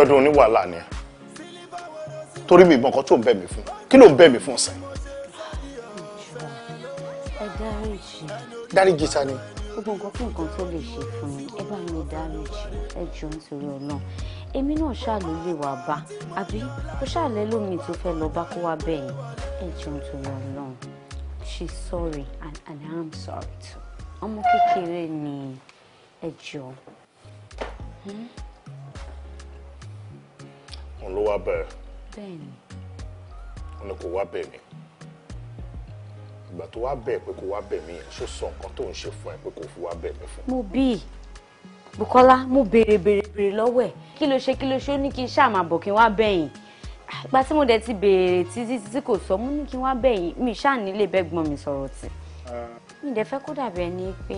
Abíọ́dún oníwàhálà ni torí mi ìbọn kan tó ń bẹ̀ mí fún kí ló ń bẹ̀ mí fún ọ̀sẹ̀. dáríjì. ta ni. gbogbo nǹkan fún nǹkan tó lè ṣe fún mi ẹ bá mi dáríjì ẹ jọ nítorí ọ̀nà èmi náà ṣàlè lè wà bá àbí ó ṣàlè lómi tó fẹ́ lọ bá kó wá bẹ́ẹ̀ ẹ jọ nítorí ọ̀nà she's sorry and, and I'm sorry too ọmọ kékeré ni ẹ jọ. Hmm? òun ló wá bẹ̀rẹ̀ òun ni kò wá bẹ̀ mí ìgbà tó wá bẹ̀ pé kò wá bẹ̀ mí yẹn ṣó sọ nǹkan tó ń ṣe fún ẹ pé kò fi wá bẹ̀ mí fún. mo bí i Bukola mo béèrè béèrè béèrè lọ́wọ́ ẹ̀ kí ló ṣe kí ló ṣe ó ní kí n ṣáà máa bọ̀ kí n wá bẹ̀yìn ìgbà tí mo dẹ̀ ti béèrè títí títí kò sọ mo ní kí n wá bẹ̀yìn mi ṣáà nílé bẹ́gbọ́n mi sọ̀rọ̀ tì mi dẹ̀ fẹ́ kó dàbí ẹni pé.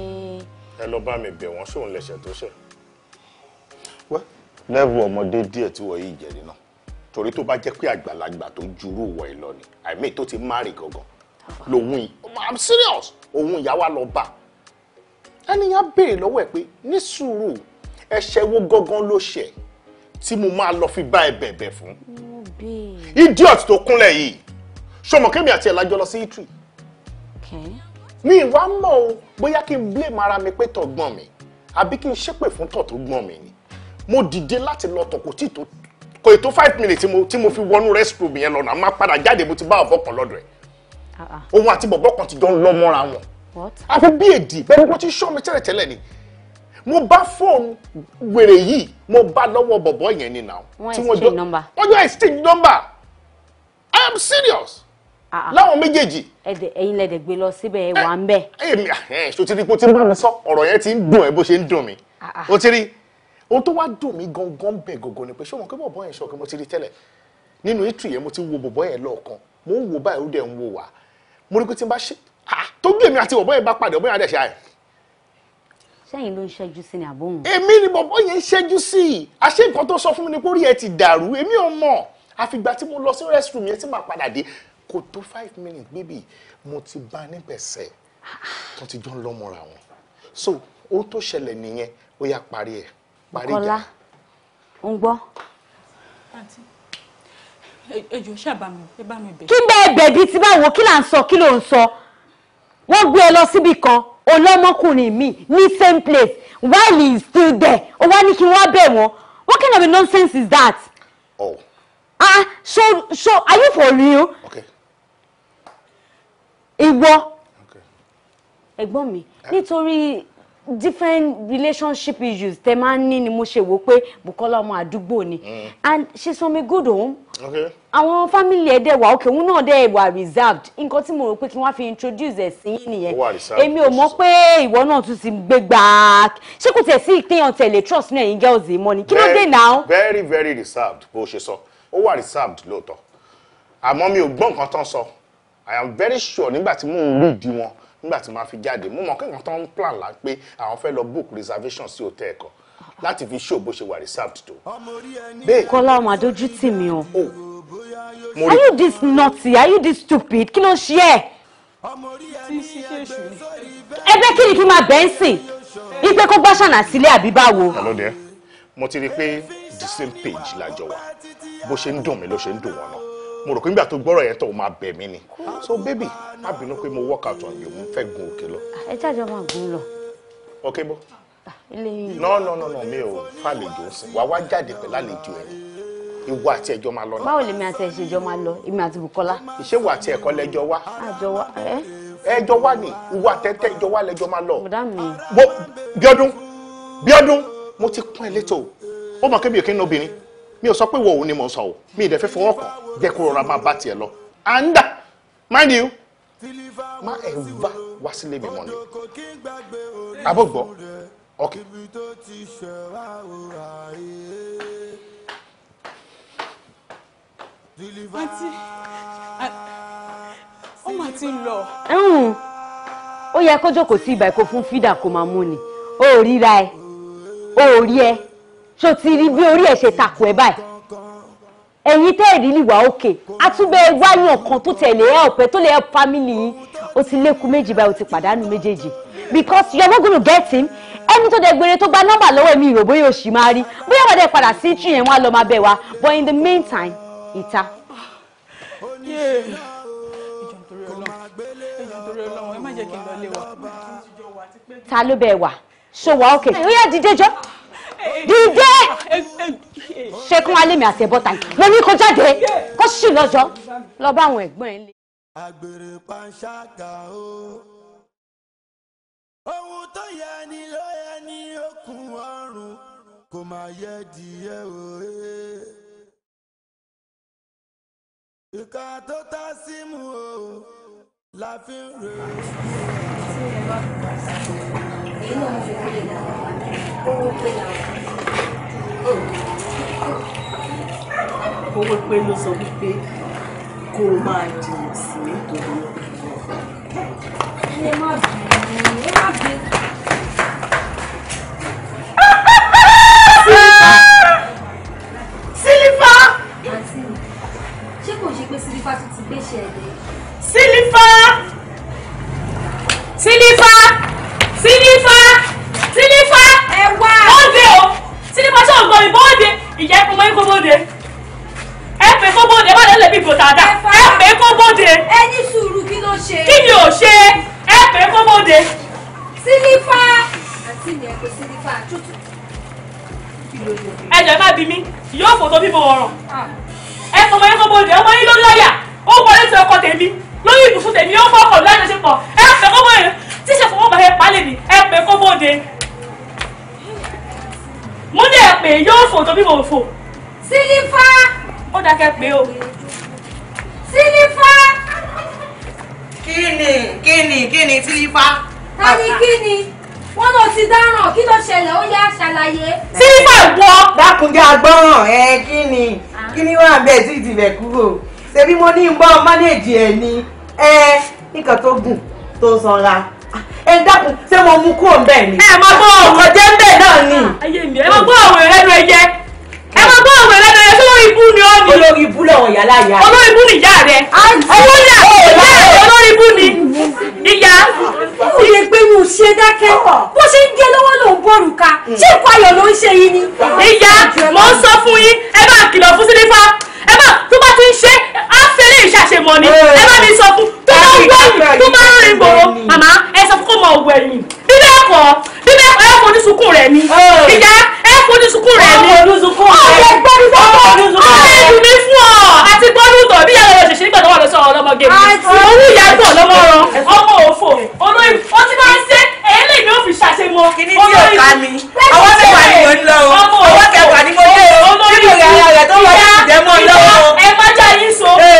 ẹ lọ bá mi bẹ̀ wọ́n sóun lẹ̀ṣẹ̀ tó ṣẹ̀. wẹ́ẹ́ lẹ́rù ọmọdé díẹ̀ tí wọ́n yìí jẹ̀rí náà torí tó bá jẹ́ pé àgbàlagbà tó jurú wọ̀ ẹ̀ lọ ni àìmí tó ti márì gangan lòun yìí i'm serious òun ìyá wa lọ bá ẹnìyàn béèrè lọ́wọ́ ẹ̀ pé ní sùúrù ẹ̀ṣẹ̀ wo gangan ló ṣẹ̀ tí mo máa lọ fi bá ẹ bẹ̀bẹ̀ fún idiot tó kúnlẹ̀ yìí ṣọmọ kémi àti ẹ̀ lájọ lọ sí italy mi ìwà mọ̀ o bóyá kí n blame ara mi pé tọ̀gbọ́n mi àbí kí n ṣépè fún tọ̀ tó gbọ́n mi ni mo dìde láti lọ tọ̀ kò tí tó kò ètò five minutes tí mo fi wọnú restroom yẹn lọ́nà máa padà jáde mo ti bá ọ̀bọ kan lọ́dọ̀ ẹ̀ ah, ah. òun àti bọ̀bọ̀ kan ti jọ ń lọ mọ́ra wọn àfi bí èdè bẹ́ẹ̀ mo ti ṣọ́ mi tẹ́lẹ̀tẹ́lẹ̀ ni mo bá fóònù wèrè yìí mo bá lọ́wọ́ bọ̀bọ̀ yẹn ni now. wọ́n exchange number. wọ́n jọ exchange number i am serious. Ah, láwọn méjèèjì. ẹ̀dẹ̀ ẹ̀yin lẹ̀dẹ̀ gbé lọ síbẹ̀ ẹ̀ wà ń bẹ̀. èmi ṣòtítí kò tí ń bá mi sọ ọ̀rọ̀ yẹn ti ń dùn ẹ́ bó ṣe ń dùn mi. o ti rí ohun tó wá dùn mí gangan bẹ̀ gangan ni pé ṣé o mọ̀ pé bọ̀bọ̀ yẹn ṣọ̀kan mo ti rí tẹ́lẹ̀ nínú ètò yẹn mo ti wo bọ̀bọ̀ yẹn lọ́ọ̀kan mo ń wo báyìí ó dẹ̀ ń wo wá mo rí pé tí n bá ṣe tó gbé mi àti bọ̀bọ̀ yẹn bá padà bọ̀bọ̀ yẹn á dẹ̀ ṣe àyè sẹ́yìn ló ń ṣẹ́jú sí ni àbóhùn. èmi ni bọ̀bọ́ yẹn ń ṣẹ́jú sí i àṣé nǹkan tó sọ fún mi ni pórí ẹ ti dàrú èmi ò mọ̀ àfìgbà tí mo lọ sí restroom yẹn tí màá padà dé kò tó five minutes bíbí mo ti bá a nípẹ̀sẹ̀ tó ti jọ ń lọ́mọ́ra wọn so ohun tó ṣẹlẹ̀ nìyẹn ó yá parí ẹ̀ parí ìjà. kọ́lá ń gbọ́. ẹjọ ṣàbàmì ẹ bá mi bẹ̀. kí bẹ́ẹ̀ bẹ̀bí tí báwo kí là ń sọ kí ló ń sọ wọ́n gbé ẹ lọ síbi kan olọ́mọkùnrin mi ní same place while he is still there ó wá ní kí wọ́n bẹ̀ wọ́n what kind of a nonsense is that? Oh. ah so so are you for real? Okay. ìwọ ẹ̀gbọ́n mi eh. nítorí different relationship issues tẹ máa ń ní ni mo ṣe wò pé Bukola ọmọ àdúgbò ni mm. and she from a good home àwọn family ẹ dẹ wà òkè òun náà dẹ wà reserved nǹkan tí mo rò pé kí wọ́n fi introduce ẹ sí yín nìyẹn èmi ò mọ̀ pé ìwọ náà tún ti gbé gbà ṣé kò tẹ̀ sí ìpínyàn tẹ̀lé trust ní ẹ̀yin girls yìí mọ́ ni kí ló dé now. very very reserved bó ṣe sọ ó wà reserved lóòótọ́ àmọ́ mi ò gbọ́ nǹkan tán sọ i am very sure nígbà tí mò ń rí ìdí wọn nígbà tí màá fi jáde mo mọ̀ kẹ́kọ̀ọ́ tán ń plan la pé àwọn fẹ́ lọ book reservation sí hotel kan láti fi ṣó bó ṣe wà reserved tó. kọ́lá ọmọ àdójú tì mí o oh. are you this naughty are you this stupid kí ló ń ṣe ẹ́. ẹgbẹ́ kí ni kí n máa bẹ́ẹ̀ sìn ipe kó gbàṣànà sílé àbí báwo. hello there mo ti rí i pé the same page la jọ wà bó ṣe ń dùn mí ló ṣe ń dùn wọn náà mo rò pé nígbà tó gbọ́rọ̀ yẹn tó o máa bẹ̀ mí ni so baby má bínú pé mo work out on you mo fẹ́ gun òkè lọ. ẹ jàjọ máa gun lọ. ok bó. Ah, no no no no mi ò fàlejò sí wàá wá jáde pẹ̀lú àlejò ẹ̀ ìwọ àti ẹjọ́ máa lọ náà. báwo lèmi àti ẹ̀ṣẹ̀ jọ máa lọ èmi àti Bùkọ́lá. ìṣèwọ àti ẹ̀kọ́ lẹ́jọ́ wá. àjọ wa ẹ. ẹjọ́ wá ni ìwọ àtẹ́tẹ́ ìjọ wá lẹ́jọ́ máa lọ. bùdá mi. bó Bíọ́dún Bíọ́dún mo ti pọ́n ẹ létò ó mọ̀ kébìyàn kí n ní obìnrin mi ò sọ pé wo òun ni mò sọ o mi ìdẹ́fẹ́ fọwọ́ kàn jẹ́ kó rọra máa bá tiẹ̀ lọ anda mind you má ẹ̀ wá wá sílé mi mọ́ ni abọ́gbọ́ ok. àǹtí ọmọ àti lọ. lọ. ó yẹ kó jókòó sí ibà kó fún fídà kó máa mú ni ó ríra ẹ ó rí ẹ. ṣó ti rí bí orí ẹ̀ ṣe takò ẹ̀ báyìí ẹ̀yin tẹ́ ẹ̀rí lìwà òkè àtúbẹ̀ wáyàn kan tó tẹ̀lé ẹ̀ ọ̀pẹ tó lè ẹ̀ family yìí ó ti lékun méjì báyìí ó ti pàdánù méjèèjì because you are not gonna get him ẹni tó dẹgbẹrẹ tó gba nọ́mbà lọ́wọ́ mi rò bóyá òṣì máa rí bóyá wọ́n dẹ̀ padà sí tún yẹn wọ́n á lọ máa bẹ̀ wá but in the meantime ìta. ta ló bẹ̀ wá ṣó wà ókè ó yá dìde dídé ṣẹkún alẹ́ mi àti ẹ̀bọ́ta yìí mo ní kó jáde kó sì lọ́jọ́ lọ bá àwọn ẹ̀gbọ́n ẹ̀ lé. àgbèrè panṣágà o ohun tó yẹ ni ló yẹ ní okùn ọrùn kò máa yẹ díẹ̀ òye. ìka tó tá símú o la fi ń rè é owó pé ló sọ wípé kó o máa jìyà sí nítorí ẹ má bìí ẹ má bìí. sílífà. ṣé kò ṣe pé sílífà tún òyìnbó òde ìyá ẹ̀kọ́ mọ́ ẹ̀kọ́ bóde ẹ pé kó bóde má lọ́lẹ̀ bí bò tàdá ẹ pé kó bóde. ẹ ní sùúrù kí ló ṣe. kí ni ò ṣe ẹ pé kó bóde. sílífà àti ìyẹn pé sílífà tútù. ẹ jẹ́ má bí mi yóò fò tó bíbọ ẹ pọ̀ mọ́ ẹ̀kọ́ bóde ọmọ yín ló lọ́yà ó wọlé sí ọkọ tèmi lórí ibùsùn tèmi ó fọkàn lájọṣepọ̀ ẹ pé kó bóde tíṣẹ̀ fọwọ́ mo dẹ̀ pé yóò fò tó bí mo fò. sílífà. ó dákẹ́ pé o. sílífà. kíni kíni kíni sílífà. ta ni kíni wọn lọ ti dáràn kí ló ṣẹlẹ̀ ó yá ṣàlàyé. sílífà eh, wọ. dákúndé agbọ́ràn ẹ eh, kíni ah. kíni wà bẹ́ẹ̀ tí ìdìbẹ̀ kúrò ṣebí mo ní ń bọ́ mánéèjì ẹ̀ ni ẹ eh, nǹkan tó gùn tó sanra ẹ dákun ṣé mo mú kúrò ń bẹ̀ ni. ẹ máa gbọ́ ọ̀rọ̀ jẹ́ ń bẹ̀ náà ni. Ah, ẹ máa gbọ́ ọ̀rọ̀ lẹ́nu ẹyẹ ẹ máa gbọ́ ọ̀rọ̀ lẹ́nu ẹyẹ sórí ibú ni ó ní. olórí ibú lọ́wọ́ yàrá ah, ìyá rẹ. olórí ibú ni ìyá rẹ. olórí ìyá rẹ olórí ibú ni ìyá. kò lè pé mo ṣe dákẹ́ bó ṣe ń gé lọ́wọ́ ló ń bọ̀rù ka hmm. ṣé ìkọ ayọ̀ ló ń ṣe yìí ni. Ah. ìyá mo ń sọ fún yín ẹ bá kìlọ̀ fún sílífà ẹ bá tó bá ti ń ṣe á fi eléyìí ṣàṣemọ ni ẹ bá mi sọ fún tó máa ń wẹ̀yìn tó máa ń rìn gbòòrò màmá ẹ sọ fún kó máa wẹ̀yìn bíbẹ́ ẹ̀kọ́ bíbẹ́ ẹ̀kọ́ ẹ̀ fojú sunkún rẹ̀ ni ìyá ẹ̀ fojú sunkún rẹ̀ ni ọ̀rẹ́ gbọ́dún tó kọ́ ọ̀rẹ́ ẹ̀dùn mi fún ọ àti gbọ́dún tó bí yàrá òṣèṣẹ́ nígbà tó wà lọ́sọ̀ ọlọ́mọge lọ́mọ ọ̀rọ̀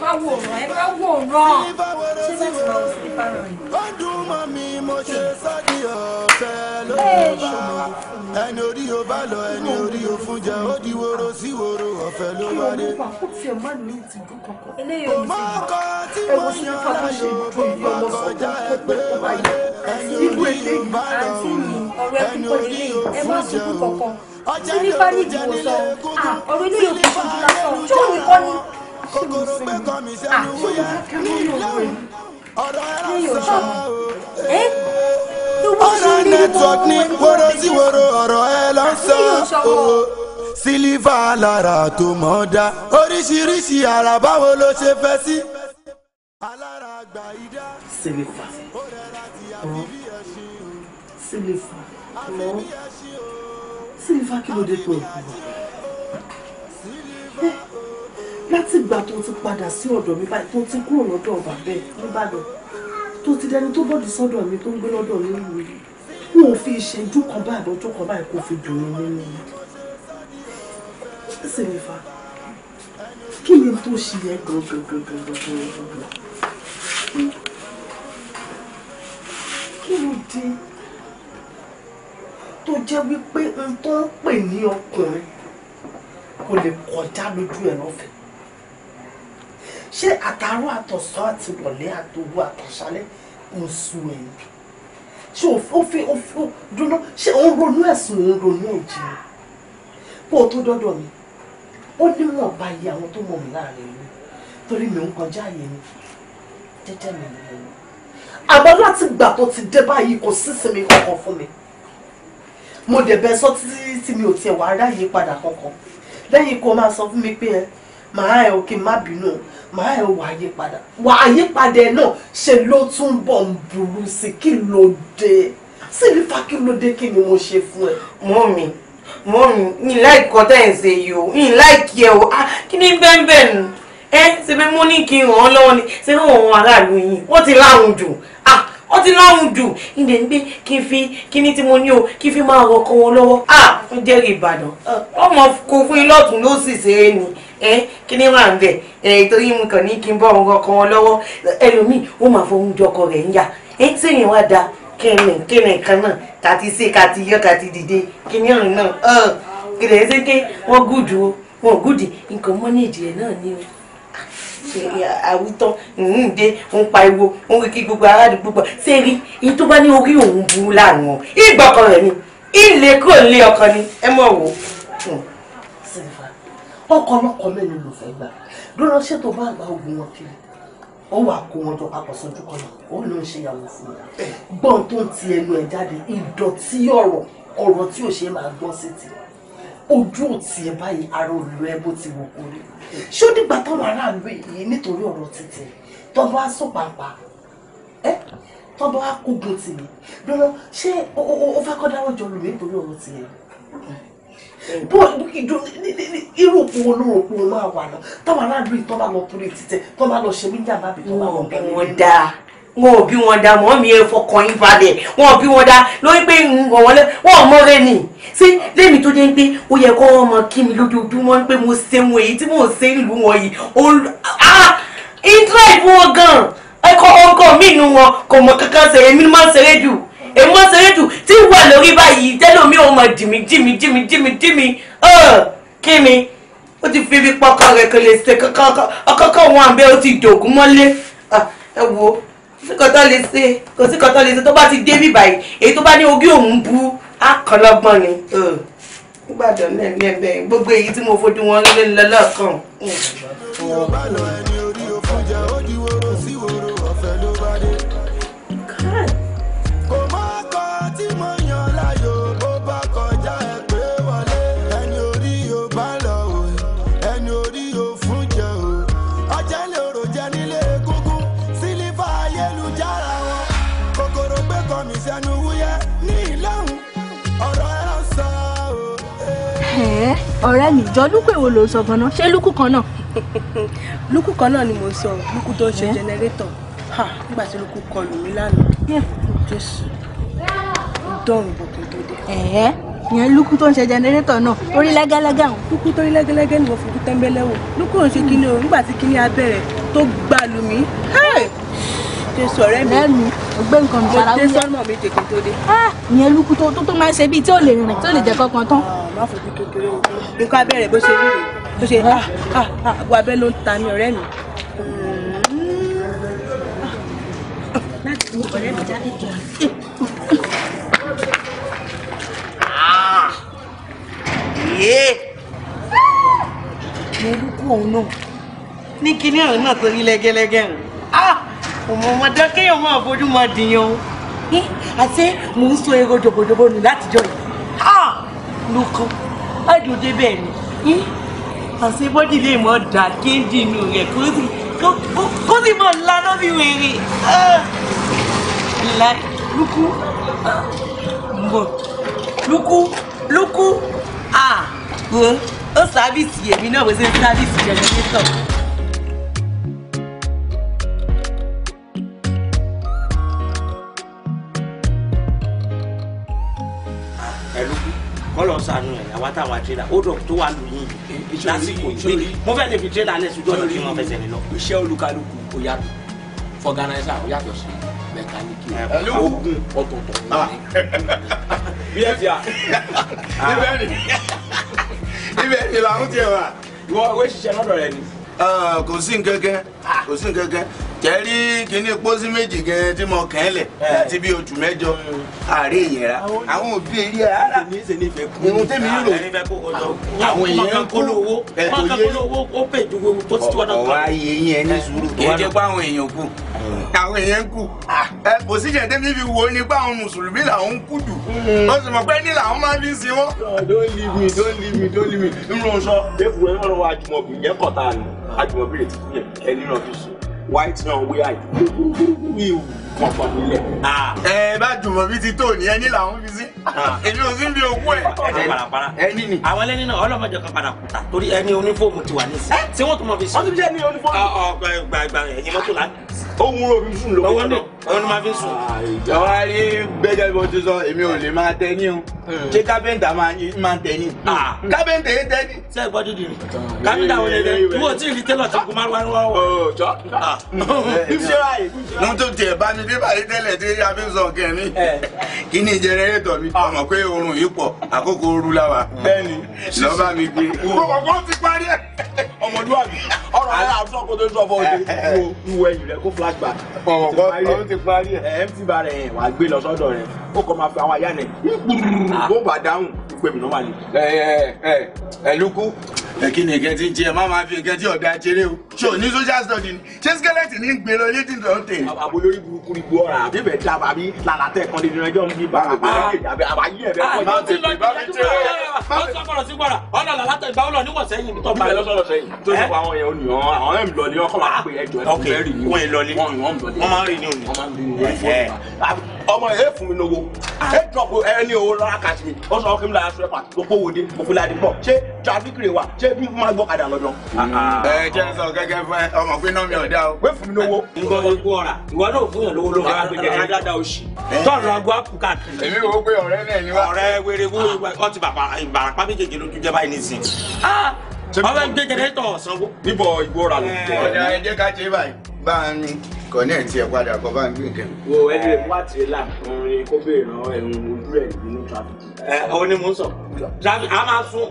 má wò ràn ẹ má wò ràn ṣé láti máa wo sílípà ràn yìí. ọdún mọ́ mi mo ṣe sọ́ọ̀dì ọ̀fẹ́ lórí ọba ẹni orí o bá lọ ẹni orí o fún jẹ ó di woro sí woro ọ̀fẹ́ ló wá dé. ọmọ ọkọ tí mo yan láyò bọ̀ kọjá ẹ pé wáyé ẹni orí o bá lọ ẹni orí o fún jẹ ó. ọjà ìlú jẹ nílé kókó sílípà lẹ́nu jẹ́ ọ̀rọ̀ kòkòrò gbé kọ́ mi sẹ́nu wúyẹ́ ah, eh? ní ìlẹ́wù ọ̀rọ̀ ẹ̀rọ sọ ọ̀rọ̀ network ní wóró sí wóró ọ̀rọ̀ ẹ̀ lọ sọ oh, sílífà alára tó mọ̀ dá oríṣiríṣi ara báwo ló ṣe fẹ́ sí. alára àgbà ìdá sílífà ọ̀ sílífà ọ̀ sílífà kí ló dé pé òkú wa látìgbà tó ti padà sí ọ̀dọ̀ mi báyìí tó ti kúrò lọ́dọ̀ ọba bẹ́ẹ̀ nìbàdàn tó ti dẹni tó bọ́dì sọ́dọ̀ mi tó ń gbé lọ́dọ̀ mi wù mí n ò fi ìṣẹ́jú kan báyìí lọ́jọ́ kan báyìí kò fi dùn mí nínú mi sì ní fa kí ni tó ṣe yẹ gangan gangan gangan gangan kí ló dé tó jẹ́ wípé n tó ń pè ní ọkùnrin kò lè kọjá lójú ẹ̀ lọ́fẹ̀ẹ́ ṣé àtàárọ̀ àtọ̀sán àti ìrọ̀lẹ́ àtòwú àtàṣálẹ́ ń sú ẹni ṣé ó fi ó fi dúró ṣé òun ronú ẹ̀sùn òun ronú ẹ̀jẹ̀ kó o tó dọ́dọ̀ mi ó níwọ̀n bá iye àwọn tó mọ̀ mí láàrin ìlú torí mi ń kọjá àyè mi jẹ́jẹ́ mi ni mo àmọ́ láti gbà tó ti dé báyìí kò sísinmi kankan fún mi mo dẹ̀ bẹ sọ títí tí mi ò tiẹ̀ wá ráyè padà kankan lẹ́yìn kó máa sọ fún mi pé ẹ màá ẹ òkè má bínú màá ẹ wà àyípadà wà àyípadà ẹ náà ṣe ló tún bọ̀ ń burú sí kí ló dé sí ní fa kí ló dé kí ni mo ṣe fún ẹ. mọ́mì mọ́mì ní láìkọ́ tẹ̀ ń ṣe yìí o ní láìkí ẹ o ah, kí ni bẹ́ẹ̀ bẹ́ẹ̀ nù ẹ ṣe bẹ́ẹ̀ mo ní kí n ràn án lọ́wọ́ ni ṣé wọ́n àwọn aráàlú yìí wọ́n ti láwùn ó ti láwùn dùn ilẹ̀ ń gbé kí n fi kíní tí mo ní o kí n fi máa rọkọ wọn lọ́wọ́ à ó jẹ́rìí Ìbàdàn ọmọ kò fún yín lọ́tún ló sì ṣe é ni ẹ kíní wà ń bẹ̀ ẹ torí mo kàn ní kí n bọ́ òun rọkọ wọn lọ́wọ́ ẹlòmíì ó máa fọwọ́n jọkọ rẹ̀ ń yà ẹ sẹ́yìn wá da kẹrin kẹrin kan náà kàti ṣe kàti yọ kàti dìde kíní ọ̀run náà kìlẹ̀ ṣe pé wọ́n gùdù wọ́n gùdì nǹkan mọ́ àwítọ́ ń dé ń pariwo ń wí kí gbogbo aládùúgbò pọ̀ ṣé rí iye tó bá ní orí òun burú láàrin wọn ìgbà ọkọ rẹ̀ ni ilé kúrò nílé ọkọ ni ẹ mọ̀ wò. Hmm. ọkọ ọlọkọ mélòó ló fẹ́ gbà dúró ṣètò bá àgbà ogun wọn kiri ó wà kó wọn jọ papọ̀ sójú kan náà ó ló ń ṣèyàwó fún un gbọ́n tó ti ẹnu ẹ̀ jáde ìdọ̀tí ọ̀rọ̀ ọ̀rọ̀ tí ò ṣe máa gbọ́ sétí ojú òtí ẹ báyìí ara olùlọ ẹ bó ti wò kó rí ṣó dìgbà táwọn aráàlú yìí nítorí ọ̀rọ̀ títì tọ́ba á sùn pàápàá ẹ tọ́ba á kógun tì mí lọ́nà ṣé o fẹ́ kọ́ dáwọ́ jọ lù mí nítorí ọ̀rọ̀ tì yẹn bó irú òpó o máa wà lọ táwọn aráàlú yìí tọ́ba lọ torí títẹ tọ́ba lọ ṣe mí ní àbábí tọ́ba lọ bẹ̀rẹ̀ wọn dáa wọn ò bí wọn dá mọ́ mi ẹ fọkàn yín balẹ̀ wọn ò bí wọn dá lórí pé nǹkan wọn wọn ò mọ́rẹ́ nì ṣé lẹ́mi tó dé ń pé ó yẹ kó wọn mọ kí mi lójoojúmọ́ pé mo ṣe wọn èyí tí mò ń ṣe ìlú wọn yìí ó ah interest wọn gan ẹkọ ọkọ mi inú wọn kò mọ kankan ṣe èmi máa ń ṣeré jù èmi máa ń ṣeré jù tí wà lórí báyìí tẹ́lẹ̀ mi ò mọ jìmí jìmí jìmí jìmí jìmí kí ni ó ti fi ibi pọkàn rẹ̀ kò lè ṣe kankan ọkọ̀ kan wọn àbẹ́ ó ti dògún mọ́lé ẹ wo sí kọ́tọ́ lè ṣe kò sí kọ́tọ́ lè ṣe tó bá ti dé bí báyìí èyí tó bá ní ogí òun bú akọlọgbọ́n ni gbàdọ̀ náà ní ẹ̀bẹ̀ gbogbo èyí tí mo fojú wọn lé lọ́lọ́kan. ọ̀rẹ́ mi jọ lúkú èwo ló ń sọ ganan ṣé lúkú kan náà. lúkú kan náà ni mo sọ lúkú tó ń ṣe jẹnẹrétọ̀ nígbà tí lúkú kọlù mí lánàá jésù dọ̀rùn bùkún tó dé. ẹ̀ẹ́ ìyẹn lúkú tó ń ṣe jẹnẹrétọ̀ náà orí lágálágá àwọn. lúkú torí lágálágá ni mo fojú tẹ́ńbẹ́lẹ́ wò lúkú ò ń ṣe kíní o nígbà tí kíní abẹ́rẹ́ tó gbàlù mí jésù ọ̀rẹ́ mi lẹ́nu ọgbẹ́ nǹkan mi má fojú kékeré o nǹkan abẹ́rẹ́ bó ṣe rí rèé bó ṣe ah, ah, ah, àgọ́ abẹ́ ló ń ta mi ọ̀rẹ́ mi. láti mú ọ̀rẹ́ mi jáde tó. mo dúkú òun náà ní kinní ọ̀rọ̀ náà tó rí lẹ́gẹ́lẹ́gẹ́ rẹ̀ ọmọ ọmọdé kéèyàn máa fojú máa dìyàn o àti mò ń so èrò jòbòjòbò nù látijọ́ yìí ló kọ́ àdùn débẹ̀ ni àṣẹ bọ́dì lè mọ̀ dà kéńdì inú rẹ̀ kó sì kó sì mọ̀ lánà bí wèrè láì lukú mbọ lukú lukú à ó sábìsì èmi náà mo ṣe ń sábìsì jẹnẹrétọ̀. kọ́lọ̀ sànù ẹ̀ àwa táwa tírélà ó dọ̀ tó wà lóyún yìí lásìkò yìí mo fẹ́ lè fi tírélà lẹ̀ sójú ọ̀nà kí wọ́n fẹsẹ̀ lè lọ. iṣẹ́ olúkálùkù ó yàtọ̀ fọgànáísà ó yàtọ̀ sí mẹkáníkì ogun ọ̀tọ̀ọ̀tọ̀ ah. bí ẹ ti à ah. ibẹ̀ ni ibẹ̀ ni làwọn ti wà wọ́n wọ́n ṣiṣẹ́ lọ́dọ̀ rẹ ni. Ah, kò sí nǹkan kò sí nǹkan jẹ́rí kíní pósí méjì gan tí mo kàn án lẹ̀ láti bí oṣù mẹ́jọ àárẹ̀ yẹn àwọn òbí eré ara ìwọ̀n tẹ́mi rò àwọn èèyàn kó lówó yé ọ̀wá ayé yẹn ní sùúrù kì í jẹ́ pé àwọn èèyàn kù àwọn èèyàn kù ah. kò sí jẹ́ tẹ́mi fi wo ni pé àwọn mùsùlùmí làwọn kú jù hmm. ó sì mọ̀ pé ní làwọn máa fi sin wọ́n. don't leave me don't leave me don't leave me nínú sọ èkúrẹ́ wọn wá àjùmọ̀bí yẹn kọ̀ọ̀ta àjùmọ̀bí white on, we are. kọ̀ọ̀kan nílẹ̀. ẹ bá jùmọ̀ bí ti tó ní ẹni làwọn fi sí. èmi ò sí bí ogún ẹ. ẹni parapara ẹni ni. àwọn ẹlẹ́ni náà ọlọ́mọdé kan padà kùtà torí ẹni onífọ́ọ̀mù ti wà nísìnyí. ṣé wọ́n tún mọ̀ fi sí. wọ́n ti fi ẹni onífọ́ọ̀mù. ọgbà ìgbà ìgbà ẹ̀yìn mọ́tò lá ohun omi fún lóko lọ́wọ́ náà ọ̀hún máa fi sùn. ìjọba rí gbẹ́jọ́ bí mo ti sọ èmi ò lè máa tẹ́ ní o hmm. ṣé kápẹ́ńtà máa tẹ́ ní. Hmm. kápẹ́ńtà yé tẹ́ ní. ṣé ẹ gbọ́dọ̀ dìrì kápẹ́ńtà wo lè dẹ ìwọ tí ì rí tẹ́lọ̀ tí kò máa wá ní wọ́wọ́. Oh, ṣé wàá yìí. lóun tó bí báyìí tẹ́lẹ̀ tí a fi ń sọ kẹ́ni kí ni jẹnẹrétọ̀ mi ah. ọmọ pé oorun yìí pọ̀ àkókò ooru la wà bẹ́ẹ̀ ni bá mi gbé. kókò ti parí ẹ̀ ọmọlúwàbí ọ̀rọ̀ rẹ àtúntò kó tó ń sọfọ òde eh, eh, wo ìwọ eh. ẹ̀yìn rẹ kó flashback. ọmọ kan ọmọ ti parí ẹ. ẹ ń fi ba rẹ yẹn wàá gbé lọ sọ́dọ̀ rẹ ó kọ máa fi àwọn àyà rẹ bó ah. bá dáhùn ìpè mí nọ́mà ni. ẹ ẹ ẹ ẹ lukú kí ni nǹkan tí ń jẹ má máa fi nǹkan tí ọ̀dà jẹrẹ o ṣé o ní social study ni ṣé skeleton ní gbé lọ ilé tí n tọ́ tẹ̀. abolórí burúkú ni gbọ́ra àbí bẹ̀ dá bàbí làlàtẹ̀ kan lè dìrẹ́jọ́ ń bí bàbá ah. àbí àbáyé ẹ̀ bẹ́ẹ̀ ah, kọ́ máa tẹ̀ bá mi jẹ́ sí gbọ́ra ọ̀nà làlàtẹ̀ ìgbà ọ̀nà níwọ̀sẹ̀yìn tó bá lọ́sọ̀rọ̀ sẹ́yìn tó ti pa àwọn yẹn oníyàn àwọn yẹn lọlé wọn máa pè ẹjọ́ ẹ̀kọ́ fẹ́ rì ní wọn lọlé wọn máa rì ní òní ọmọ yẹn fún mi lówó ah. ẹ drop ẹ owó lọ́wọ́ kàṣí mi ó sọ fún mi lára sọ́ọ́pà gbogbo òde gbogbo ládé pọ̀ ṣé traffic rè wà ṣé bí máa gbọ́ kadà lọ́dọ̀. Ah, ah. ẹ jẹ́ sọ gẹ́gẹ́ fún ọmọ pé náà mi o. wé fún mi lówó. nǹkan gbogbo ọ̀rà ìwọ náà fún yàn lówó lówó agbègbè ẹ̀ dáadáa oṣì tọ́ọ̀nù agbó àpò káàkiri. èmi ò gbé ọ̀rẹ́ náà ní wá. ọ̀rẹ́ wéré wó ọtí bàbá ìbàràpá méjèèjì ọba ń gbé jẹrẹ tọ̀ sanwó. bíbọ̀ ìgbóra ló. ọjà ẹ jẹ́ ká ṣe báyìí bá a ní connect ẹ padà kọ bá ń gbé nǹkan. wo ẹni wá ti là orin kó bèrè ran ẹ̀hún ojú ẹ̀ nínú traffic. ẹ ọ ni mo ń sọ traffic a máa sún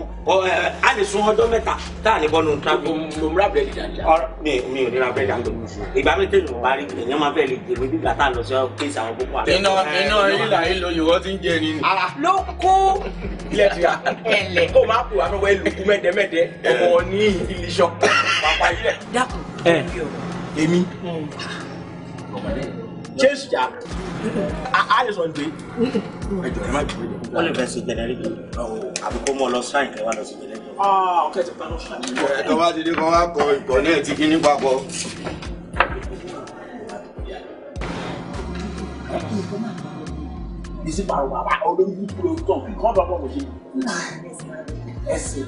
a lè sún ọjọ́ mẹ́ta tá a lè bọ́ nínú traffic. mo múra bẹ̀rẹ̀ jàjà. mi mi ò nira bẹ̀rẹ̀ jàjà ìgbà mi tẹ̀yìn parí èèyàn máa bẹ̀rẹ̀ jèrè bí bàtà lọ sí kéésì àwọn boko haram. iná iná ìlà ìlò yòówó ti ń jẹ ni. ló kó ilẹ̀ ti ra ẹ̀lẹ̀ kó máa kó afẹ́fẹ́ lùkú mẹ́tẹ́mẹ́tẹ́ ọmọ ní ìlísọ̀ pàpà ilẹ̀. dákun èmi jésù jà a lè sọ pé ẹjọ ẹ má jù ú. wọ́n lè fẹ́ sí jẹnẹrìkì oh. àbíkó mọ́ lọ sáyìn kẹwàá lọ sí jẹnẹrìkì. ọkẹ́ ti paná sáyìn. ẹ̀tọ́ bá ti dé kan wá kọ ìkọ̀ náà ti kí ní papọ̀. bísí pariwo bàbá olórí kúrò tán kọ́ bàbá òṣèlú ẹ̀sìn.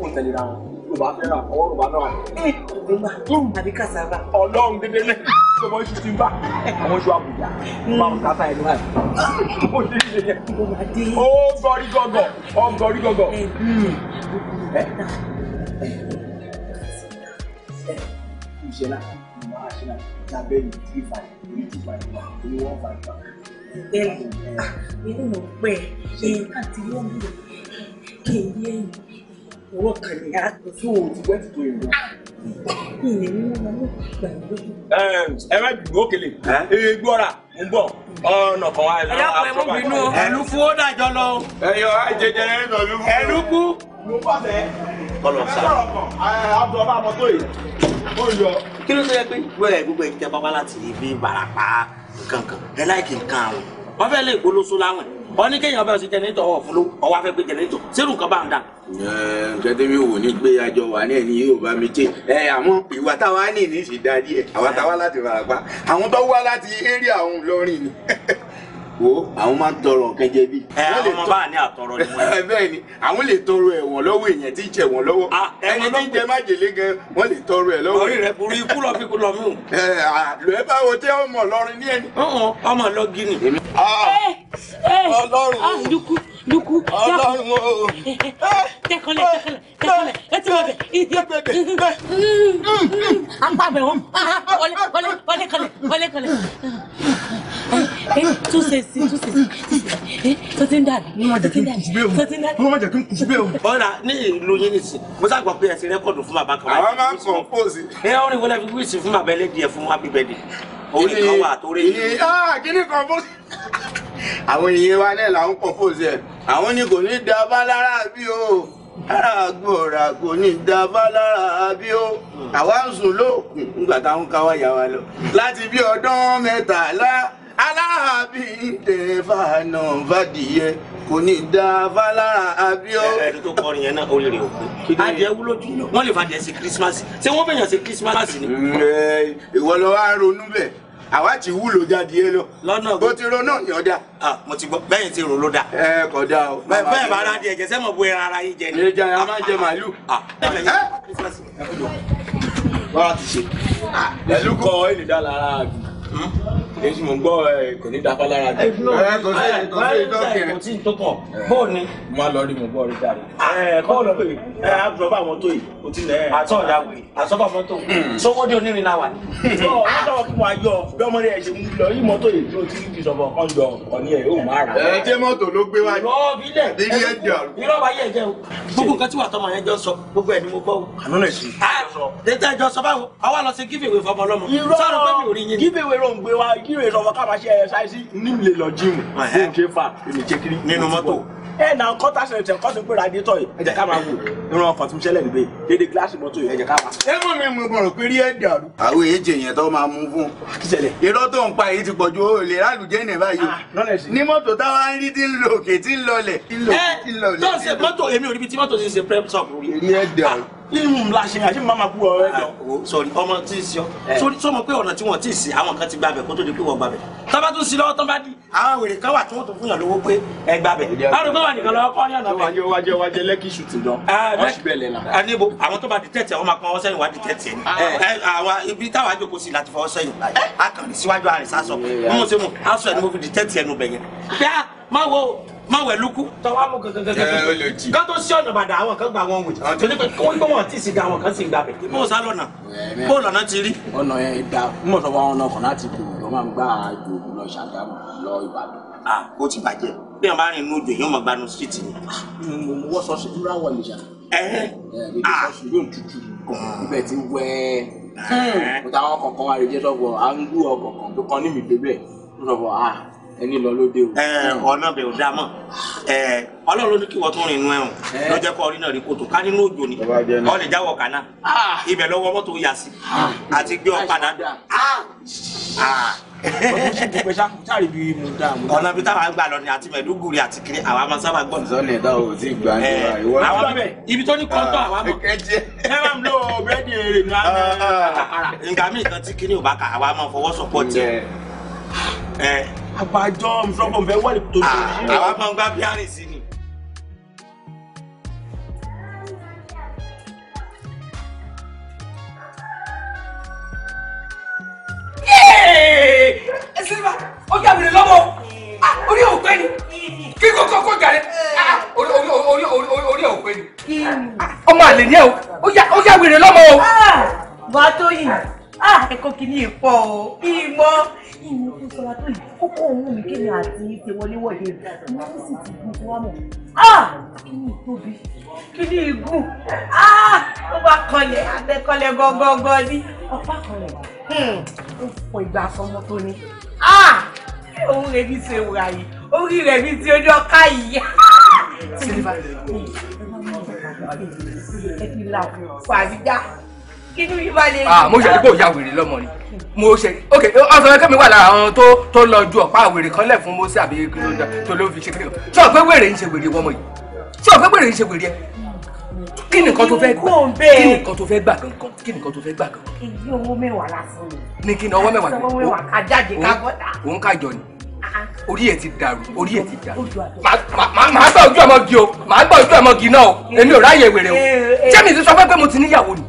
fún ìtẹ̀lera wọn yorùbá fẹ́ràn ọwọ́ yorùbá náà. ẹ ìgbìmọ̀ àbí kàsáàbà. ọlọ́run dédé lẹ tó mọ iṣu ti ń bá àwọn iṣu àbújá máa ń kàtà ẹnu ẹ. ó dé ilé yẹn. ó gọrí gọgọ ó gọrí gọgọ. ìṣe náà ìmọ̀ àṣẹ náà lábẹ́ yìí three five three two five three one five five. bẹ́ẹ̀ni inú mọ̀ pé ẹ̀ káàtì yóò gbé kí n yé èyí owó kan ní àtúntò tí o ti wẹ́ẹ̀tì tó yẹn. ìyẹn ni wọn mú gbà lójú. ẹ má dùn ó kele ee gbọ́ra ń bọ̀ ọ̀nà kan wá. ẹ dákun ẹ mú bínú o ẹnu fún ó dàjọ lọ. ẹyọ àìjẹjẹ ẹ lọ lù. ẹnu kú. ló bá kọlọ sá. ẹ sọ̀rọ̀ kan abdul ọba àmọ́tò yìí ó yọ. kí ló ń sẹ́yẹ pé wẹ́ẹ̀ gbogbo ẹ̀ bábá láti ibi ìbàràpá nǹkan ẹ láìkì nǹkan àwọn wọ́n fẹ́ lè gbólóṣó láwọn ọ ní kéèyàn bá ṣe jẹnẹtọ ọfun ló ọwọ afẹ pé jẹnẹtọ sẹrù kan bá ń dà. ǹjẹ́ tẹ́mi wò ní gbé àjọ wà ní ẹni yóò bá mi jẹ́ ẹ àmọ́ ìwà táwa ní ìní sì díẹ̀ àwa táwa láti Ìbàràpá àwọn tó wá láti eré àwọn Ìlọrin ni. wo àwọn máa ń tọrọ nǹkan bí. ẹ àwọn ọmọ bá ní àtọrọ ni wọn. bẹ́ẹ̀ ni àwọn lè tọrọ ẹ̀wọ̀n lọ́wọ́ èèyàn tí ń jẹ wọ́n lọ́wọ́ ẹni tí ń jẹ májèlé gan wọ́n lè tọrọ ẹ̀ lọ́wọ́. orí rẹ burú ikú lọ fi kú lọ mú. ẹ àlọ́ ẹ báwo tẹ ọmọ lọrin ní ẹni. ọmọ lọ gíní. ọlọ́run o dúkú dúkú ọlọ́run o. tẹkọlẹ tẹkọlẹ tẹkọlẹ ẹ ti wọ bẹ apá bẹ wọn wọlé wọlé wọlé kọlẹ wọlé kọlẹ túnṣeṣe túnṣeṣe tọ́tí ń dàbí tọ́tí ń dàbí tọ́tí ń dàbí. wọ́n má jẹ́ kí n kùsù bẹ́ẹ̀ o. ọ̀la ní ìlú yín nìsí mo ṣàgbọ́ pé ẹ ti rẹ́kọ̀dù fún bàbá kan. àwọn máa ń kọ̀ pósì. ẹ ọ̀rìn wọlé fi wíìsì fún bàbá ẹlẹ́dìẹ fún wa bíbẹ̀ dì. orí kan wà torí. Ah, kíní kan pósì. àwọn èèyàn wa náà làwọn kọ̀ pósì ẹ̀ àwọn ni kò ní da bá lára bí o lára gbọ́ra kò ní dábá lára bí ó àwa ń sùn lóòkùn nígbà táwọn káwá yà wá lọ láti bí ọdún mẹ́tàlá aláàbí tẹ fàánà fàdìyẹ kò ní da fàlàrà àbí ẹ ẹ tó kọrin yẹn náà ó lè rè òkú. adìẹ wúlò jù lọ wọn lè fàdìẹ sí kírísímàsì ṣé wọn fẹyàn sí kírísímàsì ni. ìwọ lọ wá ronú bẹ́ẹ̀ àwa ti wúlò jáde yé lọ. lọ́nà bó ti ronú ni ọ̀dà. mo ti gbọ́ bẹ́ẹ̀ ti rò ló dà. ẹ kò dáa o. bẹ́ẹ̀ bá ra di ẹ̀jẹ̀ sẹ́mọ̀ bu ẹran ara yín jẹ ni. ẹja a máa jẹ màálù. bára ti ṣe èyí mo gbọ́ ẹ kò ní dáfá lára jù. ẹ kò sí kò sí ìtọ́kẹ̀. kò sí ìtọ́kọ̀ bóò ni. má lọ rí mo gbọ́ rí dáre. ẹ kọ́ lọ pé ẹ á dùn ọ́ bá àwọn tó yìí o ti lẹ̀ ẹ́. àtọ́ ọ̀dà wì àsọ́bà mọ́tò sọ́wọ́dé hmm. onírin náà wà ní. ọ ọ dáwọ kí mo ayọ bí ọmọdé ẹ ṣe ń lọ yí mọ́tò yìí tó ti fi sọ̀bọ̀ kan jọ ọ̀ní ẹ̀ yóò má ra. ẹ jẹ́ mọ́tò ló gbé wá. gbogbo nǹkan tí wàá tọmọ yẹn jọ sọ gbogbo ẹ ni mo gbọ́ o. àná lè ṣe. a tètè jọ sọ báwo àwa lọ sí gífèwé fọmọ ọlọmọ. irọ́ gífèwé ló ń gbé wá kí o sọ̀rọ̀ ká máa ṣe ẹ̀ṣáìsì ní ilé lọ jíìmù bó ń ṣe fà èmi jẹ́ kiri nínú mọ́tò. ẹ nà ń kọ́ tàṣẹ ìtẹ̀ kọ́ sí pé radiator yìí ẹ jẹ́ ká máa wò irun ọkọ̀ tí mo ṣẹlẹ̀ níbẹ̀ dédé gíláàsì mọ́tò yìí ẹ jẹ́ ká máa. ẹ mọ̀ mi mo gbọ̀rọ̀ pé rí ẹ̀ dàrú. àwọn èjì èèyàn tó máa mú fún. irọ́ tó ń pa èyí ti pọ̀ ju olè rálùjẹ́ ní báyìí. Ah, ní mọ́tò ní mú la ṣe àṣẹ máa kú ọ̀rẹ́ lọ. sọrí ọmọ tí ì sí ọ sórí sọmọ pé ọ̀nà tí wọ́n ti sí àwọn kan ti gbàbẹ̀ kó tó di pé wọ́n gbàbẹ̀ tábà tún sí lọ́wọ́ tán bá di àwọn wèrè kan wà tí wọ́n tún fún yàn lówó pé ẹ gbàbẹ̀. àwọn kan wà nìkan lọ́wọ́ kọ́ ní ọ̀nà bẹ́ẹ̀. wájú wájú wájú lẹ́kì ṣùtì lọ wọ́n sì bẹ̀lẹ̀ la. àníbo àwọn tó bá di tẹ̀tẹ̀ ọmọ kan wọ́n sẹ́yìn wá di tẹ̀tẹ̀ ni. Ah. àwa ibi táwa jókòó sí láti fọwọ́ sẹ́yìn akànnì síwájú àrìsá sọ mo mọ̀ sí mo aṣọ ẹ̀ ni mo fi di tẹ̀tẹ̀ ẹnu bẹ̀yẹn. bẹ́ẹ̀ máa wo má wẹ̀ lukú. tọ́wọ́ mú kankan kan tó sí ọ̀nà bàdà àwọn kan gba àwọn wò tó ní pé kí wọ́n gbọ́ wọn tí ì sì da àwọn kan sì ń gbà bẹ̀. mo sá lọ́nà bó lọ́nà ti rí. ọ̀nà yẹn da mo sọ wọn ọ̀nà kan láti dùn lọ́ máa ń gbà àjò lọ Ṣàgámù lọ Ìbàdàn. a ó ti bàjẹ́ bí wọn bá rìn inú odò yóò máa gbanú síìtì ni. mo mú wọ́n sọ́ọ̀sì dúró àwọ̀ ìjà. ẹ ẹ sọ́ọ̀sì yóò tutù ibẹ̀ ti wẹ́ẹ́. mo ta àwọn kọ̀ọ̀kan wá rí jẹ́ sọ́kọ̀ à ń gbú ọkọ̀ kan tó kọ́ ní mi débẹ̀ mo sọ fọ́ ah ẹni lọ lóde o. Hmm. ọ̀nà bẹ̀ ò dáa mọ̀ ọlọ́run ló ní kí wọ́n tún rìn inú ẹ̀rùn ló jẹ́ kó ọrin náà rí kòtò ká nínú òjò ni ọ lè jáwọ́ kàná ah. ibẹ̀ lọ́wọ́ mọ́tò yà sí ah. àti gbé ọ padà ah. ọ̀nà bí táwa gbà lọ ni àti mẹ̀dúgùrì àti kiri àwa máa sábà gbọ́. ìsọ̀lẹ̀ dá o ti gbà ní ìwọ náà. àwọn bẹ ibi tó ní kọ́ńtọ̀ àwa mọ̀ ẹ máa ń lo búrẹ́dì èrè ní àná nǹkan mìíràn tí kiri ò bá kà àwa máa fọwọ́ tiẹ̀ àbájọ ìṣọ́bọ̀ fẹ́ wà ní tó ah, ṣe yí. àwa máa ń gbá bíárìn sí ni. ẹ sinimá ó yà mí lọ́wọ́ ah, orí òpè ni kí kókó kó jàre ah, orí orí orí òpè ni ọmọ àlè ni ẹ o ó yà wèrè lọ́mọ o. bàtò yìí ah ẹ̀kọ́ kìíní ìpọ̀ o ìmọ̀ ìmọ̀ tó sọra tó yìí kókó òun mi kéde àti ìṣe wọléwọ̀de ìmọ̀ ó sì ti gùn fún wa mọ̀ ah kìíní ìtóbi kìíní ìgùn ah ó bá kọlẹ̀ abẹ́kọlẹ̀ gọ́gọ́gọ́ ní ọ̀pá kọlẹ̀ hmm. ó fọ ìgbà sọmọ tó ní ah òun rẹ̀ bí ṣe wà yìí orí rẹ̀ bí ti ojú ọ̀ká yìí sílíbà ah! ẹ fi là fún àdígbà ah mo ṣe àdúgbò ya wèrè lọmọ ni mo ṣe ok ọsàn kẹmi wà lára àwọn tó tó lọ ju ọ̀pá àwèrè kan lẹ̀ fún mose àbí kìlódà tó ló fi ṣe kékeré ṣé ọ̀pẹ wèrè ń ṣe wèrè wọmọ yìí ṣé ọ̀pẹ wèrè ń ṣe wèrè ẹ kí ni nǹkan tó fẹ́ gbà kí ni tó fẹ́ gbà gangan kí ni tó fẹ́ gbà gangan. èyí owó mẹ́wàá la fún ní kí ni owó mẹ́wàá. owó mẹ́wàá ká jáde ká bọ́ta. òun ká jọ ni orí ẹ ti dàrú orí ẹ ti dàrú màá gbà ojú ọmọge o màá gbà ojú ọmọge náà o eh, èmi ò ráyè wèrè o jẹ́mi eh, eh. ti sọ fẹ́ pé mo ti níyàwó ni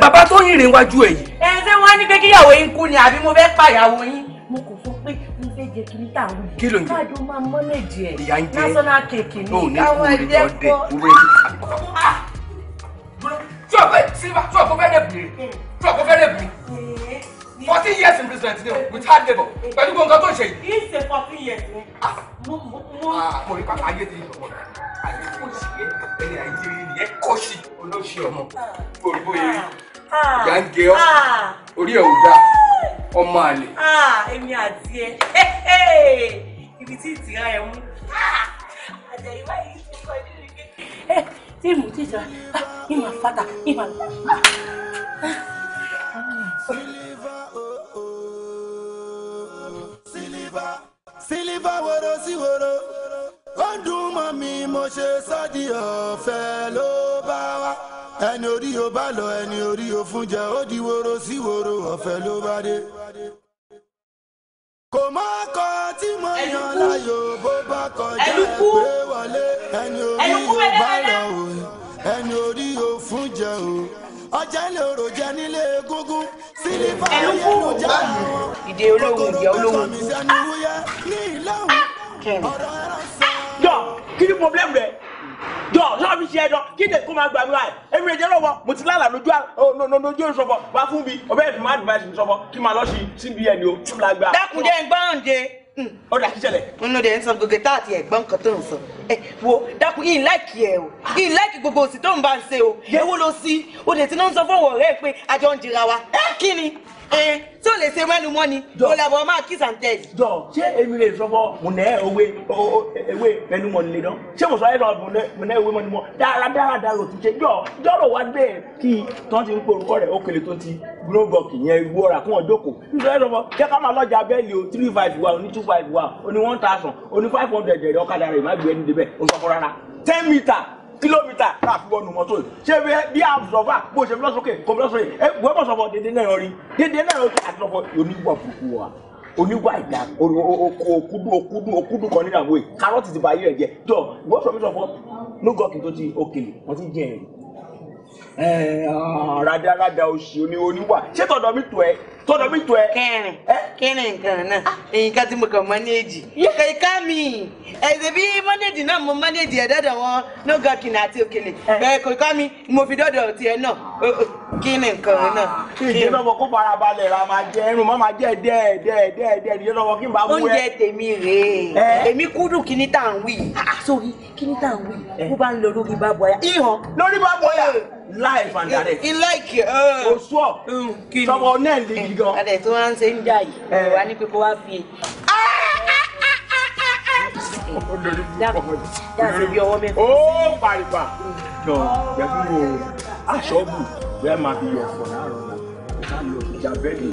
bàbá tó yìn rìn wájú ẹ̀ yìí. ẹ ṣé wọn á ní pé kíyàwó yín kú ni àbí mo fẹ́ pàyàwó yín mo kò sọ pé mo fẹ́ jẹ kí n tà wù. kí ló ń jẹ káàdó máa mọ́nẹ̀jì ẹ̀ ìyá ń jẹ national cake ni káwọn ẹgbẹ́ kọ́. tí ah! o fẹ́ sílva tí o fẹ́ rẹ̀ bìrì tí o fẹ́ rẹ̀ bìrì fourteen years imprisonment ni o with hard labour pẹ̀lú gbogbo nǹkan tó ń ṣe yìí. kì í fourteen years ni. Ah. mo mo mo. Ah, mo rí pápá ayé ti yí ọmọ ayé kò sí ẹ ẹni àìjírí nìyẹn kọ́ sí olóṣì ọmọ ah. orí bóyá rí ìyá ń gé ọ orí ẹ ò dá ọmọ àlè. èmi àti ẹ ibi tí ìtìrá ẹ mú àtẹ̀yìnwá yìí ti kọ́ ní ìgbé. tí mo ti jà ìmọ̀ fata ìmọ̀. sílífà woro sí woro ó ń dùn mọ́ mi mo ṣe sọ́ọ̀dì ọ̀fẹ́ ló bá wá ẹni orí o bá lọ ẹni orí o fún jẹ ó di woro sí woro ọ̀fẹ́ ló bá dé kò mọ ọkọ tí mo yàn láyò bó bá kọjá ẹgbẹ́ wọlé ẹni orí o bá lọ o ẹni orí o fún jẹ o ọjà ilé jẹ nílé gógó ẹnu fún ìdè olóhùn ìyá olóhùn kẹrin. jọ kí ni problem rẹ jọ lọ́wọ́ mi ṣe ẹjọ́ kí ni kó máa gbà mí wáyé èmi ìjẹ́ lọ́wọ́ mo ti lálàá lójú lójú oh, ìṣọ̀fọ̀ wá fún mi ọbẹ̀ ìfìmọ́ àdìbáyé mi sọ̀fọ̀ kí n máa lọ sí cbn o tí mo dákúndé gbọ́ǹde. Mm. ó dà kí ṣẹlẹ̀. nínú de ń san gbogbo tá àti ẹ̀gbọ́n kan tó ń sọ ẹ wo dákun yìí láìkì ẹ o ah. yìí láìkì gbogbo òsì tó ń bá ń ṣe o èwo ló sí o lè ti náà ń sọ fún ọ̀rẹ́ ẹ pé àjọ ń jìra wa kí ni ẹ eh, tí o lè ṣe mẹ́nu mọ́ ni o làbọ̀ máa kiss and tell. jọ ṣé èmi lè sọ fọ mo nẹ ewé ewé mẹ́nu mọ́ nílé dán ṣé mo sọ ẹ lọ mo nẹ ewé mẹ́nu mọ́ dáradára dára òtún ṣe jọ jọrọ wa bẹ́ẹ̀ kí tán ti ń pe orúkọ rẹ ó kele tó ti globok yẹn wọra kún ọ jókòó nítorí sọ fọ kẹ ká máa lọjà bẹ́ẹ̀lì o three five wa o ní two five wa o ní one thousand o ní five hundred ọ̀kadà rẹ ìmágbé ẹni débẹ̀ o sọ fọ rárá ten meter kìlómítà tá a fi wọnú mọ́tò yìí ṣé bí àbùsọ̀fà bó ṣe fúlọ́sọ̀kè kò fúlọ́sọ̀kè ẹ wọ́n bọ̀ sọ̀fọ̀ dédé náà rí dédé náà rí àtúnọ̀fọ̀ oníwà burúkú wa oníwà ìdá okudu okudu okudu kan nínú àbúrò yìí kárọ́ọ̀tì ti ba ayé rẹ̀ jẹ́ jọ wọ́n sọ mí sọ̀fọ̀ lógọ́kì tó ti òkèlè wọ́n ti jẹ́ ẹ̀rín rádaràdà òṣì oníwà ṣé tọ̀dọ̀ mi tù ẹ́ tọ́dọ̀ mi jọ ẹ. kẹrin kẹrin nǹkan náà èyí ah. ká tí mo kàn manage. ọkọ ìka mi ẹ̀sẹ̀ bí manage náà mo manage ẹ̀ dọ́dọ̀ wọn nóga kìnà àti òkèlè bẹ́ẹ̀ kò ìka mi mo fi dọ́dọ̀ tiẹ̀ náà ah. kí ni nǹkan náà. ìdílé ọmọ kó fara balẹ̀ ra máa jẹ irun mọ́ máa jẹ dẹ́ dẹ́ dẹ́ dẹ́ ìdílé lọ́wọ́ kí n bá mú ẹ. oúnjẹ tèmi rèé eh? èmi kúndùn kíní tá ń wí ah, sórí kíní tá ń wí eh. bó bá ń lọ lórí bá bọ̀ ihàn lórí bá bọ̀ Life and direct. He like. o sọ sọmọ náà lè yí gan. adẹ tó wá ń ṣe ń jà yìí wà ní pé kó wá fi. dáàbò bí ọwọ́ mẹ́fà. ó paripa jọ bẹ́ẹ̀ fún wo aṣọ́bù bẹ́ẹ̀ máa fi yọ̀ fọ̀ láàárọ̀ náà ìjà bẹ́ẹ̀ ni.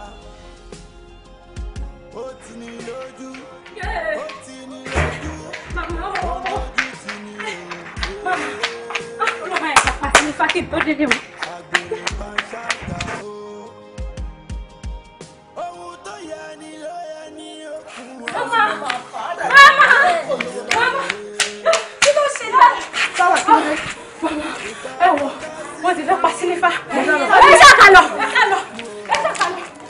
ó ti ní lójú ó ti ní lójú ó lójú sí ní òun. ọlọ́mọ ẹ̀ kà pàṣẹ ní fákì tó dédé wọn. ẹ wọ wọn ti fẹ́ pa sílífà. ẹ ṣàkàlọ̀ ẹ ṣàkàlọ̀ ẹ ṣàkàlọ̀.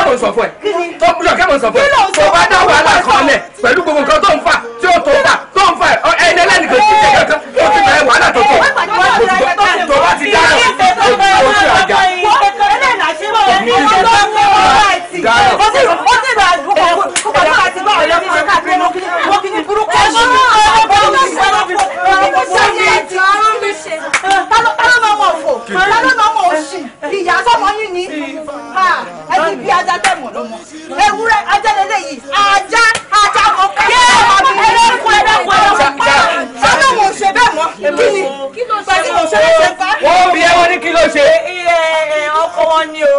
búlọ̀ sọ fún ẹ tó búlọ̀ kẹ́mọ̀ sọ fún ẹ tó bá dá wàhálà kan lẹ̀ pẹ̀lú gbogbo nǹkan tó ń fà tí ó tó fà tó ń fà ẹ ẹni ẹlẹ́ni kò sí kankan tó ti bẹ̀rẹ̀ wàhálà tó tó tó bá ti dáná tó ti ojú àga. Ẹ̀rọ ta ló ta ló máa mọ̀ fò ta ló máa mọ̀ òsì ìyá sọmọ yín ni ẹ ti bí ajá tẹ̀ mọ̀ lọ́mọ ewúrẹ́ ajá lélẹ́yìí ajá ajá mọ̀ kẹ́kẹ́ ọmọ mi ẹlẹ́kùn ẹlẹ́kùn ẹlẹ́kùn pa wọn ò ṣe bẹ́ẹ̀ mọ́ kí ni pàṣẹ kò ṣe é ṣe pa. wọ́n bí ẹ wọ́n ní kí ló ṣe. ọkọ wọn ni o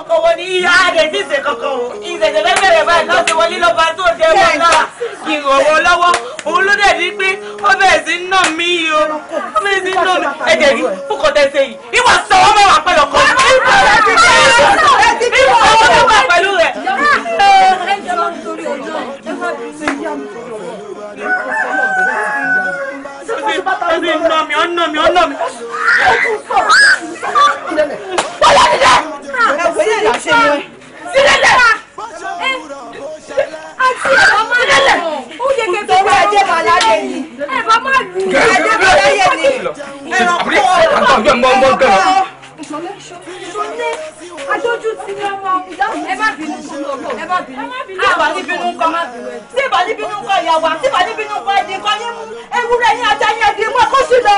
ọkọ wọn ni ìyá rẹ ti ṣe kankan o ìṣẹ̀jẹ̀ lẹ́gbẹ̀rẹ̀ báyìí lọ́ọ́ ti wọlé lọ́ba tó jẹ́ wọn náà kì í rọ̀ wọ́n lọ́wọ́ òun ló dẹ̀ ní pé ó bẹ̀rẹ̀ sí nà mí o ó bẹ̀rẹ̀ sí nà mí ẹ̀jẹ̀ rí fúkọ̀ tẹ̀sẹ̀ yìí ìwọ sọ wọn mẹ́wàá pẹ̀lú ọkọ ìwọ sọ wọn mẹ́wàá pẹ̀lú rẹ̀. ó sì ń nà mí ó ń nà mí ó ń nà mí. bọ́lá mi dẹ́. ẹ̀wọ̀ yẹn là ṣe yẹn. sílẹ̀lẹ̀. àti ẹ̀rọ máa ń lọ. ó yẹ kí n tó wá ẹjẹ́ ṣọlẹ ṣọlẹ adójú ti ní ọmọ ẹ má bínú ẹ má bínú àbá ní bínú kọ tí ìbá ní bínú kọ ìyàwó àti ìbá ní bínú kọ ẹdín kọ yín mú ewúrẹ́ yín ajá yín ẹdín mú ẹkọ sí lọ.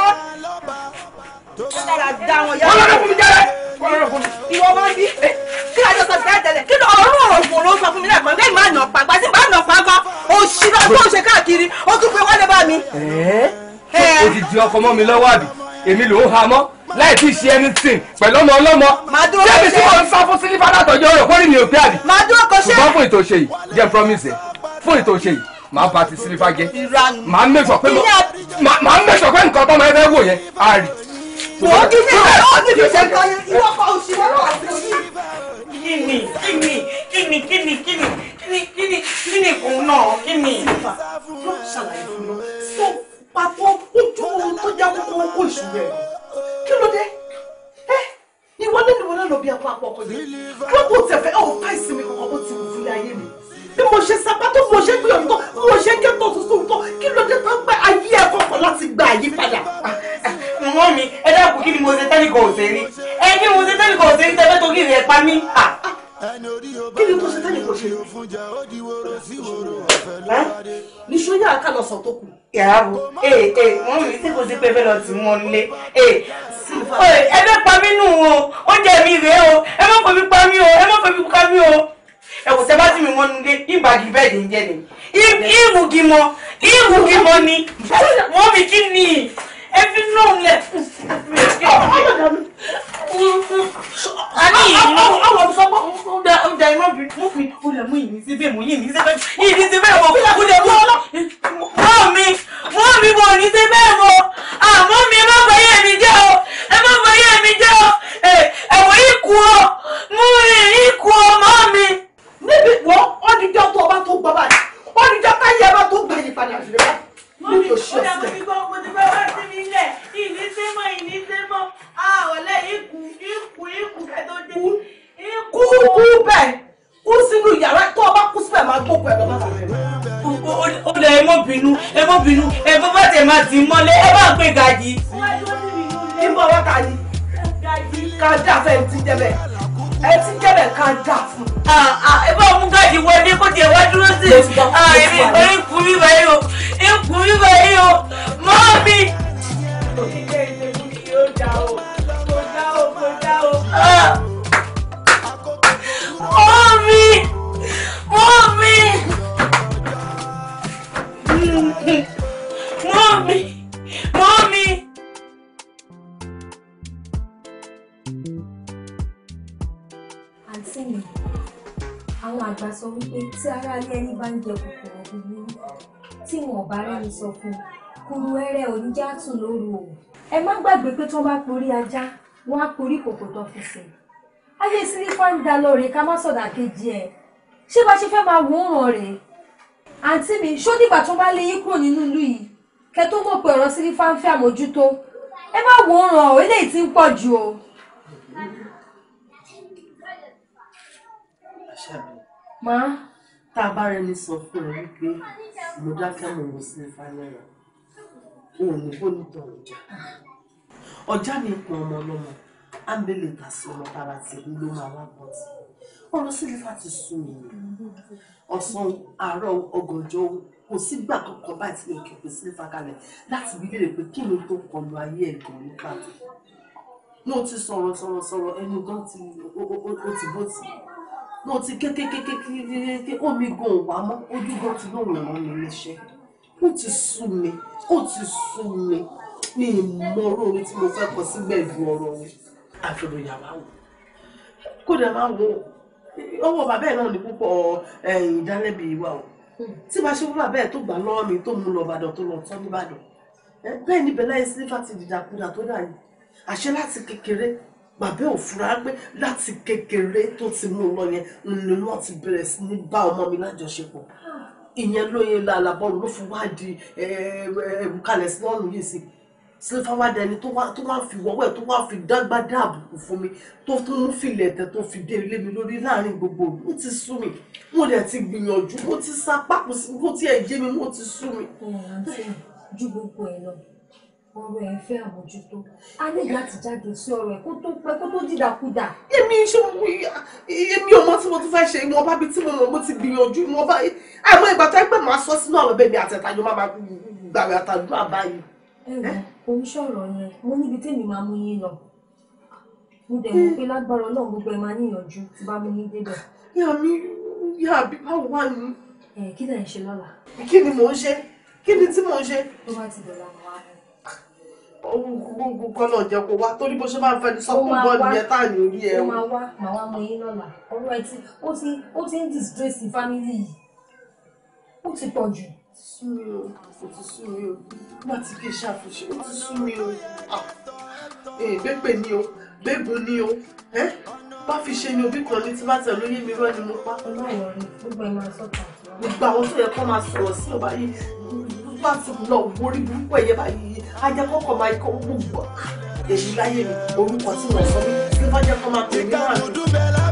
ọlọ́dọ̀ fún mi jẹ́rẹ́ ọlọ́dọ̀ fún mi. ìwọ máa ń bí eh, kí ló sọ sí àtẹlẹ kí ló ọ̀rọ̀ òògùn ló sọ fún mi lẹ́ẹ̀kan lẹ́yìn máa nà pàgbà sí máa nà pàgbà òṣìlọ tó ń ṣe káàkiri ó tún pé wálé bá mi. ó ti di ọkọ mọ́ mi lọ́wọ́ àbí èmi ló ha mọ́ láì tí ì ṣe anything pẹ̀lú ọmọ ọlọ́mọ jẹ́bi tí wọ́n ń sá fún sílífà látọjọ́ rẹ̀ kórìí mi ò gbé àbí ṣùgbọ́n fún ìtòṣe yìí jẹ́ promise fún ìtòṣe yìí màá ba ti sílífà jẹ́ màá mẹ́sọ̀ pé màá mẹ́sọ̀ pé nǹkan tọ́mọ ẹgbẹ́ wò yẹn á rí. wò ó kí ni ó ti fi ṣe kan yẹn ìwọ kọ òṣìṣẹ́ náà kí ni kí ni kí ni kí ni kí ni kí ni kí ni kí ni kò náà kí ni. ṣàlàyé fún mi pàtó ojú oorun tó já kókó owó ìṣù yẹn kí ló dé ẹ ìwọ lẹnu wọn lọ bí apá àpọkọ yẹn lọkọ tẹfẹ ẹ ò fà ìsinmi kankan bó ti wù sílé ayé mi bí mo ṣe sapátó mo ṣe gbìyànjú tó mo ṣe kẹtọ tuntun tó kí ló dé tó ń gbà ayé ẹ kọkọ láti gba àyípadà. mọ̀mọ́ mi ẹ dákun kí ni mo ṣe tẹ́lẹ̀ kò ṣe rí ẹ kí ni mo ṣe tẹ́lẹ̀ kò ṣe rí tẹ́lẹ̀ tó kí ni ẹ pa mí ẹni orí o bá lọ ẹni orí o fún jẹ ká lọ sọ tó kù. yàrá wo ee wọn mi tí kò sí pé fẹ́ lọ tì lé ee ẹ fẹ́ pa mí nù o oúnjẹ mi rèé o ẹ má fẹ́ mi pa mí o ẹ má fẹ́ mi pa mí o ẹ̀wù tẹ́ bá tì mí mọ́nu dé ìbàdí bẹ́ẹ̀ ni jẹ́ ni ìwùgìmọ̀ ìwùgìmọ̀ ni wọ́n mi kí ni ẹbí náà lẹ. Ani ìlú. Àwọn ọmọ sọ́gbọ́n. Ó da ó da iná bí mú mi. Ó lè mú ìní síbẹ̀ mú yìí ní síbẹ̀. Ìní síbẹ̀ mọ̀ kó lè mú ọlọ́. Mọ́ mi mọ́ mi mọ̀ ní síbẹ̀ mọ̀. Àmọ́ mi má bọ̀ yé mi jẹ́ o. Ẹ má bọ̀ yé mi jẹ́ o. Ẹ̀wọ̀n yìí kú o. Mú ìrìn kú o mọ́ mi. Níbi wọ́n, ó di jọ́ tó ọba tó gbọ́ báyìí. Ó di jọ́ táyé ọba tó gbẹ̀yìn padà sílẹ̀. Look your shit. Ó gbọ́ mo ti fẹ́ wá sí mi lẹ̀. Ìní sé mọ́ ìní sé mọ́. Àwọ̀lẹ̀ ikú ikú ikú bẹ́ẹ̀ tó dé. Kú kú bẹ́ẹ̀. Kú sínú yàrá tó o bá kú síbẹ̀ máa gbó pẹ̀lú ọ̀la rẹ̀. Ó lẹ ẹ bínú ẹ mọ́ bínú ẹ bọ́ bá tẹ̀ máa tì mọ́lé ẹ bá gbé gàjì. Kí n bọ̀ wá ti jẹ bẹ́ẹ̀ ẹ ti kẹ́lẹ̀ kan dà fún. Ah, ah, ẹ bá mú káàdì wọlé kó tiẹ̀ wá dúró sí ah, èmi orí kùn mí báyìí o ikùn mí mi. òkìkẹ́ o mọ́ mi mọ́ sí mi àwọn àgbà sọ wípé tí aráalé ẹni bá ń jẹ kòkòrò búburú tí wọn ò bá rẹ́ni sọ fún un kúrú ẹrẹ oníjà tún lóru o ẹ má gbàgbé pé tí wọn bá porí ajá wọn á porí kòkò tó fi sè ayé sílífà ń da lọ rèé ká má sọdà kejì ẹ ṣé bá ṣe fẹ́ máa wò ó ràn rèé àǹtí mi ṣó dìgbà tó bá lé yín kúrò nínú ìlú yìí kẹ tó mọ̀ pé ọ̀rọ̀ sílífà ń fẹ́ àmójútó ẹ má wò ó ràn ọ eléyìí ti ń pọ̀ jù o. má tá a bá rẹ ní sọ fún ẹ wípé mo dákẹ́ mo wò sí ifá náírà òun ní kó nítọ̀ ọjà ọjà ní ipò ọmọ ọlọ́mọ ámbélé tàṣí ọmọ tara tèmi ló máa wá pọ̀ sí ọ̀rọ̀ sílífà ti sún mi ọ̀sán àárọ̀ ọgànjọ́ kò sígbà kankan báyìí tí mo kì í pè sílífà kalẹ̀ láti bí léèrè pé kí ni tó kọlu ayé ẹ̀gàn ní pàtó mo ti sọ̀rọ̀ sọ̀rọ̀ sọ̀rọ̀ ẹnu gan ti bó ti wọn ti kékékékékékéké omi gan wà mọ́ ojú gan ti lóun ràn mí níṣẹ́ ó ti sú mi ó ti sú mi mi ì mọ orin tí mo fẹ́ kọ sígbẹ̀ ju ọ̀rọ̀ mi àfihàn máa wò kódà máa wò ọwọ́ bàbá ẹ̀ náà ní púpọ̀ eh, ìdálẹ́bi ìwà o hmm. tí bá ṣe wọ́n bàbá ẹ̀ tó gbà lọ́wọ́ mi tó mú lọ Ìbàdàn tó lọ tọ́ nìbàdàn eh, bẹ́ẹ̀ ni bẹ̀lẹ́ ẹ̀ sílífà ti dìdàkudà tó dà yìí àṣẹ láti kékeré bàbá ò fura pé láti kékeré tó ti mú un lọ yẹn ló lọ ti bẹ̀rẹ̀ sí ní bá ọmọ mi lájọṣepọ̀ ìyẹn lóye làlàbọ̀ ló fi wá di ẹ̀rù kalẹ̀ sí lọ́rùn yìí sí sílẹ̀fáwádà ẹni tó wá fi wọ́wọ́ ẹ̀ tó wá fi dágbá dáàbò fún mi tó tún mú filẹ̀ tẹ̀ tó fi dé ilé mi lórí láàrin gbogbo ó ti sú mi mo dẹ̀ ti gbìyànjú mo ti sapá kò sí kó tiẹ̀ yé mi mo ti sú mi. ju gbogbo ẹ lọ ọ̀rọ̀ ẹ̀ fẹ́ àmójútó a ní láti jáde sí ọ̀rọ̀ ẹ̀ kó tó pẹ́ kó tó dìdàkudà. èmi ṣé mo èmi ọmọ tí mo tún fẹ́ ṣe ìwọ̀nba bíi tí mo mọ̀ mo ti gbìyànjú ìwọ̀nba àmọ́ ìgbà tó ẹgbẹ́ máa sọ sínú àwọn bẹ́ẹ̀ mi àti ẹ̀tàjọ́ máa gbàgbé àtàdúrà báyìí. ẹ wo òun ṣọ̀rọ̀ yẹn mo níbi tẹ́mi máa mú yín lọ mo dẹ̀ mọ̀ pé lágbára Ọlọ́run gbogbo ẹ máa níyànjú tí bá mi ní débẹ̀. ìyá mi ìyá àbí báwo wà ní. kí ni ẹ̀ ń ṣe lọ́la. kí ni mò ń ṣe kí ni tí mò ń ṣe. tó bá ti dọ̀la ohun gbogbo kó wá torí bó ṣe máa ń fẹ́ni sọ fún bọ́ọ̀lù yẹn tá à ní orí ẹ̀ o. ó máa wá màá mọ yín lọ́la ọ̀rọ̀ ẹ̀ tí ó ti ó ti ń disgrace family yìí ó ti pọ̀ jù. sú o kò ti sú mi o nígbà tí kì í ṣàfihàn ó ti sú o ah, ee eh, bẹ́pẹ̀ ni o bẹ́ẹ̀bù ni o ẹ́ bá fi ṣe ni òbí kan ní tí bá tẹ̀ lóyè mi rọ́ ni mo pa. ọlọ́run gbogbo ẹ̀ máa sọ̀tà. gbogbo àwọn tó yẹ kó máa sọ̀rọ̀ sí ọba yìí bá ti lọ borí burúkú ẹ̀yẹ báyìí ajá kọ́kọ́ máa kọ́ gbogbo èyí láyé mi orúkọ tí wọ́n sọ mí tí kọ́ máa pè mí náà.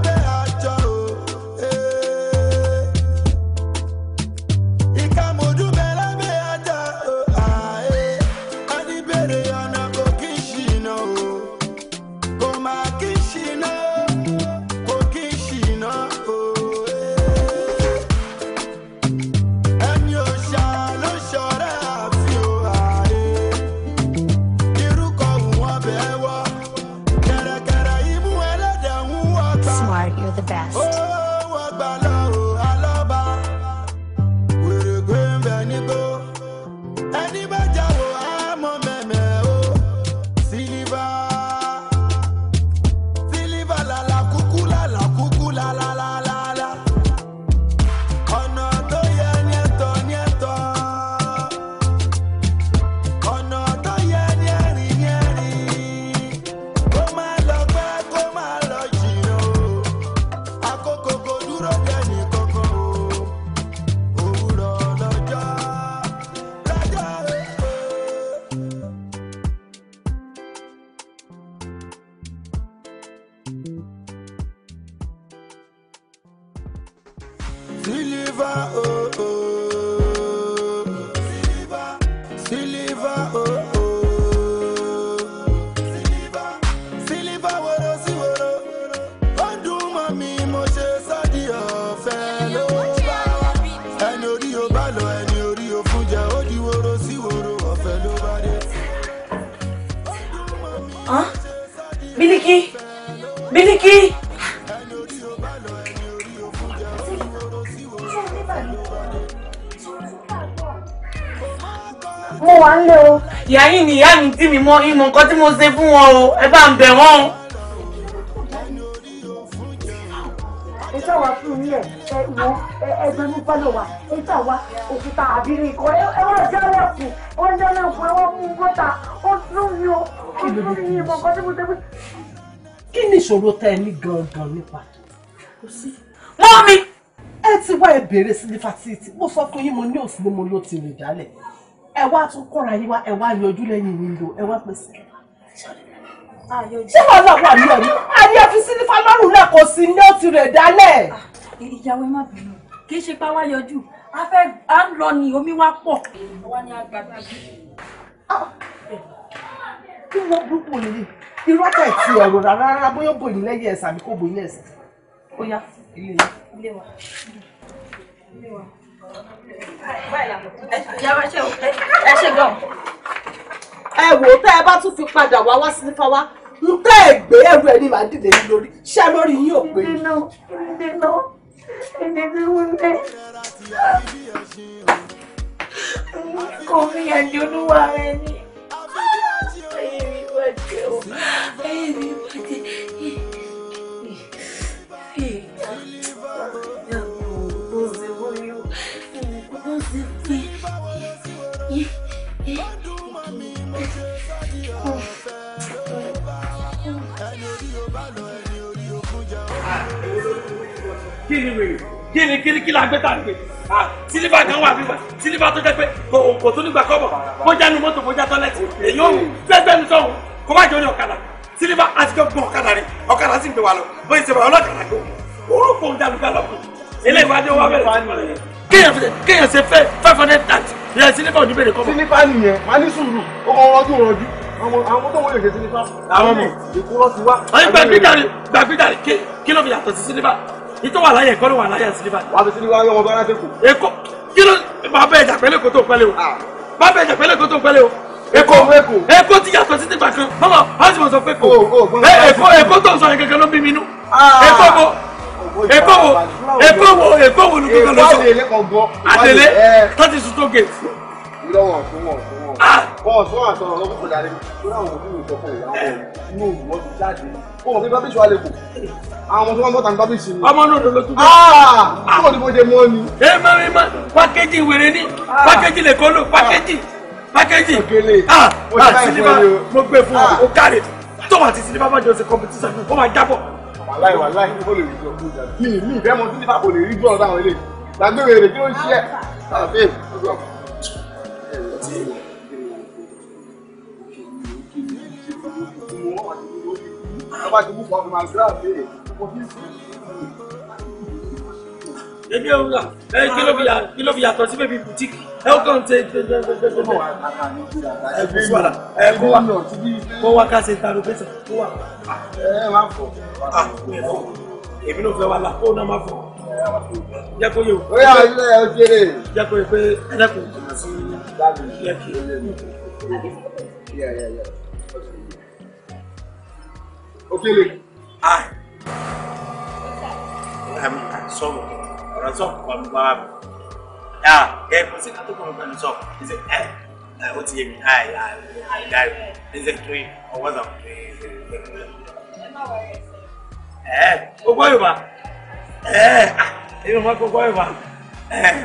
tí mi mọ ìmọ̀ nǹkan tí mo ṣe fún wọn o ẹ bá ń bẹ̀ wọ́n. ẹ sáwà fún mi ẹ ẹ wọ ẹ ẹgbẹ́ mi pálọ̀ wá ẹ sáwà òkúta àbírí ikọ̀ ẹ wọ́n o ó tún mi ìmọ̀ nǹkan tí mo ṣe fún. kí ni ìṣòro tẹ ẹ ní gangan nípa tó sí. wọ́n mi. ẹ ti wá ẹ bèrè sí ní fásitì mo sọ fún yín mo ní òsínlẹ̀ mo ló ti rìn dálẹ̀ ẹ wá tún kọ́ra yín wá ẹ wá yọjú lẹ́yìn wíńdò ẹ wá pèsè. Ah, ṣé wàá làwọn àmì ọ̀nì àyè fi sílífà lọ́rùn náà kò sí ní ó ti rẹ̀ dálẹ̀. Ah, ìyàwó ẹ má bínú kì í ṣe pé a wá yọjú a fẹ́ à ń lọ ni omi wá pọ̀. àwa ni a gbàgbà ah, kí wọ́n burúkú wò lélẹ̀ irọ́ tẹ̀ ti ọ̀rọ̀ rárá rárá bóyá bò yín lẹ́yìn ẹ̀sà àbí kò bò yín lẹ́sẹ̀ ó yá ilé wa. ilé wa ẹ ṣe gan. ẹ wò ó ẹ bá tún fi padà wá wá sí fáwá n tẹ́ ẹ gbé ẹrù ẹ ní màá dìde yín lórí ṣé lórí yín ò pé. kò fi àjò olúwa rẹ ní. ẹyẹ mi bàjẹ́ ẹyẹ mi bàjẹ́. kí ni wèrè kí ni kí ni kí la gbé tà nígbè ah, sílífà kan wà bíbà sílífà tó jẹ pé kò tó nígbà kọ́bọ̀ bójá nu mọ́tò bójá tọ́lẹ́tì èyí ó gbẹgbẹ́ nu sọ̀hún kó bá jọ ní ọ̀kadà sílífà àtijọ́ gbọ́n ọ̀kadà rẹ̀ ọ̀kadà sì ń gbé wa lọ bóyá ìṣẹ̀wà ọlọ́kadà gbó orúkọ òǹdàlùkà lọ́kùn eléyìí wájú wa bẹ̀rẹ̀ kéèyàn fẹ́ kéèyàn ṣe fẹ́ five hundred thirty yẹn sílífà òní bèrè kọ́bọ̀. sílífà nìyẹn wà ní sùúrù ó kọ́ rọ́jú rọ́jú àwọn àwọn tó wọlé ṣe sílífà. àwọn ọmọ ìkúrọ́ ti wá. ọyẹ gbàgbé dàrí gbàgbé dàrí kí ló fi yàtọ̀ sí sílífà ìtọ́ wà láyé ẹ̀kọ́ ló wà láyé sílíbà. wà á fi sílíbà yọ ọmọ bá láti kù. èkó kí ló máa bẹ ẹja pẹ̀lẹ́ kó tó pẹ̀lẹ́ o máa bẹ ẹja pẹ̀lẹ́ kó tó pẹ̀lẹ́ o. èkó èkó ti yàtọ̀ sí tìgbà kan mọ́mọ́ a sì mọ̀ sọ pé kò èkó èkó tó ń sọ yẹn kankan ló bí mi nú. Ah. èkó wo èkó wo èkó wo èkó wo ló kankan lọ sọ. àtẹlẹ tó ti sùn tó gé. ìlọ́wọ̀ fún wọn fún wọn. wọn sọ àtọrọ lọkùnkùn dàrí tó láwọn òbí mi sọ fún ìyá wọn inú òwú wọn ti jáde kó wọn fi bábísì wà lẹkọọ àwọn tó wọn bọ tàbí bábísì ni. ọmọ náà lọ́dọ̀ tó bọ̀. kó ni mo ṣe mọ́ ni. ẹ má rí ma pákéjì wèrè ní pákéjì lè kọ́ ló pákéjì pákéjì. òkèlè mo ṣe báyìí fún mi o. mo gbé fún o káre tó wà ti sinimá bá jọ ṣe kọmpitíṣàn ó máa jábọ̀. wàláì wàláì ó lè rí jọ mi mi ìfẹ́ mọ sí nípa kò lè rí jọ ọ̀dà àwọn eléyìí gbàgbé wèrè kí ló ń ṣe é. bá ti mú kọ́ fún màá sílá sí èmi ò ń là ẹ kí ló fi yà kí ló fi yàtọ̀ sí bèbí bùtíkì ẹ ó kàn ṣe ẹ kó wà ẹ kó wà kó wà ká ṣe taro pèsè kó wà. ẹ má fọ èmi ló fẹ́ wà là kó náà má fọ jẹ́ kó yẹ o. ó yà á lé ẹ jẹrè. jẹ́ kó yẹ pé ẹ dẹ́kun. láti ilé kí. Okele. Ah. Ẹ̀mí sọ̀rọ̀ ọ̀rọ̀ sọ̀rọ̀ wà mí bá mi. Ah, Yà ẹ̀ kò sí kátó kan pẹ̀lú sọ̀rọ̀. Ẹ ṣe ẹ̀ ẹ̀ ó ti yé mi. Ayé ayé ayé ẹ̀ ṣe tó yẹ ọwọ́ sàn. Ẹ má wọrí ẹsẹ̀. Ẹ̀ eh, gbogbo Yorùbá. Ẹ̀ eh, ah, èmi máa gbogbo Yorùbá. Ẹ̀ eh,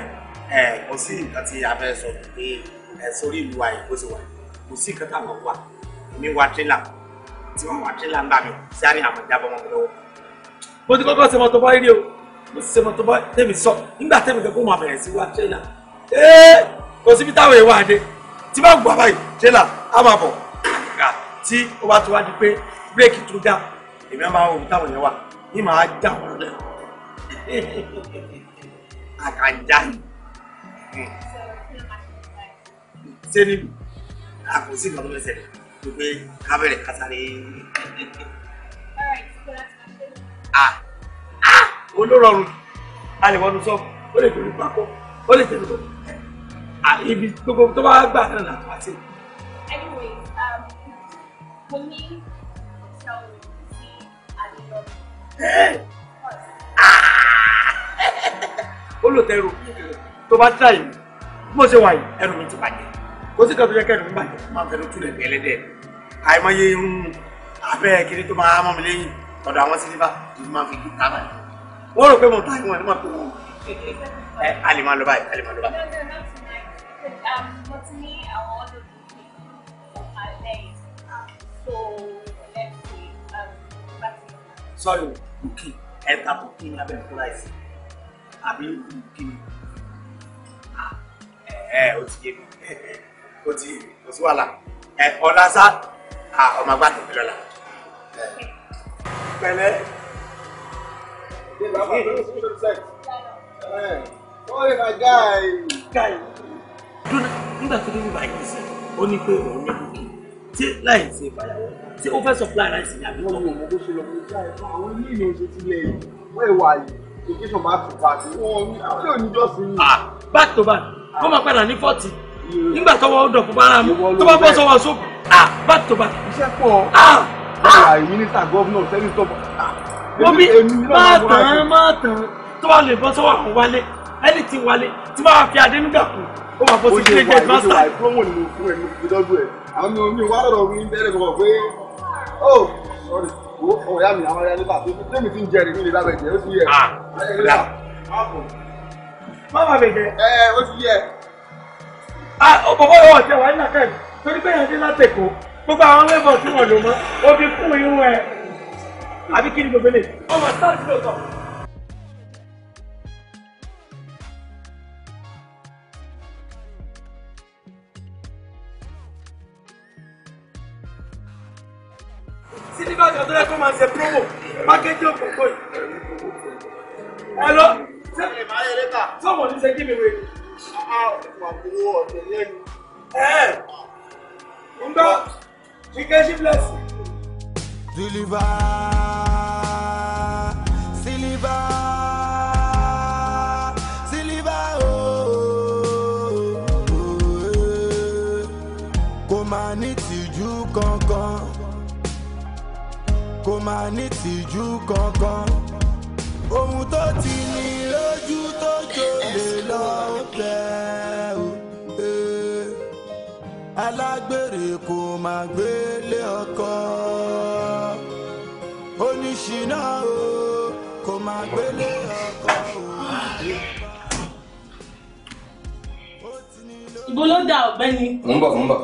ẹ̀ kò sí nǹkan tí a fẹ́ sọ pé ẹ̀ sórí ìlú wa tí wọ́n wá tírélà ń bá mi sí àárín àwọn ìjábọ̀ ọmọ mi lọ́wọ́. mo ti kọ́kọ́ sẹ́mọ̀ tó bá rí o mo ti sẹ́mọ̀ tó bá tẹ̀mí sọ nígbà tẹ̀mí kẹ́kọ̀ọ́ máa bẹ̀rẹ̀ sí wá tírélà ee kò síbi táwọn èèwà àdé tí bá gbọ́ báyìí tírélà á máa bọ̀ kà tí ó bá ti wá di pé bírèkì tún dá èmi máa wò táwọn yẹn wà màá já wọn lẹ àkànjá ṣé ni àkùnsí kan today kábẹ̀rẹ̀ kásáré. olórọrùn a lè wọnú sọ́ọ̀bù ó lè torí pákó ó lè tẹ̀lé lọ́wọ́ ibi gbogbo tó bá gbà náà là wá sí. anyway mo ní hotel sí àlejò. ó lò tẹ́rù tó bá tíráyì mo ṣe wà yìí ẹrù mi kó sì kàtó jẹ́ kẹ́nu mi bàjẹ́ máa fẹ́ ló túlẹ̀ bí ẹlẹ́dẹ̀ àìmọye irun abẹ́ kiri tó máa mọ̀ mí lẹ́yìn ọ̀dọ̀ àwọn sílífà tó máa fi kíkà báyìí wọ́n rò pé mo ta ìwọ̀n ẹ̀ máa tó wọn a lè máa lọ báyìí a lè máa lọ báyìí. mo ti ní àwọn ọdún sọ́ọ̀rì bùkì ẹ̀ta bùkì ní abẹ́ ẹ̀ ah, ẹ̀ ó ti yé mi. o ti o ti wàhálà ẹ ọ̀la sá ọmọ àgbà tó fi lọ́la. pẹ̀lẹ́. Oye ma guy. Guy. Dúnà nígbà tó dé bá yìí sí, ó ní pé òun ní bùkì. Tí láì ṣe ìfàyàwó, tí ó fẹ́ supply rice ní àbí tọ́kọ̀. Wọ́n mọ̀ bó ṣe lọ fún ṣáà ẹ̀fọ́ àwọn ilé ìlú oṣù tilẹ̀ yìí. Wọ́n ìwà yìí, location máa tún fà Wọ́n ní àwọn ilé òní jọ́sìn yìí. Ah, back to back, wọ́n máa padà ní fọ́ọ̀tì nígbà tọwọ́ ó dọ̀kú bára mi tó bá bọ́ sọ́wọ́ sóògùn ah bá tó bá. iṣẹ́ pọ̀ ah ah mínísítà gọ́vnà sẹ́nitọ́ wọ́n bí má tán má tán tó bá lè bọ́ sọ́wọ́ àwọn wálé ẹni tí wálé tí máa fi adé nígbà kù ó máa bọ́ sí ilé jẹ́ master. ó ṣe wà ìfúnwọ̀n ni mo fún ẹ ní ìdọ́jú ẹ àwọn mi wá rọ̀ mi bẹ́ẹ̀ kọ̀ pé ó oh, sọ̀rọ̀ mi àwọn ẹ̀yà tó tẹ́mi ti ń jẹrìí mi lè lábẹ́ jẹ́ ó ti yẹ. má bàbẹ̀ jẹ́. ẹ ó ti yẹ bọ̀bọ̀ yóò ọ̀tẹ̀ wà nínú àkàyè torí pé yànjú láti èkó gbogbo àwọn lẹ́bọ̀ tí wọ́n lò mọ́ ó fi kún irun ẹ̀ àbí kí ni gbogbo lè ọmọ sáà ti lò tán. sí ní bàjẹ́ tó yẹ kó máa ṣe promo mákẹ́tì òkòkò yìí. ẹ lọ sẹ́mi ìmọ̀ ayẹyẹ ta sọ́wọ́n ní ṣe kí mi wé. Ngbọ́, Chike ṣí blẹ̀sì. Deliver, deliver, deliver ooo. Kò máa ní tìjú kankan. Kò máa ní tìjú kankan ohun tó ti ní lójú tó jòlè lọ́tẹ̀ o. Eh, alágbèrè kò máa gbélé ọkọ oníṣìná o kò máa gbélé ọkọ o. ibo ọ̀gbẹ́ni. ń bọ̀ ń bọ̀.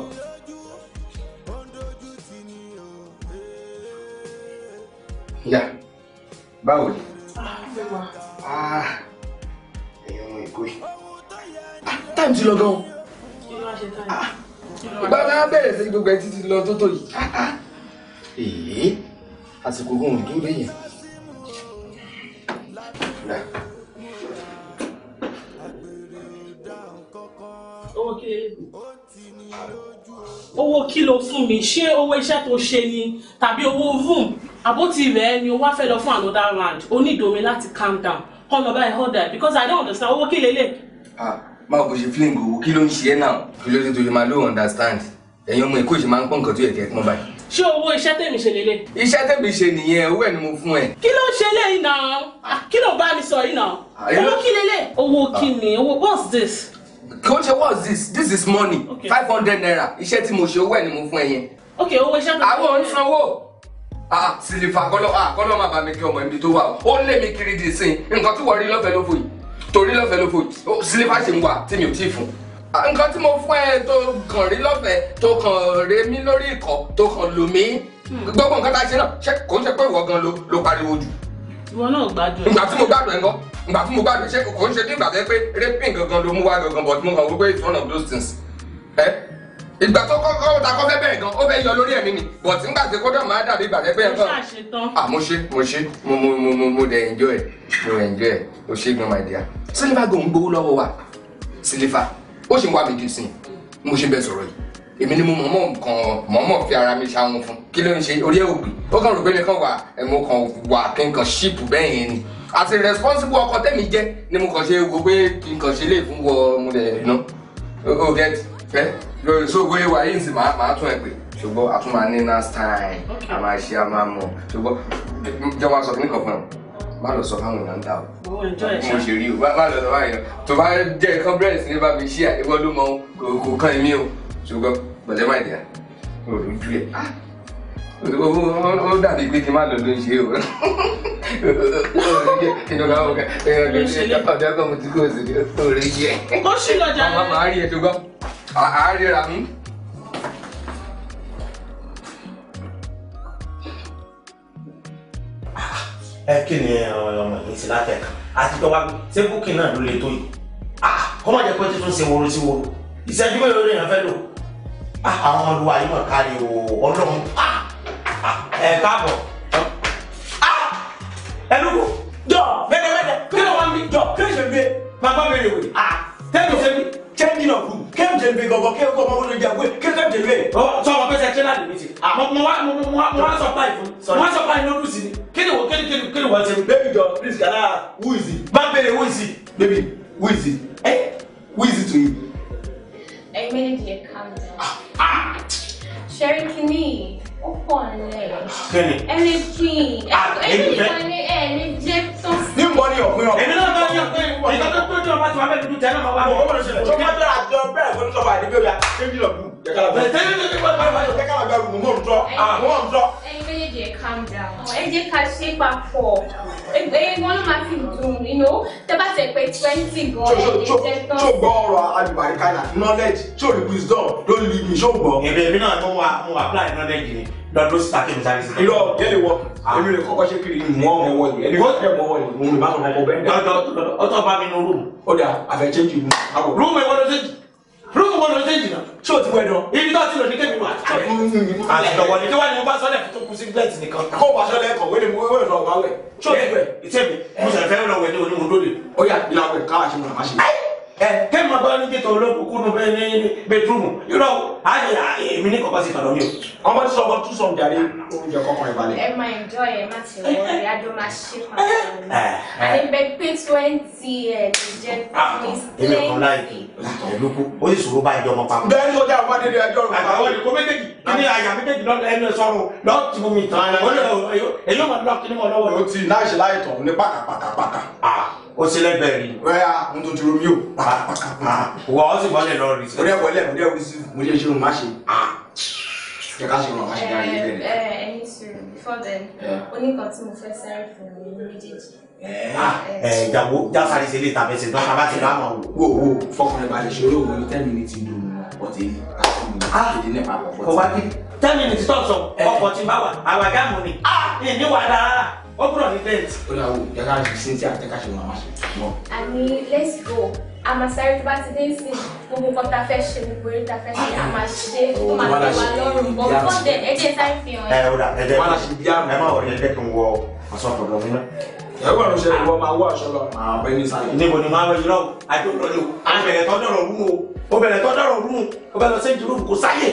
báwo ni. Ah, ẹ̀yin ọmọ èkó yìí ah, táìmù ti lọ gan o ah, ìgbà máa bẹ̀rẹ̀ sí gbogbo ẹ̀ títí lọ tó tó yìí. èyí àsìkò gan ò dúró yẹn. owó kí lè lè bù owó kí ló fún mi ṣé owó iṣẹ́ tó ṣe ni tàbí owó vum àbótí rẹ̀ ni o wá fẹ́ lọ fún another round o ní ìdòmí láti calm down kọ́ lọ báyìí hold that because i don't understand owó kí lélẹ̀. Ah, máa kò ṣe fílẹ̀ gbogbo kí ló ń ṣe é náà kí ló ṣe tó ṣe máa ló understand ẹ̀yin ọmọ èkó ṣe máa ń pọ̀ nǹkan tó yẹ kí ẹ pọ́n báyìí. ṣé owó iṣẹ́ tèmi ṣe lélẹ̀. iṣẹ́ tèmi ṣe nìyẹn owó ẹ̀ ni mo fún ẹ. kí ló ń ṣe lẹ́yìn náà ah, kí ló bá mi sọ yìí náà owó kí lélẹ̀ owó kí ni owó what's this kò what is this this is money five hundred naira iṣẹ́ tí mo ṣe owó ẹ̀ ni mo fún ẹ yẹn. ok owó iṣẹ́ tó ń bá àwọn ò ń sanwó ah, ah, sílífà kọ́lọ́ ah, kọ́lọ́ máa bá mi kí ọmọ ibi tó wà ó lé mi kiri dì sí nǹkan tí wọ́n rí lọ́fẹ̀ẹ́ ló fò yìí torí lọ́fẹ̀ẹ́ ló fò yìí sílífà ṣe ń wà tí mi ò tí ì fún. nǹkan tí mo fún ẹ tó kàn rí lọ́fẹ̀ẹ́ tó kàn ré mi lórí ìkọ́ tó kàn lò mí hmm. gbogbo nǹkan tá a ṣe náà kò ń ṣe pé ìwọ gan ló pariwo jù. ìwọ náà gbádùn ẹ. ìgbà tí mo gbádùn ẹ gan ìgbà tí mo bá ṣe kò ń ṣe bí ìgbà tó yẹ pé raping gangan ló mú wá gangan but mo kàn wípé it's one of those things ìgbà tó kọ́kọ́ ta kọ́ fẹ́ bẹ̀rẹ̀ gan ó fẹ́ yọ lórí ẹ̀mí ni but nígbà tí kódà máa dàbí ìgbà tẹ́ pé ẹ̀ kàn mo ṣe mo ṣe mo mo mo mo mo dẹ̀ enjoy ẹ̀ mo enjoy ẹ̀ o ṣe gan my dear sílífà gan ń gbowó lọ́wọ́ wa sílífà ó ṣì ń wá mi jù sí i mo ṣe bẹ́ẹ̀ sọ̀rọ̀ yìí èmi ni mo mọ̀mọ́ nǹkan mọ̀mọ́ fi ara mi ṣàwọn fún kí ló ń ṣe orí ẹ̀ ògbìn ó kàn rò nìkan wà ẹ̀ mo kàn wà kí n kàn ṣíìpù bẹ́ẹ̀ yẹn ni as a responsible ọkọ tẹ́mi jẹ́ ni mo kàn ṣe wo pé kí n kàn ṣe lè fún wọ mo dẹ̀ ná o get ẹ lórí sógo ìwà yìí nsì máa tún ẹ pé ṣùgbọ́n a tún máa ní nice time a máa ṣe a máa mọ̀ ṣùgbọ́n jọ máa sọ kí ní kàn fún ẹ má lọ sọ fáwọn èèyàn dà o mo ṣe rí o má lọ sọ fáwọn èèyàn tó bá jẹ́ ẹ̀kan bẹ́ẹ̀ ní bá mi ṣí àìwọ́dún kò kàn mí o ṣùgbọ́n pẹ̀lẹ́ máa dẹ̀ ọ́ lójú ẹ̀ ah! ó dàbí pé kí n má lọ ló ń ṣe o ìjọba ọkẹ ọjọ́ kan mo ti kó sí orí yẹ. kó sì lọ jà rẹ. màá rí ẹjọ gbọ́ àá ríra mi. ẹ kí ni ọmọ yìí ti látẹ̀ka àti pé wá ṣé búkì náà ló le tó yìí kọ́mọ̀ jẹ́ pé tuntun ṣe woro sí woro ìṣẹ́jú mélòó lèèyàn fẹ́ lò àwọn olùwà yìí mọ̀ kárí o ọlọ́run. Eh, ah. ẹ káàbọ̀ ẹnugu jọ bẹtẹbẹtẹ kí ló wọn bí jọ kí ló ṣe gbé màmá mi rè wè ah! tẹ́lẹ̀ ṣe bí tẹ́lẹ̀ nínú kù kéwù jẹ gbé gọ́gọ́ kéwù kọ́ ọmọ olójà wé kéwù jẹ gbé. sọ ma pèsè ẹtí láti méjì mo wá mo wá mo wá supply fún mo wá supply ní olùsí ni kéde wo kéde kéde kéde wọ́n ṣe. baby jọ please kala who is it. bá bèrè who is it baby who is it ẹ eh? who is it to you. ẹ̀yin méjèèjì lè calm down. ṣẹ́rí kìíní ó pọ̀ nílẹ̀. kíni. ẹni pin ẹni ìwọlé ẹni jẹ́ tán. ní n bọ ní ọ̀pin ọ̀pin. èmi náà bá yọ pé ìgbà tó tó dùn ọba tí wàá bẹ dúdú jẹ náà máa bá mi. ọmọ ìṣẹ̀lẹ̀ tó máa bẹ̀rẹ̀ àjọ bẹ̀rẹ̀ fún ìṣọba àdébí ọjà ṣébi lọ dùn. Ah, ẹyin méjèèjì ẹ calm down. Ẹ jẹ́ ká ṣe papọ̀. Ẹyin wọn ló máa ti dùn, you know. Tẹ́ bá tẹ̀ pé twenty gan-an ẹ̀ jẹ́ tán. Tó gbọ́ ọ̀rọ̀ àlùbáríkà náà knowledge tó rí wisdom ló lè mi ṣó gbọ́. Ẹ̀bẹ̀ mi náà mo wà mo apply knowledge ni lọ́dún síta kí n sáré sí. irọ́ yẹ́lẹ̀ wọ ah. èmi lè kọ́kọ́ ṣe kiri mọ́ ọmọ wọ yìí ẹni wọ́n tẹ̀ mọ́ wọ yìí òun lè bá kọ́kọ́ bẹ́ẹ̀ dẹ́. lọ́dọ̀ ọtọ́ bá mi nu rúùmù. ó dà àfẹ́ chẹ́ǹjì mi. rúùmù ìwọ ló ṣèjì rúùmù ìwọ ló ṣèjì náà ṣé o ti wẹ̀ dán. ibi tó ti lò ní kébì wà. àlejòwọ̀ ni kíwá ni mo bá sọ́lẹ̀ tó kù sí blẹ̀t nìkan. kó o bá sọ́lẹ̀ kọ̀ wẹ́lẹ̀ mo wẹ̀ lọ́ọ̀ bá wẹ̀. ṣé o ti eh, wẹ̀ ìtẹ̀mí mo sì fẹ́ lọ wẹ̀ ní onímọ̀ lóde. ó yà ìlà wẹ̀ káà ṣe mo nà má ṣe ẹ kẹ́ mọ bá ní jẹ́tọ̀ olókùnkùnú bẹ́ẹ̀ ní bẹ́túrùmù irọ́ ayé èmi ní kọ́kọ́ sí tọ̀dọ̀ mi o kọ́kọ́ tí sọ́kọ́ tún sọ̀rọ̀ jàre oúnjẹ kọ́kọ́ rẹ̀ balẹ̀. ẹ máa ẹjọ́ ẹ má ti wọlé eh, eh. adó máa ṣe máa wọlé eh, àdébẹ pé twenty ẹ lè jẹ ah, twenty. èmi kan láì olùkú ó sì sòro bá ìjọ ọmọ papọ̀. bẹ́ẹ̀ ni o dá àwọn adédè ẹjọ́ rẹ̀ papọ̀ àwọn èkó méjèèjì ní àyà méjèèjì lọ́dọ̀ ẹnu sọ́run lọ́ọ̀ tí mo mi tán ẹ ó ṣe lẹ́gbẹ̀ẹ́ rí. wẹ́yà mo tó dúró mi ò pàápàá. Ah, ah, ah. wà ó sì bọ́lẹ̀ lọ rí. mo dẹ́ wọlé mo dẹ́ wí sí mo dẹ́ ṣerun má ṣe. ṣe ká ṣe wọn má ṣe dára yìí eh, bẹ́ẹ̀ ni. Eh, ẹ ẹ ẹyin sùúrù before then eh. oníkan tí mo fẹ́ sáré fún mi méjèèjì. ẹ jàwó jásáré ṣe lè tàbí ṣe dọ́ta bá ti rá wọn wò. wò wò fọkùnrin balẹ̀ ṣòro òun ten minutes ń dùn ọtí àti ìdí nípa àpapọ̀. kò wá kí ten minutes tó sọ ọkọ̀ ti bá wà àwàgá mu ni. ah ìníwàdà rárá ó gbọ́dọ̀ ní dent. ó dà wò jẹ́ ká ṣe sí ti àtẹ́ká ṣe wọn àmàṣe. let's go a máa sáré tó bá ti dé sí gbogbo nǹkan tá a fẹ́ ṣe gbogbo eré tá a fẹ́ ṣe a máa ṣe tó máa tó wà lọ́rùn bọ́ fún dẹ̀ ẹ̀jẹ̀ sáré fi hàn. ẹ ó dà ẹ jẹ́ ẹ má wọ̀ ẹ jẹ́ kí n wọ aṣọ àtọ̀dọ̀ mi náà ẹgbẹ́ ọ̀run ṣe ìwọ máa wọ aṣọ lọ máa bẹ ní sáré. níbo ni máa wọ yìí lọ àjọ lọlẹ o a bẹ̀rẹ̀ tọ́ dọ̀rọ̀ rú o o bẹ̀rẹ̀ tọ́ dọ̀rọ̀ rú o o bẹ lọ sí kò sáyè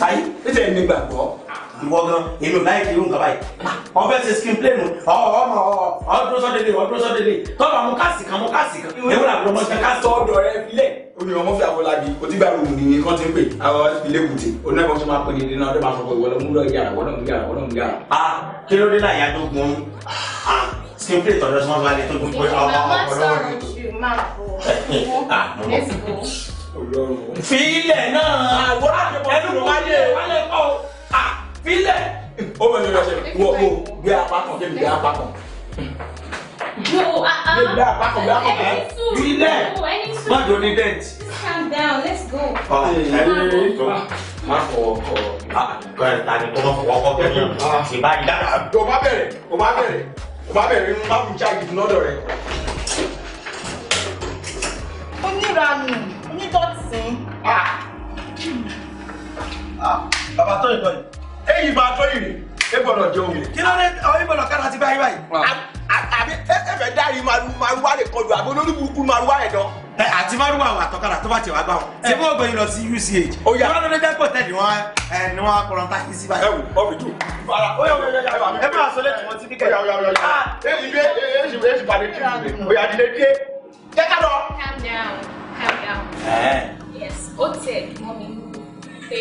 sáyè. ẹ jẹ́ ìnigbàgbọ́ ìwọ gan èmi ò láyé kiri nǹkan báyìí ah, ọbẹ̀ ṣe skin play nu ọmọ ọdún sọdẹlẹ ọdún sọdẹlẹ tọ́ba mú káàsì kan mú káàsì kan èwo làbí ọmọ ṣe káàsì. tọ́dọ̀ rẹ filẹ̀ olùyọ̀ ọmọ fi àwọn labi òtígbà ìròyìn nìyẹn kan ti ń pè àwọn ilé kùtì onígbà tó máa pè ní nínú ọdún máa sọ pé ìwọ lọ́mú lọ́ọ́ yàrá wọ́n lọ́mú yàrá wọ́n lọ́mú yàrá. a ah, kí ló dé láyà ah, tó gun skin play tọ́jọ́ sọ́n balẹ̀ tó gun pé ọmọ ọ̀pọ̀lọpọ̀. fílẹ̀ náà ẹnu wálé filẹ̀ ó bẹ̀ yọ ọṣẹ wo wo gbé apá kan débi uh, uh, gbé apá kan. Gbé apá kan gbé apá kan filẹ̀ má jọ ní dent. calm down let's go. Ah, eh, eh, eh, ah, ẹni tó má fọ ọkọ ọkọ ẹ ta ni tó má fọ ọkọ bẹ́ẹ̀ ni ìbá yìí dára. o bá bẹ̀rẹ̀ o bá bẹ̀rẹ̀ o bá bẹ̀rẹ̀ nínú má fún ṣáàjì lọ́dọ̀ rẹ̀. oníranù onídọ̀tí. Ah. bàbá tó ìtọ́ yìí èyí máa tó ìrè e gbọ́dọ̀ jẹ omi. kí ló dé ọyún bọ̀dọ̀ kára ti báyìí báyìí. àbí ẹfẹ̀ dárí maruwa lè kọjú àbí olórí burúkú maruwa ẹ̀ dán. ẹ àti maruwa àwọn àtọkàrà tó bá tiẹ̀ wá gbà wọn. ṣé bó gbẹ̀yìn lọ sí uch. ó yà wọn lọ jẹ́ pọ̀ tẹ́lẹ̀ wọn ẹ ni wọn kọ̀ọ̀rọ̀ ta kí sí báyìí. ẹ wò ọ bì tó. ẹ máa sọ létí wọn ti kíkẹ́. calm down calm down. yes ó tẹ̀ mọ́ mi pé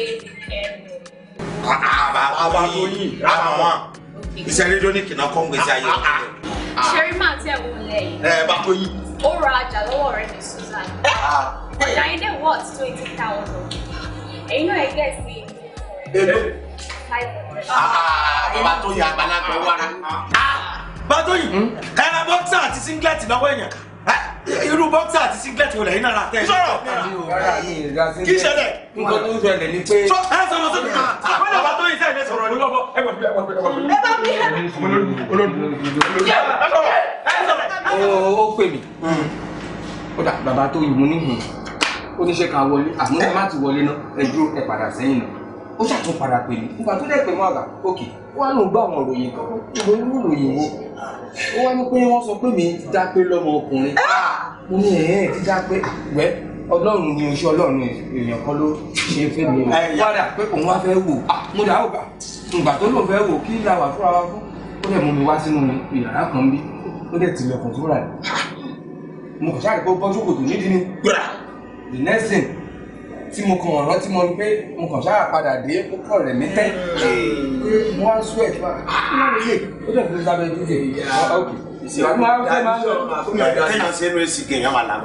bàbá tó yìn rábà wọn iṣẹ́ rédíò ní kìnnà kọ́ ń gbèsè ayé wọn. ṣeré máa tẹ wò lẹ́yìn. ẹ bá tó yìn. ó ra ọjà lọ́wọ́ rẹ̀ ní Susan ah. ọjà yín dé wọ́ọ̀t twenty thousand èyí náà ẹ gẹ̀ sí i. èlò bàbá tó yìn àgbàlagbà wàrà. Ah. Ah. bàbá tó yìn hmm? ẹran bọ́ksà àti singlet lọ́wọ́ èèyàn. Eh? irú boxer àti singlet wo lẹ́yìn náà rà tẹ́ sọ̀rọ̀ kí ṣẹlẹ̀ nǹkan tó ń ṣẹlẹ̀ ni pé. ẹ sọ̀rọ̀ sọ̀rọ̀ àwọn ọba tó ń ṣe ẹ̀mí sọ̀rọ̀ ní lọ́bọ̀ ẹ bá mi ẹ bá mi ẹ bá mi ẹ bá mi. ó pè mí hmm. ó dà bàbá tó yìí mo níhùn ó ní ṣe ká wọlé àmọ́ ẹ má ti wọlé náà ẹ dúró ẹ padà sẹ́yìn náà ó ṣàtún padà pè mí nígbà tó dẹ̀ pè mọ́ àgbà òkè wà ló ń gbọ́ àwọn ìròyìn kan ìròyìn ìròyìn wo ó wá ní pé wọ́n sọ pé mi dápé lọ́mọ ọkùnrin ah! mo ní ẹ̀ẹ́ ti dápé wẹ́ ọlọ́run ni oṣù ọlọ́run èèyàn kan ló ṣe fẹ́ mi o wádà pé òun wá fẹ́ wò ah, mo dà ó gbà ǹgbà tó lóun fẹ́ wò kí la wà fúnra wa fún ó dẹ̀ mú mi wá sínú yàrá kan bí ó dẹ̀ tilẹ̀kùn tó rà ah! mo kàn ṣáà rí pé bọ́sùkòtò nídìí ni the next thing tí mo kàn rántí mo pé mo kàn ṣáà padà dé ó kọ̀ rẹ̀ mí tẹ́ mo wá sún ẹ̀ fún wa ó dẹ̀ fi sábẹ́ dídè ọ̀kì ah, mo wá fẹ́ máa lọ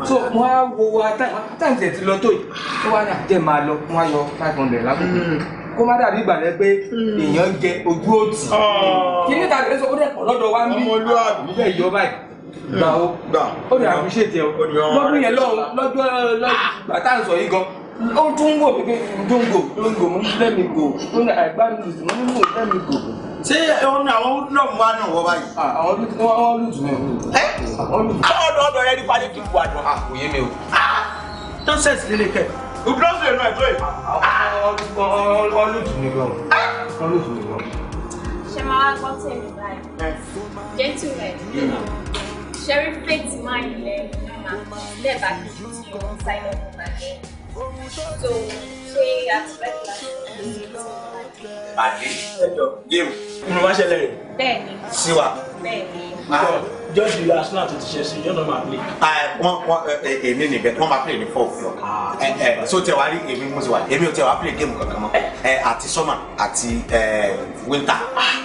so mo wá wo wa táyì tẹ̀ ti lọ tó yìí ó wá ní àjẹ́ ah, máa lọ mo wá yọ five hundred lápò mm. kó má dàbí ìgbà rẹ pé mm. èèyàn jẹ ojú òtì oh. kí níta rẹ sọ ó dẹ̀ pọ̀ lọ́dọ̀ wa ń bí ọmọlúwàbí bẹ́ẹ̀ báyìí gbà ó ó dẹ̀ àfiṣètì ẹ lọ́dún yẹn lọ́dún lọ́dún gbà ń sọ yìí gan ó tún ń wò mí pé dongo dongo mo ní lẹ́mi gò ó ní àìgbá mi lùtù mo ní mò ń lẹ́mi gò. ṣé ọ̀nà àwọn olùdókòwò wa náà wọ báyìí. àwọn olùdókòwò wọn lùtù náà. ẹ àwọn ọdọ ọdọ yẹn ní pàdé kí n bu àdùn. kò yé mi o. nọ́ọ̀sẹ̀sì lélẹ̀ kẹ́. olùdókòwò náà tó yìí. àwọn olùtù ni gan. olùtù ni gan. ṣe máa wá gbọ́ tèmi báyìí. gentleman ṣe rí plate máa ń lẹ́yìn so ṣé àtìlẹ́yìn láti pàdé ẹjọ́ géèmù. mo máa ń ṣẹlẹ̀ rẹ̀. bẹ́ẹ̀ni. síwá. bẹ́ẹ̀ni just the arsenal tó ti ṣe sí yóò náà máa play. Ah, wọ́n wọ́n eh, eh, èmi nìbẹ̀ wọ́n máa play ní four o'clock. Ah, eh, so tẹ wá rí èmi mo ti wà èmi ò tẹ wá play game kankan mọ́ àti summer àti winter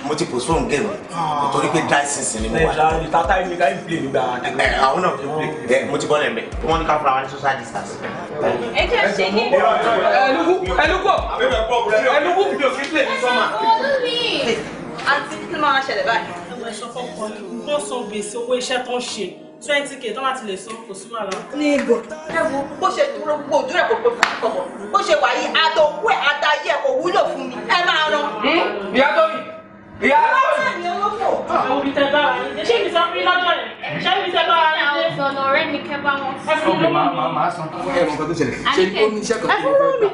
mo ti postpone game nítorí ah. pé dry season ni mo wà. tata yìí ni ká yìí play nígbà. àwọn náà ti play mo ti bọ́ lẹ́mẹ̀ wọ́n ní ká fara wa ní social distance. ẹ jẹ́ ṣe ní. ẹnugu ẹnugu ẹnugu mi ò fi play ní summer. àti kí ló máa ṣẹlẹ̀ báyìí lè sọ fọ́kọ bó so gbèsè owó iṣẹ́ tó ń ṣe twenty k tó bá ti lè so kò sí wàhálà. ní ibò ẹ wo bó ṣe dúró gbogbo ojú rẹ kò kọkọ bó ṣe wà yí àtọkù ẹ àtàyè kò wúlò fún mi ẹ máa rán. Hmm? ìyá tó yìí ìyá àwọn òbí ah. tẹ bá wa ní ṣé mi sọ fún yín lọ́jọ́ yẹn ṣé mi tẹ bá wa ní ilé. ọ̀nà ọ̀rẹ́ mi kẹ́ bá wọn sí. ọkùnrin máa máa máa san fún ẹ̀rọ nǹkan tó ṣẹlẹ̀ ṣe ó ní iṣẹ́ kan tó fẹ́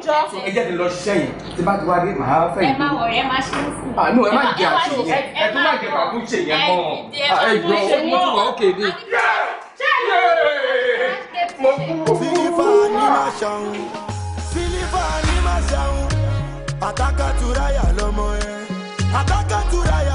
gbà so ẹ jáde lọ ṣiṣẹ́ yìí tí bá ti wá dé màá fẹ́ yìí. ẹ má wọ̀rẹ́ ẹ má ṣe é fún ah, mi. àánú ẹ má jẹ àṣọ yẹn ẹ tún má jẹ bàbú ṣe yẹn mọ́ ẹ ah, jọ ó mú tún wà ó kéde. sílífà ni má ṣàwọn sílífà ni má ṣàwọn àtàkàtúráyà ataka turaya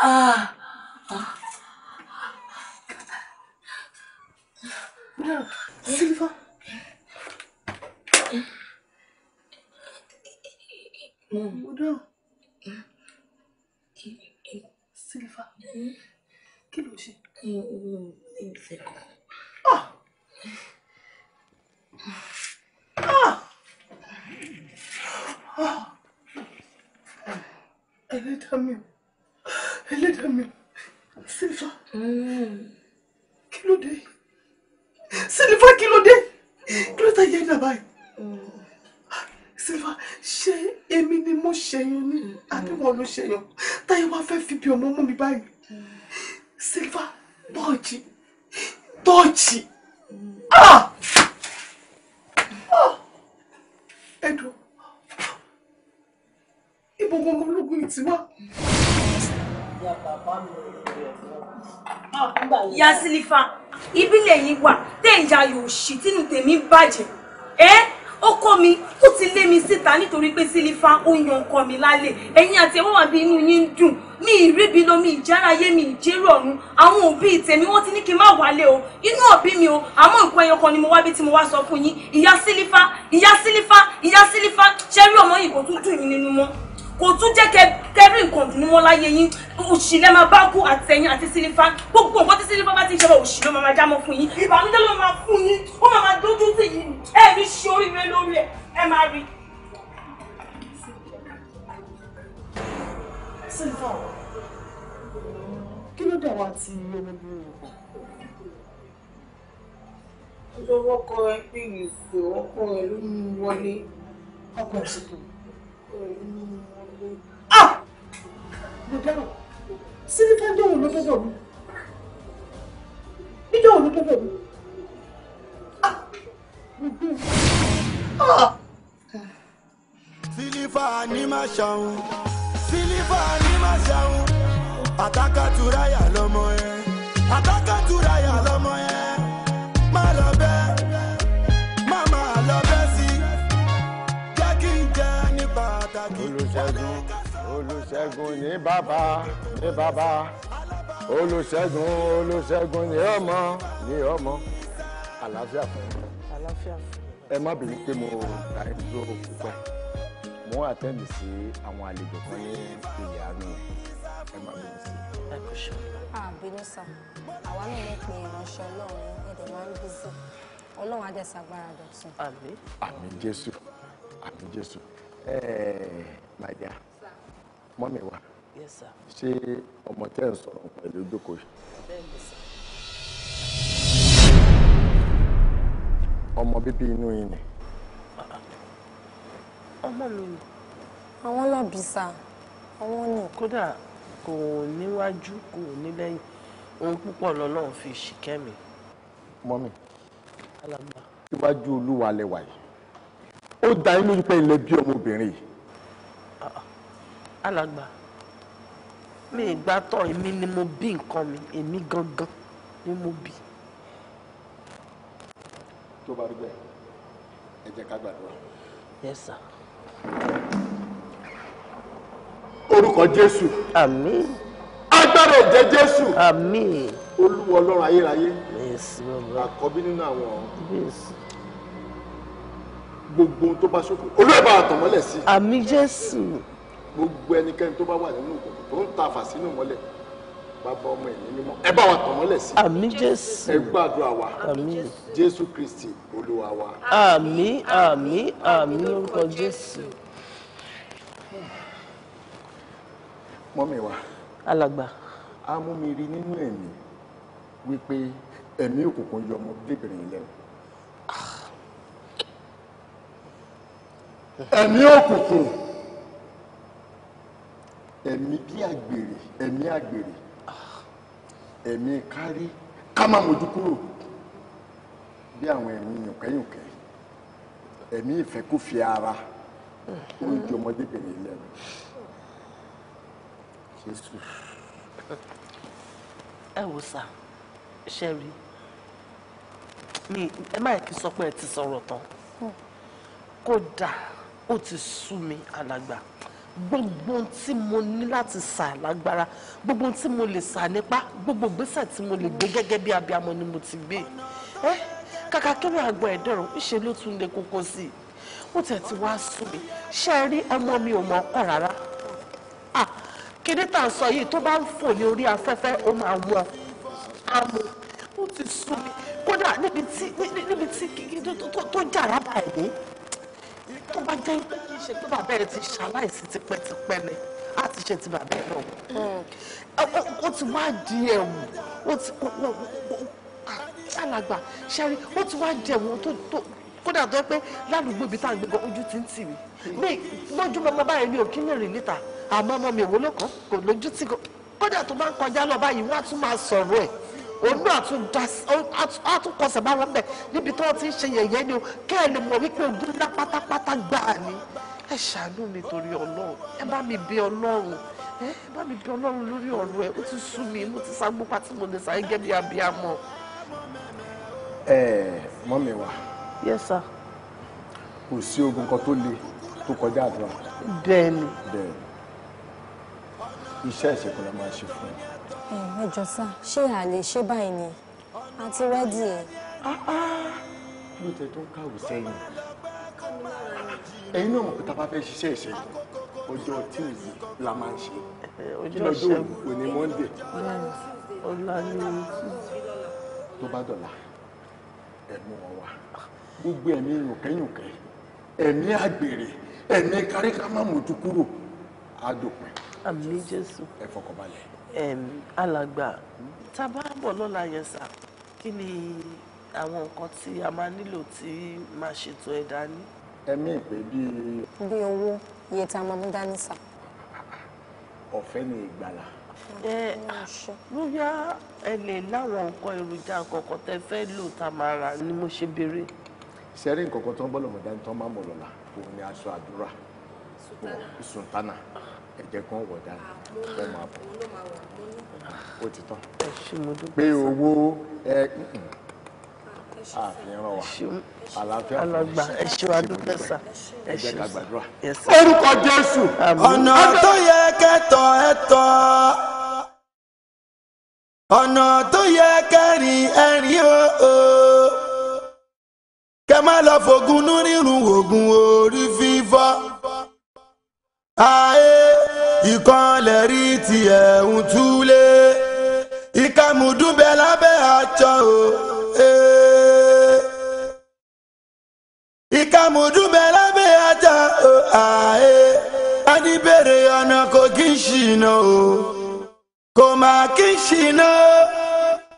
아, 아. 야, 슬리퍼. 응. 뭐야? 슬리퍼. 응. kí ló ṣe. ẹlẹ́dàá mi ò ẹlẹ́dàá mi sílífà hmm. kí ló dé sílífà kí ló dé kí ló ta yẹ ní àbáyé hmm. sílífà ṣé èmi ni mo ṣẹyàn ni hmm. àbí wọn ló ṣẹyàn táyé wá fẹ́ fi bí ọmọ mú mi báyìí sílífà tọ́ọ̀jì tọ́ọ̀jì ah! ah! ẹ̀dùn ìbọn gbọ̀ngàn ológun yìí ti wá ìyá sílífà ìbílẹ̀ yìí wà téèyàn yóò ṣì tínú tèmi bàjẹ́ ẹ́ ọkọ mi ó ti lé mi síta nítorí pé sílífà ó yan ọkọ mi lálẹ́ ẹ̀yin àti ẹ̀wọ́n àbí inú yín ń dùn mi ìríbi lọ mi ìjáráyé mi ìjérò ọ̀run àwọn òbí tèmi wọ́n ti ní kí n má o inú òbí mi o àmọ́ nǹkan ẹyọ kan ni mo wá bí tí mo wá sọ fún yín ìyá sílífà ìyá sílífà ìyá sílífà ṣẹ́rí ọmọ yìí kò tún dùn yín nínú mọ́ kò tún jẹ́ kẹrí nǹkan dùn mọ́ láyé yín òṣì lẹ́ máa bá kú àtẹ̀yìn àti sílífà gbogbo nǹkan tí sílífà bá ti ń ṣe òṣì ló máa jámọ́ fún yín ìbànújẹ́ ló máa fún yín ó máa máa dójú tì yín ẹ ní ṣe oríire lórí ẹ ẹ máa rí. sílífà kí ló dà wá ti ológun ìwọ̀n. ìjọba ọkọ ẹ pè ìṣòro ọkọ ẹ ló mú wọlé. ọkọ ẹ sì kò ah lọ́dọ̀rọ̀ síríkà dẹ́wọ̀n ló dọ́dọ̀ mi nídọ̀wọ̀n ló dọ́dọ̀ mi ah ah. sílífà ni máa ṣàwọn sílífà ni máa ṣàwọn àtàkàtúráyà lọmọ ẹ àtàkàtúráyà lọmọ. olùṣègùn ní bàbá ní bàbá olùṣègùn olùṣègùn ní ọmọ ní ọmọ àlàáfíà fún mi. àlàáfíà fún mi. ẹ má bínú pé mo ta ẹ dúró mo ń àtẹ́ǹdì sí àwọn àlejò kan ní ilẹ̀ àánú ẹ má bínú sí. ẹ kò ṣe. àbínú sá àwa náà ló pe ìránṣẹ́ Ọlọ́run ẹ̀dẹ̀ máa ń bí sí Ọlọ́run á jẹ́ sàgbára dọ̀tun. àmín. àmín Jésù àmín Jésù ẹ̀ẹ́ eh, màdìá mọ́mì wa ṣé ọmọ tẹ́ ń sọ̀rọ̀ pẹ̀lú jókòó yìí. ọmọ bíbí inú yìí ni. Uh-uh. ọmọ mi ni. àwọn lọ́bì sá àwọn ni. kódà kò níwájú kò ní lẹ́yìn ohun púpọ̀ lọ́lọ́run fi ṣìkẹ́ mi. mọ́mì iwájú olúwa lẹ́wà yìí ó dá inú pé ilé bí ọmọbìnrin yìí alàgbà mi ìgbà tọ èmi ni mo bí nǹkan mi èmi gangan ni mo bí. tó bá rí bẹ́ẹ̀ ẹ jẹ́ ká gbàdúrà. yes sir. orúkọ jésù. àmín. agbára ẹ̀jẹ̀ jésù. àmín. olúwa ọlọ́run ayérayé. yes baba. àkọ́bí nínú àwọn ọ̀run. yes gbogbo ohun tó bá ṣòfò olú ẹ̀ bá àtọ̀mọ́lẹ̀ sí. àmín jésù. Yes gbogbo ẹnikẹ́ni tó bá wà nínú òkùnkùn tó ń ta fàṣínú mọ́lẹ̀ bàbá ọmọ ẹ̀mí mímọ́ ẹ bá wa tàn mọ́lẹ̀ sí i. àmín jésù. ẹ gbàdúrà wa. àmín jésù kristi olúwa wa. àmín àmín àmín orúkọ jésù. mọ́mí wa. alàgbà. a mú mi rí nínú ẹ̀mí wípé ẹ̀mí òkùnkùn yọ ọmọdébìnrin lẹ́nu. Ah. ẹ̀mí òkùnkùn ẹ̀mí bí àgbèrè ẹ̀mí àgbèrè ẹ̀mí kárí ká má mójú kúrò bí àwọn ẹ̀mí yùnkẹ́yùnkẹ́ ẹ̀mí ìfẹ́kùfẹ́ ara ó ń di ọmọdébìnrin lẹ́nu Jésù. ẹ wò sá ṣe rí mi ẹ má kí sọ pé ẹ ti sọ̀rọ̀ tán kódà ó ti sú mi alàgbà gbogbo ohun tí mo ní láti sà lágbára gbogbo ohun tí mo lè sà nípa gbogbo ìgbésẹ̀ tí mo lè gbé gẹ́gẹ́ bí abiyamọ ni mo ti gbé ẹ kàkà kéré àgbọn ẹ̀dẹ̀rọ̀ ńṣe ló tún lè kókó sí i ó tẹ̀ ti wá sùn mí ṣé ẹ rí ọmọ mi ò mọ̀ ọkọ̀ rárá kíní tà ń sọ yìí tó bá ń fò ní orí afẹ́fẹ́ ó máa wọ̀ àmọ́ ó ti sùn mí kódà níbi tí níbi tí tó jà rábà ẹ̀ tó bá jẹ́ pé ṣe pé bàbá ẹ ti ṣaláìsí tipẹ́tipẹ́ ni a ti ṣe ti bàbá ẹ náà mm. ó ti wá di ẹ̀wù ó ti alàgbà ṣẹ́rí ó ti wá di ẹ̀wù tó kódà tó pé ládùúgbò ibi tá à ń gbé gan ojú ti ń tì mí mm. mi lójúmọmọ báyìí mi ò kí ní rìn níta àmọ́ ọmọ mi ìwúlò kan kò lójú tì kódà tó bá ń kọjá lọ báyìí wọ́n á tún máa sọ̀rọ̀ ẹ̀ òun náà tún kọsẹ̀ bá wọn bẹ̀ níbi tí wọ́n ti ń ṣe yẹ̀yẹ́ ni o kẹ́ ẹ̀ lè mọ̀ wípé ogun ńlá pátápátá gbáà ni ẹ ṣàánú mi torí ọlọ́run ẹ bá mi bí ọlọ́run ẹ bá mi bí ọlọ́run lórí ọ̀rọ̀ ẹ ó ti sú mi mo ti ságbó pátí mo lè sáré gẹ́gẹ́ bí abiyamọ. ẹ mọ́mì wa. yes sir. kò sí ogun kan tó le tó kọjá àdúrà. bẹ́ẹ̀ ni. bẹ́ẹ̀ ni iṣẹ́ ìṣègùn la máa ṣe fún ẹ. ẹ ẹ jọ sá ṣé a lè ṣe báyìí ni a ti rẹ́dì ẹ̀. Ah, ah. ló tẹ tó ń kàwé sẹ́yìn ẹ̀yin náà mọ̀ pé tábà fẹ́ ṣiṣẹ́ ìṣẹ́gun ọjọ́ tíìzì la máa ń ṣe kí lọ́jọ́ òní mọ́ndé. ọ̀la ni tó bá dọ̀la ẹ̀mú wọn wá gbogbo ẹ̀mí yùnkẹ́yùnkẹ́ ẹ̀mí àgbèrè ẹ̀mí káríkámàmùtú kúrò àdòpin. àmì jésù ẹ fọkànbalẹ̀. alàgbà tábà bọ̀ lọ́la yẹn sà kí ni àwọn nǹkan tí a máa nílò tí máa ṣètò ẹ̀dá ní ẹ̀mí ìpè bíi. bí owó iye tá a máa mú dání sà. ọ̀fẹ́ ni ìgbàlà. ẹ bóyá ẹ lè láwọn nǹkan èròjà kọ̀ọ̀kan tẹ fẹ́ lò tá a máa rà ni mo ṣe béèrè. sẹ́rí nǹkan kan tó ń bọ́ lọ́mọ dání tó máa mọ̀ lọ́la òun ni aṣọ àdúrà sùntánà ẹ̀jẹ̀ kan wọ̀ dára ẹ̀ máa bọ̀ ó ti tán. pé owó ẹ̀ ń àfihàn ah, wa àlàáfíà alàgbà ẹṣọ adúgbẹsà orúkọ jésù. ọ̀nà tó yẹ kẹ́tọ̀ ẹ̀tọ́ ọ̀nà tó. ṣìnà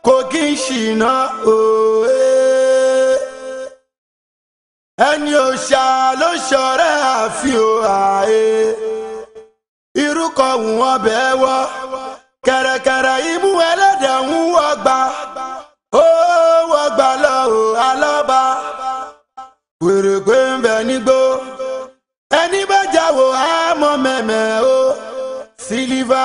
kò kí ń ṣìnà òwe ẹni òṣà ló ṣọ̀rẹ́ àfi òhàyè e. irúkọ wù wọn bẹ́ẹ̀ wọ kẹ̀rẹ̀kẹ̀rẹ̀ imú ẹlẹ́dẹ̀ ń wọgbà ó wọgbà lọ ò alọba wèrègbè ń bẹ nígbó ẹni bá jáwọ́ àmọ́ mẹmẹ o sílífà.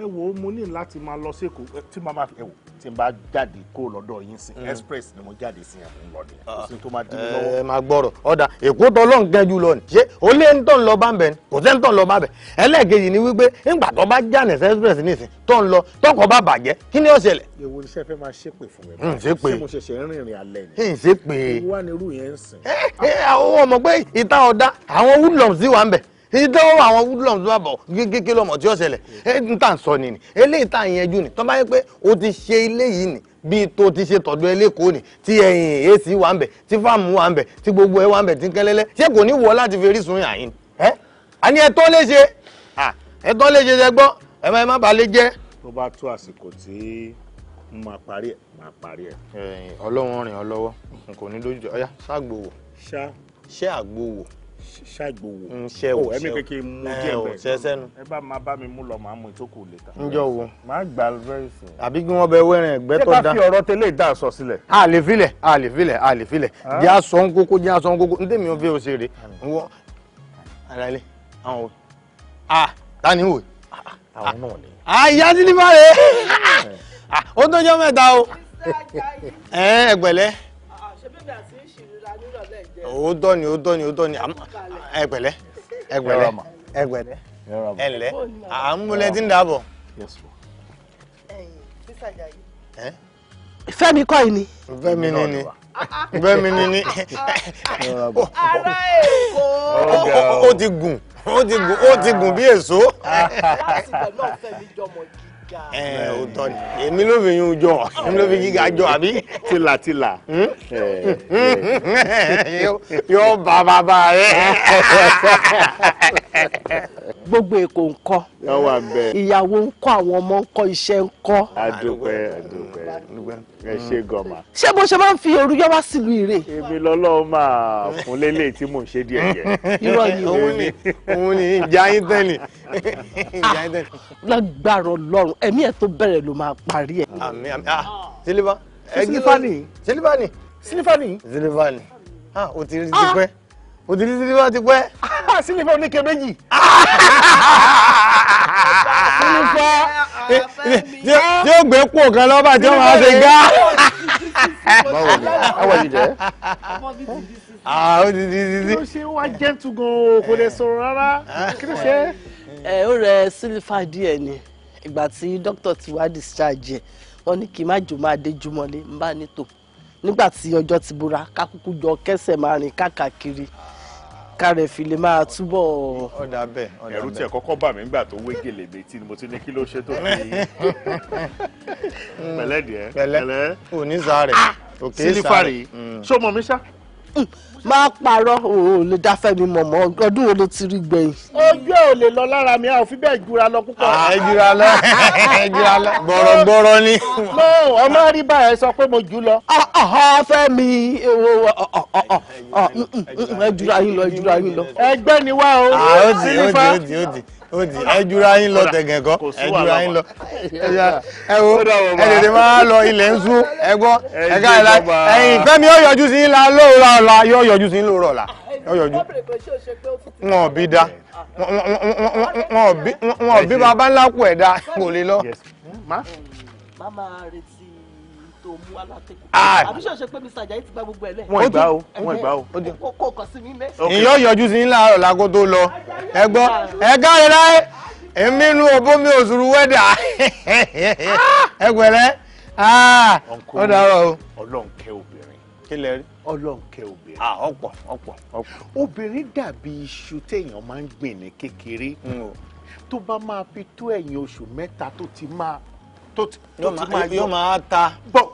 ẹ wo mo ní láti máa lọ sékòó tí màmá ẹ wò tí n bá jáde kó lọ́dọ̀ yín sí mm. express ni mo jáde sí ẹ̀kún lọ ni kò sí tó máa dín mi ah. lọ́wọ́. ẹ máa gbọ́rọ̀ ọ̀dà èkó tó lọ́n gan jù lọ ni ṣé ó lé ń tọ́ lọ bá bẹ̀ ni kò sẹ́ ń tọ́ lọ bá bẹ̀ ẹlẹ́ẹ̀kejì ni wípé ńgbà tó bá jáde sí express nísìn tó ń lọ tọkọ̀ bá bàjẹ́ kí ni ó ṣẹlẹ̀. èwo iṣẹ́ fẹ́ máa ṣépè fún mi. Hmm, ṣépè ṣé mo ṣẹ̀ṣẹ̀ ń rìnrìn alẹ́ ni. ń hmm, ṣépè. wọ́n wá ní irú yẹn ń sìn. Eh, eh, ìdánwò àwọn woodlums bá bọ̀ gégége lọ́mọ tí ó ṣẹlẹ̀ ẹ ń tà ń sọ ni ni eléyìí tà ń yẹjú ni tó bá yẹ pé o ti ṣe eléyìí ni bíi tó ti ṣe tọ̀dọ̀ ẹlẹ́kọ̀ọ́ ni tí ẹ̀yìn èsì wà ń bẹ̀ tí fáàmù wà ń bẹ̀ tí gbogbo ẹ̀ wà ń bẹ̀ tí kẹ́lẹ́lẹ́ ṣé kò ní wọ láti fi rí sun yàn yín ẹ́ àní ẹ tó lè ṣe ẹ tó lè ṣe ṣe gbọ́ ẹ má ẹ má balẹ̀ jẹ́. tó bá tó àsìkò tí máa máa parí ẹ. ọlọ́run rìn ọ lọ́wọ́ kò ní lójú ọ̀yá ṣàgbò wò. ṣá àgbò wò ṣàgbọwọ nṣẹ o oh, ẹmí kékeré mú díẹ̀ bẹ́ẹ̀ ẹ bá máa bá mi mú lọ máa mú ìtókò e lẹ́tà. njọ wo máa gbà very soon. àbí kí wọn bẹ wẹrin ẹgbẹ tó dá. ṣé ká fi ọ̀rọ̀ tẹ́lẹ̀ dá sọ sílẹ̀. a lè filẹ̀ a lè filẹ̀ a lè filẹ̀ ah. jẹ́ àsọ ń kókó jẹ́ àsọ ń kókó ní tèmi ò fi òṣèré ah. wọ́n ara ilé àwọn òye a ta ni wòye. àwọn náà ni. àyà eh. ó tó jọ mẹ́ta o eh, ẹ̀ẹ́dẹ̀gbẹ̀lẹ́ òótọ́ ni òótọ́ ni òótọ́ ni ẹgbẹ̀lẹ́ ẹgbẹ̀lẹ́ ẹgbẹ̀lẹ́ ẹ̀lẹ́ àmúlẹ̀ tí ń dàbọ̀. fẹ́mi kọ́ yìí ni. fẹ́mi ni ni fẹ́mi ni ni. ará èkó. ó ti gùn ó ti gùn ó ti gùn bí èso. lásìkò ẹ ò tọ́ ni èmi ló fi yún jọ èmi ló fi gíga jọ àbí. tìlà tìlà. Hmm? yóò bá bàbá rẹ. gbogbo èkó ńkọ́ ìyàwó ńkọ́ àwọn ọmọ ńkọ́ iṣẹ́ ńkọ́. adúpẹ́ adúpẹ́ ẹ ṣe gọ̀mà. ṣé bó ṣe máa ń fi òru yọ wá sílùú ire. èmi lọ́lọ́run máa fún lélẹ̀ tí mò ń ṣe díẹ̀ yẹ. irọ́ ni òun ni òun ni ìjà yín tẹ́lẹ̀. Ah, lágbára ọlọ́run ẹ̀mí ẹ̀ tó bẹ̀rẹ̀ ló máa parí ẹ̀. àmì àmì ah sílífà. sílífàní. sílífàní. sílífàní. sílífàní. ah o ti rí ah! ti pẹ́ o ti rí sílífà ti pẹ́. Ah, sílífà oníke méjì. sílífà tí ó gbé pò kan lọ́ba tí ó máa ṣe gá. báwo ni báwo ni jẹ́ ah ó di di di di. kí ló ṣe wá gentle gan-an kò lè sọ̀rọ̀ rárá ah. kí ló ṣe. ẹ eh, ó rẹ sílífà díẹ̀ ni ìgbà tí dókítà ti wá discharge ẹ̀ wọ́n ní kí n má jò máa déjúmọ́lé n bá ní tò nígbà tí ọjọ́ ti búra kákúkú jọ kẹsẹ̀ máa rìn káàkiri kárẹ̀ fi lè máa túbọ̀. ọ̀dà bẹ́ẹ̀ ọ̀dà bẹ́ẹ̀ ẹ̀rù tí ẹ̀ kọ́kọ́ bà mí nígbà tó wé gèlè létí ni mo ti ní kí ló ṣe tó fi pẹ̀lẹ́ pẹ̀lẹ́ òní sáré òkè sáré sílífàrí mi ṣá. Mm má parọ́ òun ò lè dáfẹ́ mi mọ̀ mọ́ ọdún wo ló ti rí gbẹ̀yìn. ojú ò lè lọ lára mi àwọn òfin bẹ́ẹ̀ jura lọ púpọ̀. Ah, ẹ jura lọ ẹ jura lọ gbọ̀rọ̀gbọ̀rọ̀ ni. mo ọmọ rí báyẹn sọ pé mo jù lọ. Ah, ah, fẹ́ mi mm, mm, mm, ẹ jura yín lọ ẹ jura yín lọ. ẹgbẹ́ ni wá o sílífà ó di ẹjura yín lọ tẹ̀gẹ̀ kọ́ ẹjura yín lọ ẹ wo ẹ tètè máa lọ ilẹ̀ ń sún ẹgbọ́ ẹ̀ka ẹ̀la ẹ̀yìn fẹ́mi ó yọjú sí yín la lóòrọ̀ ọ̀la yóò yọjú sí lóòrọ̀ ọ̀la wọ́n yọjú wọn ò bí dá wọn ò bí bàbá ńlá kù ẹ̀ dá kò lè lọ. màmá retí tó mú alátẹ́kù. àbí ṣe ṣe pé Mr. Ajayi ti gba gbogbo ẹ̀ lẹ̀. wọ́n ìgbà o wọ́n ìgbà o. kò kàn sí mi mẹ́. ìyọ́ yọjú sí ńlá ọ̀la kó tó lọ ẹ gbọ́ ẹ káre láyé èmi inú òbó mi ò sùrù wẹ́dà ẹ pẹ̀lẹ́ ó o. Ọlọ́run obìnrin. kí lẹ rí ọlọ́nkẹ́ obìnrin. à ah, ọ̀pọ̀ ọ̀pọ̀ ọ̀pọ̀. obìnrin dàbí iṣu téèyàn máa ń gbìn ní kékeré mm. tó bá máa fi tó ẹ̀yìn oṣù mẹ́ta tó ti máa tó ti máa yọ. yóò máa ta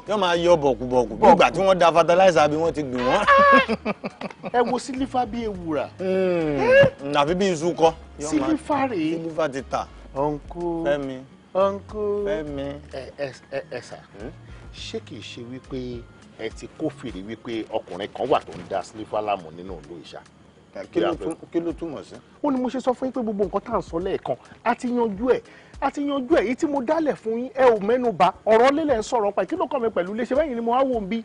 yóò máa yọ bọ̀kùbọ̀kù nígbà tí wọ́n da fertilizer bí wọ́n ti gbìn wọ́n. ẹ wo sílífà bí ewùrà. Hmm, àfi bí iṣu kọ. sílífà rèé sílífà ti ta. ọ̀nkú fẹ́mi ọ̀nkú fẹ́mi ẹ̀ ẹ̀ ẹ̀ sà hmm? ṣé kìí ṣe wípé ẹ ti kófìrí wípé ọkùnrin kan wà tó ń da sílífàlàmù nínú ìlú ìṣà. kí ló túmọ̀ sí. ó ní mo ṣe sọ fún yín pé gbogbo nǹkan tá à ń sọ lẹ́ẹ̀kan a ti yanjú ẹ̀ a ti yanjú ẹ̀ yìí tí mo dálẹ̀ fún yín ẹ ò mẹ́nu bà ọ̀rọ̀ lélẹ̀ ń sọ̀rọ̀ pa kí ló kàn mí pẹ̀lú léṣe bẹ́yìn ni mo wá wò ń bí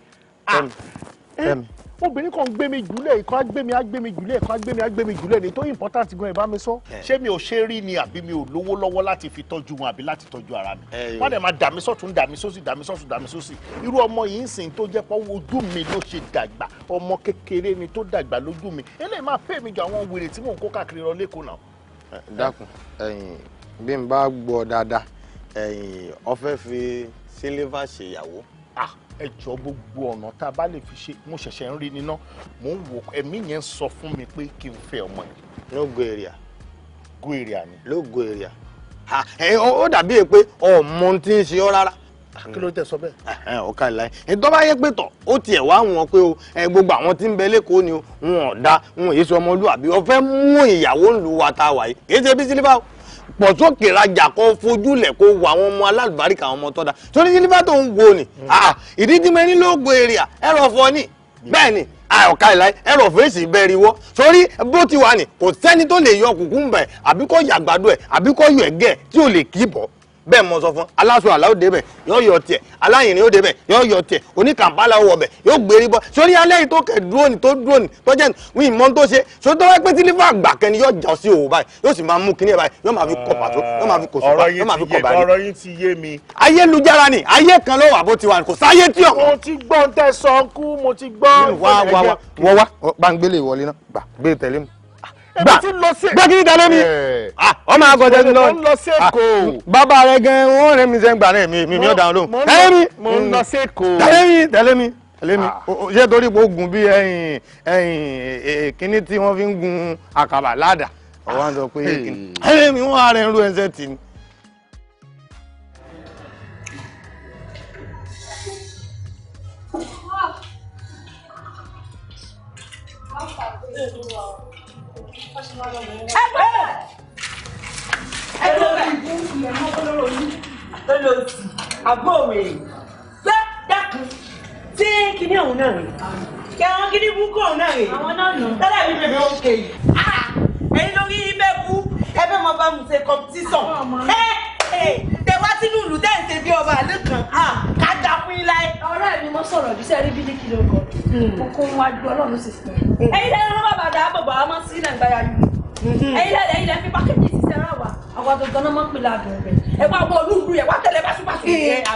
obìnrin kan gbé mi jùlẹ̀ ìkan á gbé mi á gbé mi jùlẹ̀ ìkan á gbé mi á gbé mi jùlẹ̀ ní tó important gan ẹ̀ bá mi sọ. Eh. ṣé mi ò ṣe rí ni àbí mi ò lówó lọ́wọ́ láti fi tọ́jú wọn àbí láti tọ́jú ara mi. Eh. wọ́n dẹ̀ máa dà mí sọ́tún dà mí sósì dà mí sọ́tún dà mí sósì. irú ọmọ yìí ń sìn tó jẹ́ pọ́ ojú mi ló ṣe dàgbà ọmọ kékeré ni tó dàgbà lójú mi eléyìí máa pè mí ju àwọn wèrè tí mò ń kó káàkiri lọ lẹ́kọ̀ọ́ náà. Eh, dákun bí n ẹ jọ gbogbo ọ̀nà tá a bá lè fi ṣe mo ṣẹ̀ṣẹ̀ ń rí níná mò ń wò ẹ̀mí yẹn sọ fún mi pé kí n fẹ́ ọmọ yẹn. ló go èrìà. go èrìà ni. ló go èrìà. ó dàbí pé ọmọ tí ń ṣe ọ rárá ah, kí ló tẹ sọ bẹ́ẹ̀. ọkà ìlà yẹn tó bá yẹ pé tọ ó tiẹ̀ wá wọn pé o gbogbo àwọn tí ń bẹ lẹ́kọ̀ọ́ ni wọn ò da wọn èyí sọ ọmọlúwàbí ọ̀fẹ́ mú ìyàwó ńlùú wa tá a wà yìí kì í ṣe bí sílífà o pọ̀ sókè rajà kó fojúlẹ̀ kó wo àwọn ọmọ alálùbáríkà àwọn ọmọ tó da torí sílífà tó ń wo ni hmm. ah, ìdí tí mo ní ló gbé èrìà ẹ̀rọ fọ ni bẹ́ẹ̀ ni ọ̀ka ìláyé ẹ̀rọ fèsì bẹ́ẹ̀rì wọ́ sórí bó ti wà ní kò sẹ́ni tó lè yọ kùkúmbà ẹ̀ àbí kó yàgbàdo ẹ̀ àbí yọ ẹ̀gẹ́ tí ò lè kí bọ̀ bẹ́ẹ̀ mọ sọ fún aláṣọ àlá ó débẹ̀ yóò yọ tiẹ̀ aláyìnrín ó débẹ̀ yóò yọ tiẹ̀ oníkàmpálà ó wọbẹ̀ yóò gbérí bọ́ sórí alẹ́ yìí tó kẹ̀ dúrónì tó dúrónì tó jẹ́ ní ìmọ̀ tó ṣe sórí tó wá pé tí lífà àgbà kẹni yóò jà sí òwò báyìí yóò sì máa mú kíní ẹ̀ báyìí yóò máa fi kọ pàtó yóò máa fi kò sùpà yóò máa fi kọ báyìí. ọ̀rọ̀ yín ti yé mi. ayélujára ni ayé kan ló wà bó ti wà kò sáyé tí ọ̀hún. mo ti gbọ́ gbà gbà kí n dalẹ́ mi ọmọ àgọ́jẹ́ ti lọ bàbá rẹ gan wọn rẹ mi sẹ́ ń gbà rẹ mi mi ọ̀dà lóhùn dalẹ́ mi dalẹ́ mi dalẹ́ mi dalẹ́ mi ṣé torí pé oògùn ẹyin ẹyin e, e, kíní tí wọ́n fi ń gun àkàbà ládàá ọ̀wá ń sọ pé dalẹ́ mi wọ́n ara ẹ̀ ń ro ẹsẹ̀ tì ní. Thank you ẹgbẹ́ ẹgbẹ́ ẹgbẹ́ olóòtú àbóòrè gbé dákun tí kinní ọ̀hún náà rè kí àwọn kinní búkú ọ̀hún náà rè tọ́lá mi bèbè òkè yìí ah, ẹ̀yin lórí ibẹ̀ bú ẹbẹ̀ mọ bá mu ṣe kọ̀mpútísọ̀n tẹ̀wá sínú ìlú tẹ̀ ń ṣe bí ọba àlẹ́ kan ah, ká dá fún yín láyé. ọ̀rẹ́ mi mo sọ̀rọ̀ bí sẹ́rí bílíkì ló kọ́ kókó ń wájú ọlọ́run sì sí. ẹyin lẹ́nu ló bàbá dá bàbá ọmọ sí nàgbáyà yìí mm-hmm. ẹyin lẹ́nu ẹyin lẹ́nu fi pákéjì sí sẹ́ra wa àwọn àgbẹ̀gbẹ̀ náà máa ń pèlè rẹ̀ ẹ wá wọ olúùlú yẹn wá tẹ̀lé báṣubàṣu. ẹyin náà dà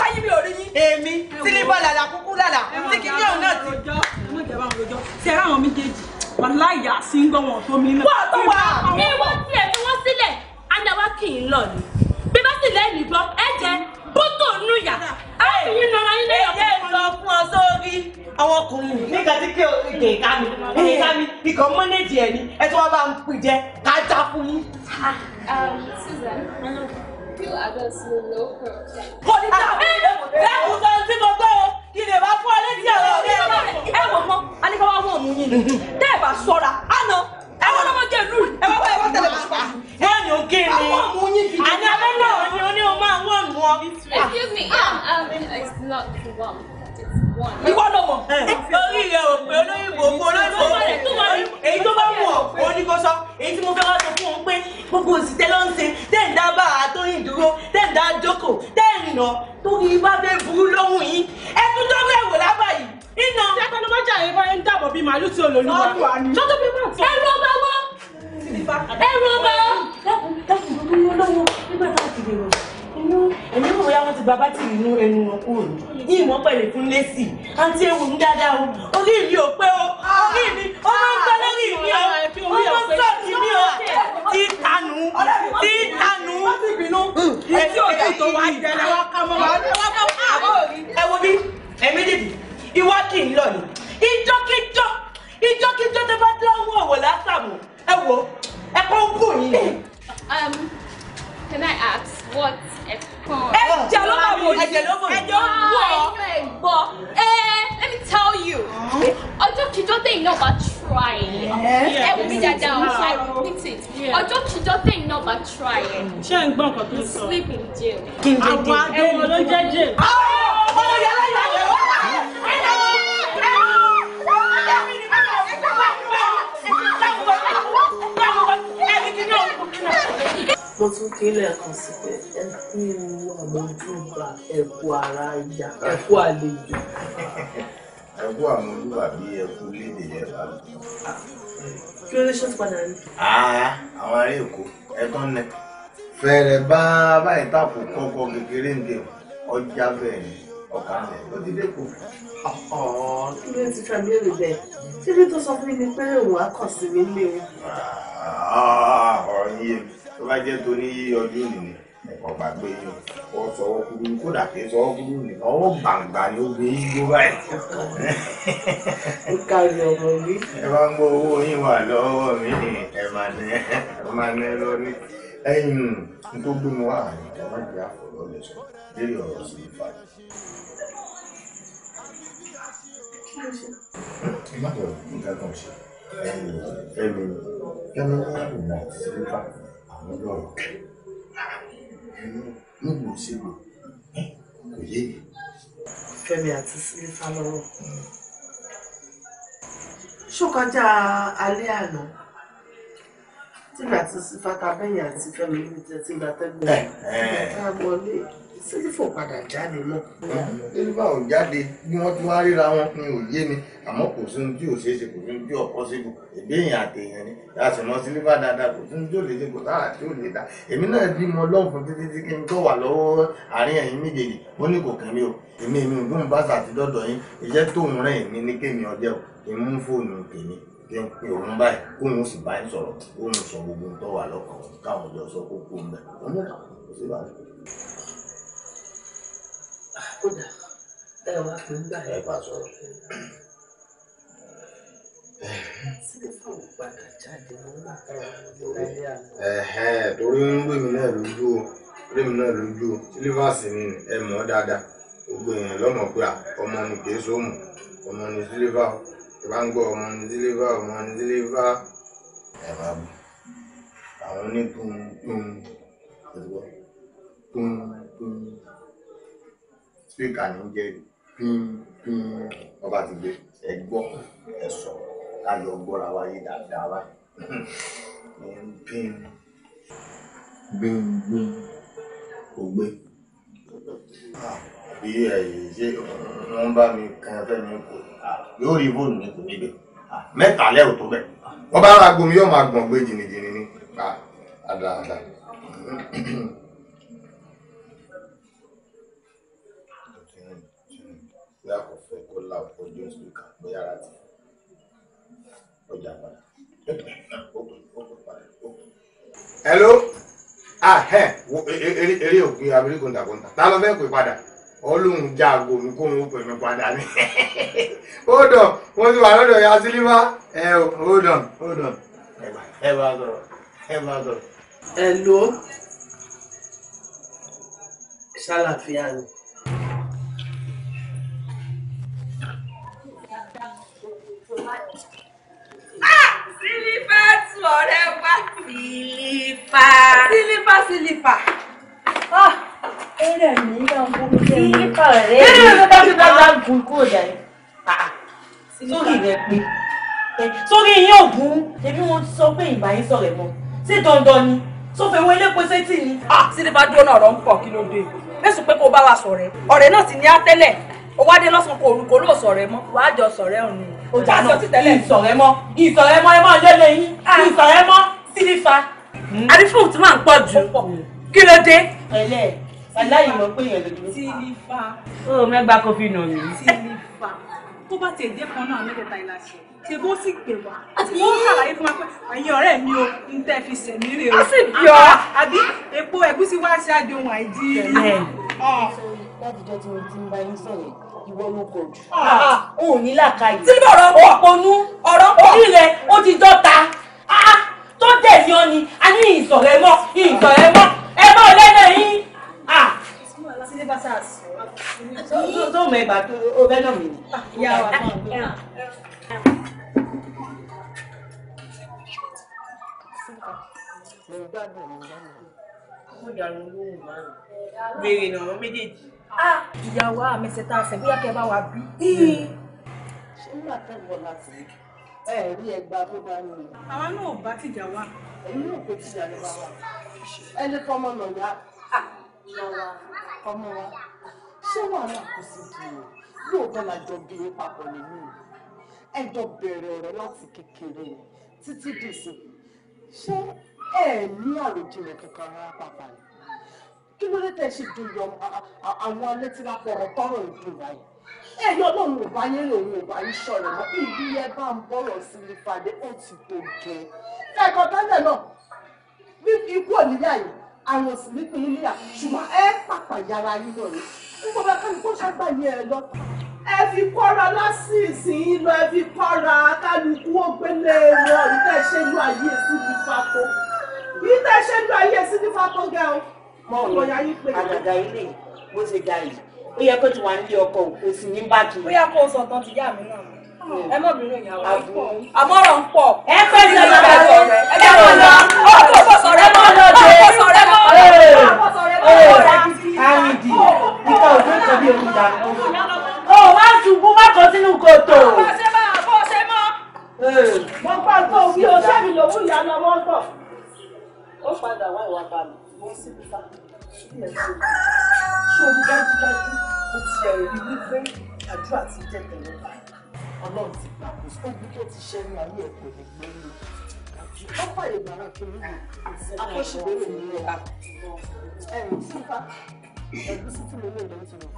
wá yí mi ò rí yín. èmi sílíbà làlà kúkú làlà tí kì í yóò náà ti. ẹmọ ìjẹba àwọn olójọ ṣe bọ́tò nù yà arábìnrin nara yín lẹ́yìn ọ̀pọ̀ ọ̀pọ̀ lọ fún ọ sórí àwọn ọkùnrin nígbà tí kí ká mi ìkè ká mi ìkọ̀ mọ́nẹ́jì ẹ̀ ni ẹ tí wọ́n bá ń pè jẹ ká já fún yín. Ah, um, kò ní ah, sọ tí mo gbọ́ o kí lè bá fún ọ létí ọ̀rọ̀ rẹ̀ ẹ wọ̀ mọ́ alẹ́ ká mú yín tẹ́ ẹ bá ṣọ́ra àná ẹ wọ́n lọ́mọ jẹ́ lù ẹ wọ́n wọ́n ẹ wọ́n tẹ̀lé bàbá. wọ́n ní òkè ni àní abẹ́ náà ni ó ní o máa wọ́n nù ọ. excuse me um, um it's not one. Ìwọ ló mọ̀, orí rẹ̀ ò pé olóyìnbó kó olóyìnbó kó èyí tó bá wù ọ́ òun ni kò sọ èyí tí mo fẹ́ wá sọ fún un pé gbogbo òsì ló ń ṣe tẹ́ ń dá bá àtọ́yìn dúró tẹ́ jókòó tẹ́ tó kì bá fẹ́ burú lóhùn yín ẹ tún tó bẹ̀wò lábàá yìí iná. ṣẹ́fẹ́ ló bá jà yẹn báyẹn ń dàbọ̀ bíi màálù tí olórí wa. ọ̀rọ̀ àná. ṣọ́tò bí wọ́n tọ́. ẹrù ọba wọn. ẹrù ọba. dákun dákun gbogbo yín lọ́wọ́ nígbà tá a ti dèrò inú èmi rò bóyá wọ́n ti gba bátìrì inú ẹnu wọn kúrò ní. yìí mọ́ pẹ̀lú fún lẹ́sì àǹtí ewu ń dáadáa o orí mi ò pé o orí mi ó máa ń gbọ́ lórí mi o ah, ó máa ń sọ ti mi o ti tanu ti tanu. èyí ò tó wá jẹ́ lọ́wọ́ ká mọ́ ẹ wo bí ẹ méjèèjì ìwọ kì í lọ ni ìjọkíjọ ìjọkíjọ tẹ bá dánwò wò lásàmù ẹ wo ẹ kọ́ ń kù yín. Um, Can I ask what ẹ̀fọn? Ẹ̀jẹ̀ ló máa wò ẹ̀jẹ̀ ló wò ẹ̀jẹ̀ wò ẹ̀jẹ̀ ẹ̀gbọ́. Let me tell you, ọjọ́ kíjọ́ tẹ̀yìn náà bá no but trying. Yeah, yeah, yeah. o, I repeat it. Ọjọ́ kíjọ́ tẹ̀yìn náà bá try ẹ̀. Ṣé ń gbọ́ nǹkan tó sọ? Sleep in jail. Kí n lè dé? Àwọn ẹ̀wọ̀n ló jẹ́ jail mo tún kí lẹ́ẹ̀kan sí pé ẹ kú àmójúbà ẹ kú ara ìjà ẹ kú àlejò. ẹ kú àmójúbà bí ẹ kú léde yẹn bá lọ. kí ló dé ṣe padà rí. àwọn ará èkó ẹ tán nẹ fẹ̀rẹ̀ bá báyìí tàpọ̀ kọ́kọ́ kékeré ń dẹ̀ ọjà bẹ́ẹ̀ ni ọ̀kà rẹ̀ ló ti dẹ́kọ̀. kí ló ti fẹ́ mi lè bẹ̀ ṣé bí tó sọ fún mi ni pé òun á kàn sí mi lé o. ọ̀rọ̀ yìí tó bá jẹ́ torí ọjọ́ òní ẹ̀kọ́ gbàgbé yín ọ sọ̀wọ́ kúrú kódà kí sọ̀wọ́ kúrú nìkan ó gbàǹgbà ló gbé igbó báyìí. ó kárí ọmọ mi. ẹ bá ń gbọ́ owó yín wà lọ́wọ́ mi ẹ máa nẹ ẹ máa nẹ lọ ní tó gbé mi wá àrùn ẹ má jẹ àfọlọ lè sọ lórí ọ̀rọ̀ sí ìfà. ẹ nǹkan kan ṣe ẹ̀yìn ẹ̀mí kẹ́mi wá àrùn àti ìfà ọlọ́run Fẹ́mi àti sílífà lọ́rọ̀ ṣókọjá alẹ́ àná tígbà tí sífà tàbẹ́yìn àti Fẹ́mi ní tẹ́tí gbàtẹ́gbẹ́ ẹ̀ ẹ̀ wọlé sílífò padà jáde mọ́. sílífà ò jáde bí wọ́n ti wá ríra wọn ni ò yé ni àmọ́ kò sí ohun tí ò ṣeé ṣe kò sí tí ò pọ́sibù ìbéèyàn àtẹ̀yàn ni a sì mọ sílífà dáadáa kò sí ohun tí ò lè ṣe kò sára tí ò lè dá èmi náà bí mo lọ́ọ̀fún títí tí kí n tó wà lọ́wọ́ àárín ẹ̀yìn méjèèjì ó ní kò kàn o èmi èmi ògùn bá sàti dọ́dọ̀ yín iṣẹ́ tóun rẹ̀ mí ní kémi ọjọ́ ìmú fóònù tèmi kí n pe òun báyìí kóun sì bá ń sọ̀rọ̀ kóun sọ gbogbo tó wà lọ́kàn káwọn jọ sọ kókó ń bẹ̀ òun náà kò sí báyìí kódà ẹ wá pé ń gbà. ẹ bá sọ̀rọ̀. sílífọ̀n padà jáde ló ń bàtà ìdílé àná. torí ń gbé mi náà lójú o gbé mi náà lójú o sílífàsì ni ẹ mọ̀ ọ́ dáadáa gbogbo èèyàn lọ́mọ̀ pé ọmọ ni kì í ọmọ ni sílífà ìbá ń gbọ́ ọmọ ni sílífà ọmọ ni sílífà. ẹ máa bù àwọn onígun spíkà ní jẹ́ pín pín ọba ti gbé ẹ gbọ́ ẹ sọ ká lọ gbọ́ra wáyé dáadáa wá pín gbín gbín ògbé àbí ẹ̀yìn ṣé wọ́n bá mi kan fẹ́mi kò yóò rí fóònù ní kò níbẹ̀ mẹ́ta lẹ́rù tó bẹ̀ wọ́n bá ra gbomi yóò máa gbọ̀n gbé jìnnìjìnnì ni àdáadáa. pé àkọfẹ kó là ojú oṣù kan pé ara ti ọjà padà hello ahẹ e, e, eré òpin abirí kòńtàkòńtà ta ló fẹ́ pè padà olóhùn jáàgò ní kó òun pè mí padà ní hold on wọ́n ti wà lọ́dọ̀ ya sílífà ẹ o hold on hold on ẹ bá sọ̀rọ̀ ẹ bá sọ̀rọ̀. hello ṣàlàfíà ni. sọ̀rẹ́ wa sílífà. sílífà sílífà. eré mi náà ń bọ́ sílífà rẹ̀. kí ni ìgbà tí wọ́n bá gun kó dà ní. sórí rẹ̀ pé sórí yín ò gún ẹbí wọn sọ pé ìgbà yín sọ̀rẹ̀ mọ́ sí dandan ni tó fẹ́ wọlé pèsè tì ní. sílífà dúró náà ọ̀rọ̀ ń pọ̀ kí ló dé mẹ́sùn pé kó bá wa sọ̀rẹ́ ọ̀rẹ́ náà sì ní á tẹ́lẹ̀ ó wá dé lọ́sàn-án kò orúkọ lóò sọ̀rẹ́ mọ́ wàá jọ sọ̀rẹ́ òun já sọ ti tẹ́lẹ̀ ìsọ̀rẹ́ mọ́ ìsọ̀rẹ́ mọ́ ẹ máa lé lẹ́yìn ah. ìsọ̀rẹ́ mọ́ sílífà. Hmm. àbí fún ti máa ń pọ̀ jù kí ló dé. ẹlẹ aláyìí ló pé yẹn lójú. sílífà. ó mẹ́gbà kó fi nà mí. sílífà tó bá tiẹ̀ dé kan náà mẹ́tẹ̀ẹ̀ta ìlàṣẹ ṣe bó sì pè wá wọ́n ṣàlàyé fún wa pé ẹ̀yin ọ̀rẹ́ mi o ń tẹ́ fi sẹ̀mí rè o àbí epo ẹ̀gúsí wá ṣáájú ohun àìdí. bẹ́ẹ̀ ni láti jọ́ tí mo ti ń bá yín sọ̀rọ̀ ìwọ ló pọ̀ jù. Ah. Ah, o ò ní làkàyè. síbi ọ̀rọ̀ pọ̀ òponú ọ̀rọ̀ pọ̀ orí rẹ̀ ó ti dọ́ta ah, tó tẹ̀lé ọ ni a ní ìsọ̀rẹ́ mọ́ ìsọ̀rẹ́ mọ́ ẹ mọ́ lẹ́nu yín. tó mọ ẹgbàá tó o bẹ́ náà mi ni. ìyá wa náà gbé. mo ń gbádùn mo mo dàrú lóhùn márùn-ún. béèrè náà méjèèjì. Ah! ìyàwó àmẹsẹta àṣẹ bí akẹ́ bá wà bí. ṣé nígbà tẹ́gbọ̀n láti ẹ̀ rí ẹgbàá tó bá ní. àwa náà bá tìjà wá. èmi náà kò tìjà ló bá wà. ẹni fọmọ náà yá ah! ọmọ wa ṣé wàhálà kò sí di o lóòótọ́ la jọ bí i papọ̀ nínú ẹ jọ bẹ̀rẹ̀ ọ̀rẹ́ láti kékeré títí dìsìn ṣé ẹ ní àròjinlẹ̀ kankan rárá pàpà ni kí ló dé tẹ̀ ṣe dùnyọ̀ àwọn alẹ́ tí wọ́n fọ̀rọ̀ tọrọ ìdùnnà yìí ẹ̀yin ọlọ́run ò bá yín lòun ò bá yín ṣọ̀rọ̀ mọ́ ìlú yẹn bá ń bọ̀rọ̀ sí ní fàdé ó ti tó gẹ́ ẹ̀kọ́ tẹ́lẹ̀ náà bí ikú ò níyà yìí àwọn sì ní pín níyà ṣùgbọ́n ẹ pàpà yàrá yín lọ rẹ̀ nígbà bá kálí kó ṣàgbà yẹn ẹ lọ. ẹ fi kọ́ra lásìsìn yín lọ ẹ fi kọ́ra kálukú ògbélé wọn ìtẹ̀ṣẹ́lú ayé síbi fàtó ìtẹ̀ṣẹ́lú ayé síbi fàtó gẹ́ o mọ́ òun àgàgà ilé bó ṣe ga yìí ó yẹ kó ti wà nílé ọkọ kò sì ní bàjẹ́. bóyá kó o sọ tán ti yá mi náà ẹ mọ̀ bí ròyìn àwọn ìpọ̀ àmọ́ràn ń pọ̀. ẹ fẹ́ lọ lọ rẹ ẹ mọ̀ lọ ó kò kò sọ̀rọ̀ ẹ mọ̀ lọ jẹ ó kò sọ̀rọ̀ ẹ mọ̀ lọ jẹ ó kò sọ̀rọ̀ ẹ mọ̀ lọ jẹ. àrìndì ìka òjò ń tọ́bi omi dà. o wá ṣubú má kó sínú kòtò. bó ṣe máa bó ṣe mọ́. mo gbọ́ tó wí o sẹ́mi lòún ìyá lọ́wọ́ gbọ́ padà ṣé o dájúdájú o ti ẹ̀rù rí wípé àdúrà ti jẹ́ tẹ̀lé báyìí ọlọ́run ti gbà kó sóògùn tó ti ṣẹ́ ní ayé ẹ̀ kò lè gbé mi ọ̀pọ̀ ìgbàlá kiri mi akọ́ṣẹ́bẹ̀rẹ̀ mi rẹ̀ ẹ̀rù sípa ẹ̀gúsí tí mo lè lọ sí mi.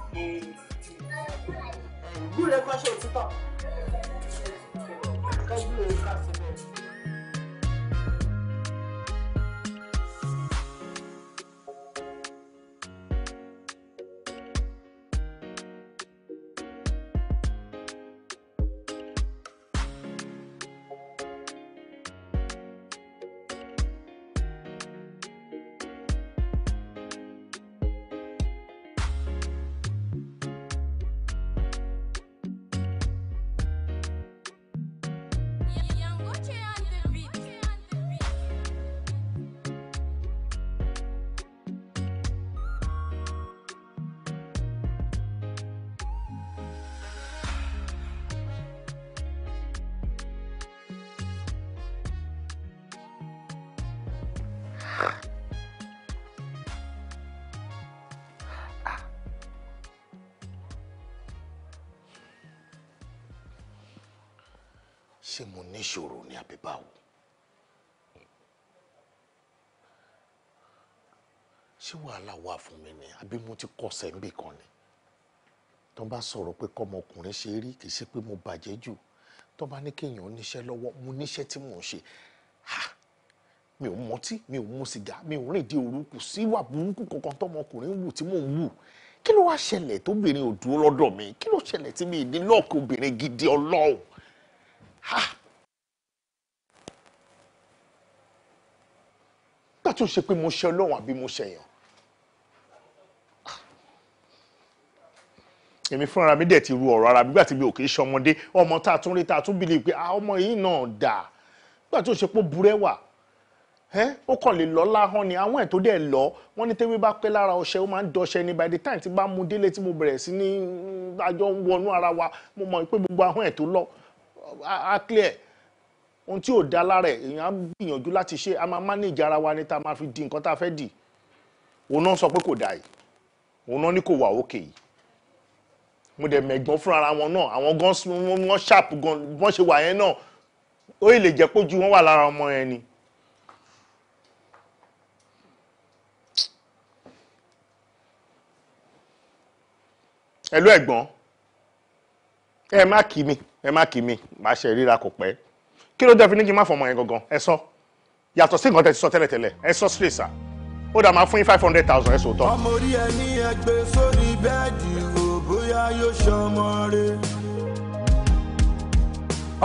ẹ̀rù rẹ̀ kọ́ṣẹ́ òtítọ́ ẹ̀rù rẹ̀ ìṣòro ní àbíbá ṣé wàhálà wà fún mi ni àbí mo ti kọsẹ̀ ń bì kan ni tó bá sọ̀rọ̀ pé kọ́mọkùnrin ṣe rí kì í ṣe pé mo bàjẹ́ jù tó bá ní kéèyàn níṣẹ́ lọ́wọ́ mo níṣẹ́ tí mò ń ṣe ha mi ò mọtí mi ò mu sìgá mi ò rìn dé orúkú síwà burúkú kankan tọmọkùnrin wù tí mò ń wù kí ló wá ṣẹlẹ̀ tóbìnrin ò dúró lọ́dọ̀ mi kí ló ṣẹlẹ̀ tí mi ì ní lọ́ọ̀kì obìnrin gidi ọlọ́run ha. nígbà tó ṣe pé mo ṣe ọlọ́run àbí mo ṣẹ̀yàn èmi fúnra mi dẹ̀ ti ru ọ̀rọ̀ ara mi gbà tí mi ò kì í ṣọmọdé ọmọ tá a tún rí tá a tún bìlì pé ah, ọmọ yìí náà dà nígbà tó ṣe pé burẹ́wà ó kàn lè lọ láhán ni àwọn ẹ̀ tó dẹ̀ lọ wọ́n ní tẹ́wé bá pẹ́ lára ọṣẹ ó máa ń dọṣẹ ni by the time tí bá mu délé tí mo bẹ̀rẹ̀ sí ní àjọ wọnú ara wa mo mọ̀ pé gbogbo àwọn ẹ̀ tó lọ á clear ohun tí ò dá lára ẹ̀ èèyàn á gbìyànjú láti ṣe a máa manage ara wa ni tá a máa fi di nǹkan tá a fẹ́ dì òun náà sọ pé kò dà yìí òun náà ní kò wà òkè yìí mo dẹ̀ mẹ̀gbọ́n fún ara wọn náà àwọn gan wọ́n sharp gan wọ́n ṣe wà yẹn náà ó lè jẹ́ pójú wọn wà lára ọmọ yẹn ni. ẹlú ẹ̀gbọ́n ẹ má kí mi ẹ má kí mi má ṣe ríra kò pẹ́ kí ló dé fi ní kí n má fọmọ yẹn gangan ẹ sọ yàtọ̀ sí nǹkan tẹ́ ti sọ tẹ́lẹ̀tẹ́lẹ̀ ẹ sọ straight sir ó dà máa fún yín five hundred thousand ẹ sọ tọ́. ọmọ orí ẹni ẹgbẹ́ sórí bẹ́ẹ̀dì o bóyá yóò ṣọmọ rẹ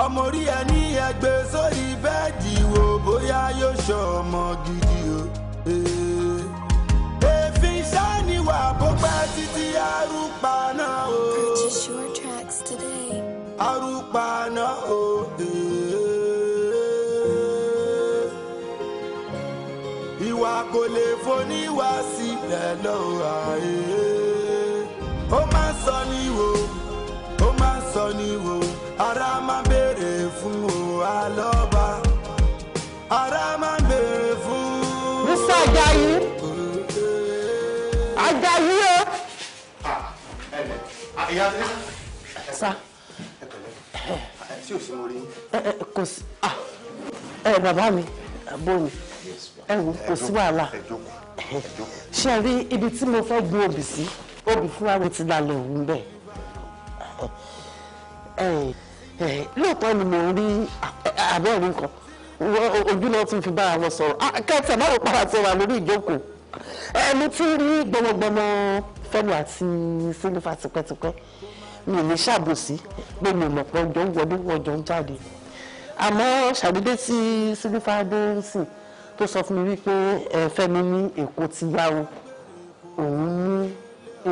ọmọ orí ẹni ẹgbẹ́ sórí bẹ́ẹ̀dì o bóyá yóò ṣọmọ gidi o. Eh, èéfín ṣáníwá bó pẹ́ títí arúgbó náà o arúgbó náà o. Eh. ìwà kò lè foníwà sílẹ̀ lọ́wọ́ àyè. ó máa ń sọ ní wo ó máa ń sọ ní wo ara máa béèrè fún o alọ́ba ara máa béèrè fún. Mr. Ajayi Ajayi o. Ah, ah, sa. ẹ pẹ̀lẹ́ ah, eh, eh, kò sí ẹ eh, bàbá mi àbúrò mi ẹ wò kò sí wàhálà ṣe rí ibi tí mo fẹ́ gbin obì sí obì fún àwọn ti lálẹ́ òun bẹ́ẹ̀ lóòótọ́ ni mo rí àbẹ́rẹ́ nǹkan ojú náà tún fi bá àwọn sọ̀rọ̀ kẹta náà ló padà sọ̀rọ̀ lórí ìjókòó ẹni tí rí gbọmọgbọmọ fẹ́nu àti sílífà tipẹ́tipẹ́ mi ní ṣàbòsí pé mi lọ̀pọ̀ ọjọ́ ń wọlé ọjọ́ ń jáde àmọ́ ṣàdédé tí sílífà dé ń sìn tó sọ fún mi wípé ẹ fẹ́mi ní èkó ti yá o òun ní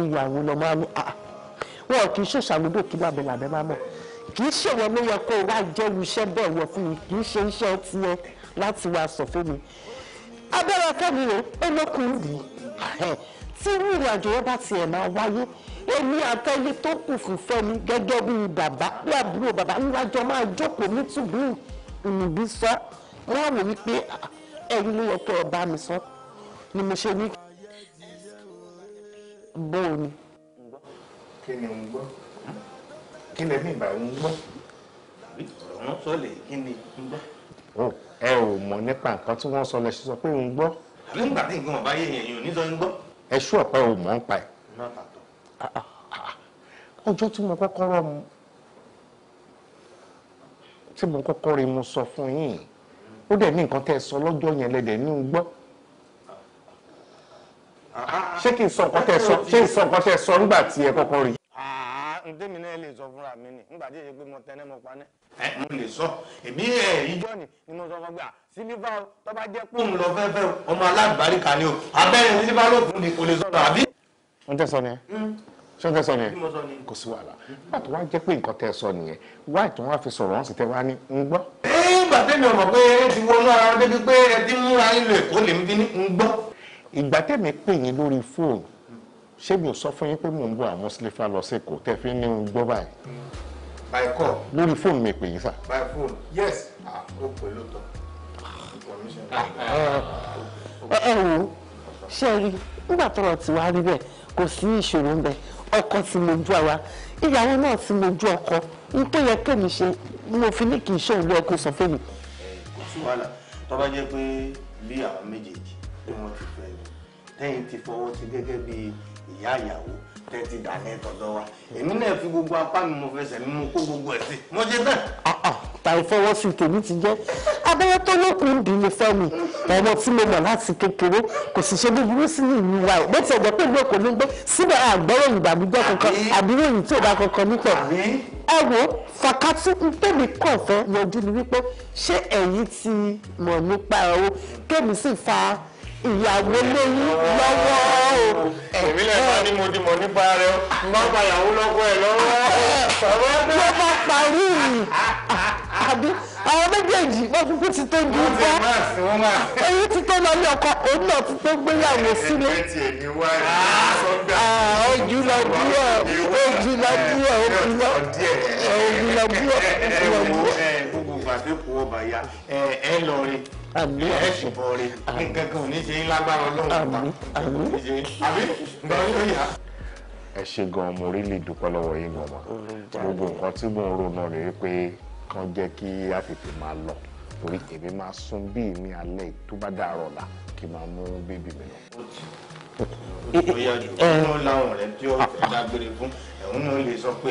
ìyàwó lọ máa ní àá ah, wọn kì í ṣèṣàmúdò kí lábẹ́ làbẹ́ máa mọ̀ kì í ṣe wọn ló yẹ kó wá jẹ́ iṣẹ́ bẹ́ẹ̀ wọ fún mi kì í ṣe iṣẹ́ tiẹ̀ láti wá sọ fún mi abẹ́rẹ́ fẹ́mi o olókùnrin yìí tí ìrìn àjò yẹn bá tiẹ̀ máa wáyé èmi àtẹ́yẹ tó kù fún fẹ́mi gẹ́gẹ́ bí bàbá bí àbúrò bàbá ńlájọ máa jókòó nítùbí ìnùbí sọ wọn wò wípé ah, ẹ̀rí ló yẹ kó o bá mi sọ ni mo ṣe ní bó o ni. kí ni ń gbọ́ kí ni ẹ̀mí ìbà ń gbọ́ ọ̀rọ̀ wọn sọ lè kí ni ń gbọ́. ẹ ò mọ̀ nípa nǹkan tí wọ́n sọ lẹ ṣe sọ pé ń gbọ́. àbí ń gbà tí nǹkan ọ̀bá yé èèyàn ní sọ ń gbọ́. ẹ ṣú ọ̀pẹ ò mọ̀ ń pa ẹ̀. Ah, ah, ah, ọjọ́ tí mo kọ́kọ́ rọ mu tí mo kọ́kọ́ rí mu sọ fún yín yìí ó dẹ̀ ní nǹkan tẹ́ ẹ sọ lọ́jọ́ yẹn lẹ́dẹ̀ ní gbọ́ ṣé kì í sọ nǹkan tẹ́ ẹ sọ ṣé ìsọ nǹkan tẹ́ ẹ sọ nígbà tí ẹ kọ́kọ́ rí. ǹdẹ́mi náà lè sọ fúnra mi nì nígbà tí èyí pé mo tẹnẹ́ mo paná. ẹ mo lè sọ èmi ẹ ìjọ ni ni mo sọ fún gbà sílífà tó bá jẹ́ pé òun lọ fẹ́ fẹ́ ọmọ alábàáríkà ni o abẹ́rẹ́ sílífà ló fún ni kò lè sọ̀rọ̀ àbí. wọ́n tẹ́ sọ ṣé fẹ́ sọ nìyẹn kò sí wàhálà nígbà tó wá jẹ́ pé nǹkan tẹ́ sọ nìyẹn wá ìtàn wá fi sọ̀rọ̀ ọ̀hún sì tẹ́ wá ní ń gbọ́. ìgbà tẹ́mi ọ̀mọ̀ pé ẹ ti wọnú ara débi pé ẹ ti múra ilẹ̀ kó lè bí ní ń gbọ́. ìgbà tẹ́mi pè yín lórí fóònù ṣé mi ò sọ fún yín pé mò ń bọ àwọn sílẹ̀fà lọ sí èkó tẹ́ fi ní ń gbọ́ báyìí. by call lórí fóònù mi pè yín sà. by phone yes ó ah, pè lóòótọ́ ah, ah, ẹ ẹ wo ṣe rí nígbà tọrọ tí wàá rí bẹ́ẹ̀ kò sí ìṣòro ń bẹ ọkọ ti mọ̀jú ara ìyàwó náà ti mọ̀jú ọkọ n tó yẹ kémi ṣe mo fi ní kì í ṣe òwú ọkọ sọ fún mi. kò sí wàhálà tó bá jẹ́ pé bí àwọn méjèèjì bí wọ́n ti fẹ́ lẹ́yìn ti fọwọ́ sí gẹ́gẹ́ bí ìyá ìyàwó tẹ́tí dání tọ̀dọ̀ wa èmi náà fi gbogbo apá mi mo fẹsẹ̀ mi mo kó gbogbo ẹ̀ sí mo ṣe bẹ́ẹ̀. Ah, ah, tàì fọwọ́ sí tèmi ti jẹ́ abẹ́rẹ́ tó lókun dì mo fẹ́ mi ọmọ tí mo mọ̀ láti kékeré kò sì ṣe búburú sí ní ìlú wa bó tiẹ̀ jẹ́ pé ìlú èkó ló ń gbé síbẹ̀ àgbọ̀rọ̀ ìgbàgbọ́ kankan àbúrò yìí tí ò bá kankan nípò ẹ wo fàkàtú tèmi kàn fẹ́ yanjú ni wípé ṣé ẹ̀yin ti mọ̀ nípa ẹ̀ kémi sì fa ìyàwó lóyún lọ́wọ́ o. èmi lè máa ní mo di mọ̀ nípa rẹ o má pa lọ́kọ́ ẹ̀ lọ́wọ́. ló bá parí àbí àwọn méjèèjì wọn kúkú ti tó ju bá ti tó lọ ní ọkọ òun náà ti tó gbéyàwó sílé. ojú lọ ojú lọ ojú lọ ojú lọ ẹ ẹ ẹ àmì ẹ sì bọ̀ọ̀rẹ̀ nǹkan kan ò ní ṣe lágbára ọlọ́run pa àmì àmì nǹkan ló yà. ẹ ṣe gan-an mo rí lè dúpẹ́ lọ́wọ́ yín gan-an gbogbo nǹkan tí mò ń rò náà rèé pé kàn jẹ́ kí a tètè máa lọ torí èmi máa sùn bí mi alẹ́ tó bá dàárọ̀ la kí n máa mú bébì mi lọ. ó yà jù lọ́wọ́ làwọn rẹ̀ tí ó ah. fẹ́ dágbére fún ẹ̀hún náà lè sọ pé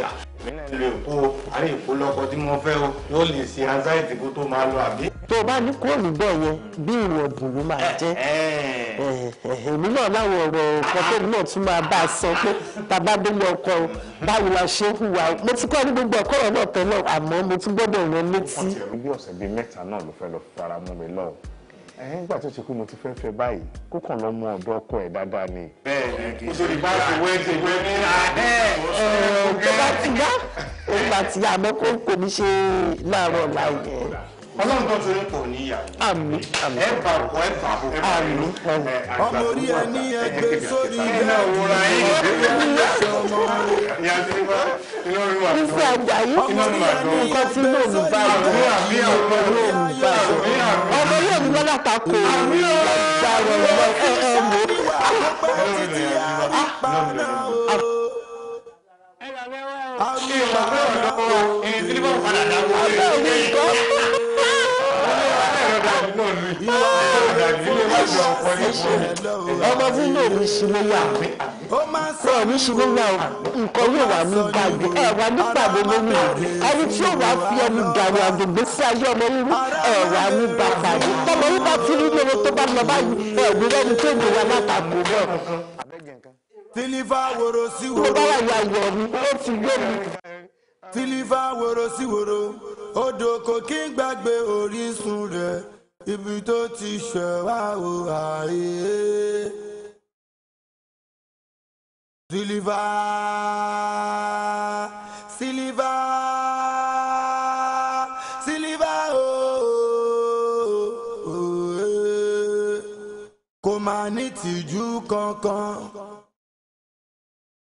èmi lè kó àárẹ̀ èkó lọ́kọ tí mo fẹ́ o yóò lè ṣe anxiety kó tó máa lọ àbí. tó o bá ní kúrò níbẹ̀ yẹn bí ìwọ̀n bùrù máa jẹ́ eh, eh. Eh, èmi náà láwọn ọ̀rọ̀ ọ̀pọ̀ náà tún máa bá a sọ pé bàbá délé ọkọ báwo la ṣe hùwà mo ti kọ́ ní gbogbo ọ̀kọ́ ọ̀rọ̀ náà tẹ́lẹ̀ àmọ́ mo tún gbọ́dọ̀ rán létí. wọ́n ti rú bí ọ̀sẹ̀ bíi mẹ́ta náà ló fẹ́ lọ fara mi lọ́wọ́ ẹ̀yìn ìgbà tó ṣe pé mo ti fẹ́ fẹ́ báyìí kó kàn lọ mọ ọ̀dọ́ ọkọ ẹ̀ dáadáa ni. bẹ́ẹ̀ni kì í ṣe ìgbà tí wẹ́ẹ́ ti wẹ́ẹ́ ní àárẹ̀ ọ̀ṣọ́ ọ̀gá. tó bá ti yá òun kò ní ṣe láàárọ̀ láì yẹn ọlọ́run tó tún kò ní ìyá yìí. àmín àmín ẹ bá bọ ẹ bá bọ. àmín ọmọ orí ẹ ní ẹgbẹ́ sórí ẹ náà wúra ẹ ìgbẹ́ Mr. Ajayi nǹkan tí ló ń bá yìí ọmọ ló ń bá yìí ọmọ yóò ní lọ́la ta ko ìgbàrọ̀ lọ ẹ ẹ mọ. Ẹ lọ wẹ́wẹ́ o. Ṣé ìwà fẹ́ ọ̀dọ́ wa? Èyí tí ní bá wà padà dáwọ́. Ọ̀dọ́ mi kọ́ ìwà ọmọ tí yóò ní ṣùlẹ́yà kọ́ ní ṣùlẹ́yà nǹkan yóò wà ní gbàgbé ẹ̀ wà ní gbàgbé lórí ẹni tí yóò wá fi ẹnu gàrí àgbègbè sí ayé ọmọ irú ẹ̀ wà ní bàbá yìí yìí bá ti rí lóore tó bá lọ báyìí ẹ̀ ní lẹ́nu tó ìwà látàkùn náà. tìlífà wòrò sí wòrò. ló bá wà yà wọ̀ mí ó ti yé mi tìlífà sí wòrò odò kò kí gbàgbé orísun rẹ̀ ibi tó ti ṣẹ̀wá o àyè. Sílífà sílífà sílífà ooo oh, oh, oh, kò máa ní tìjú kankan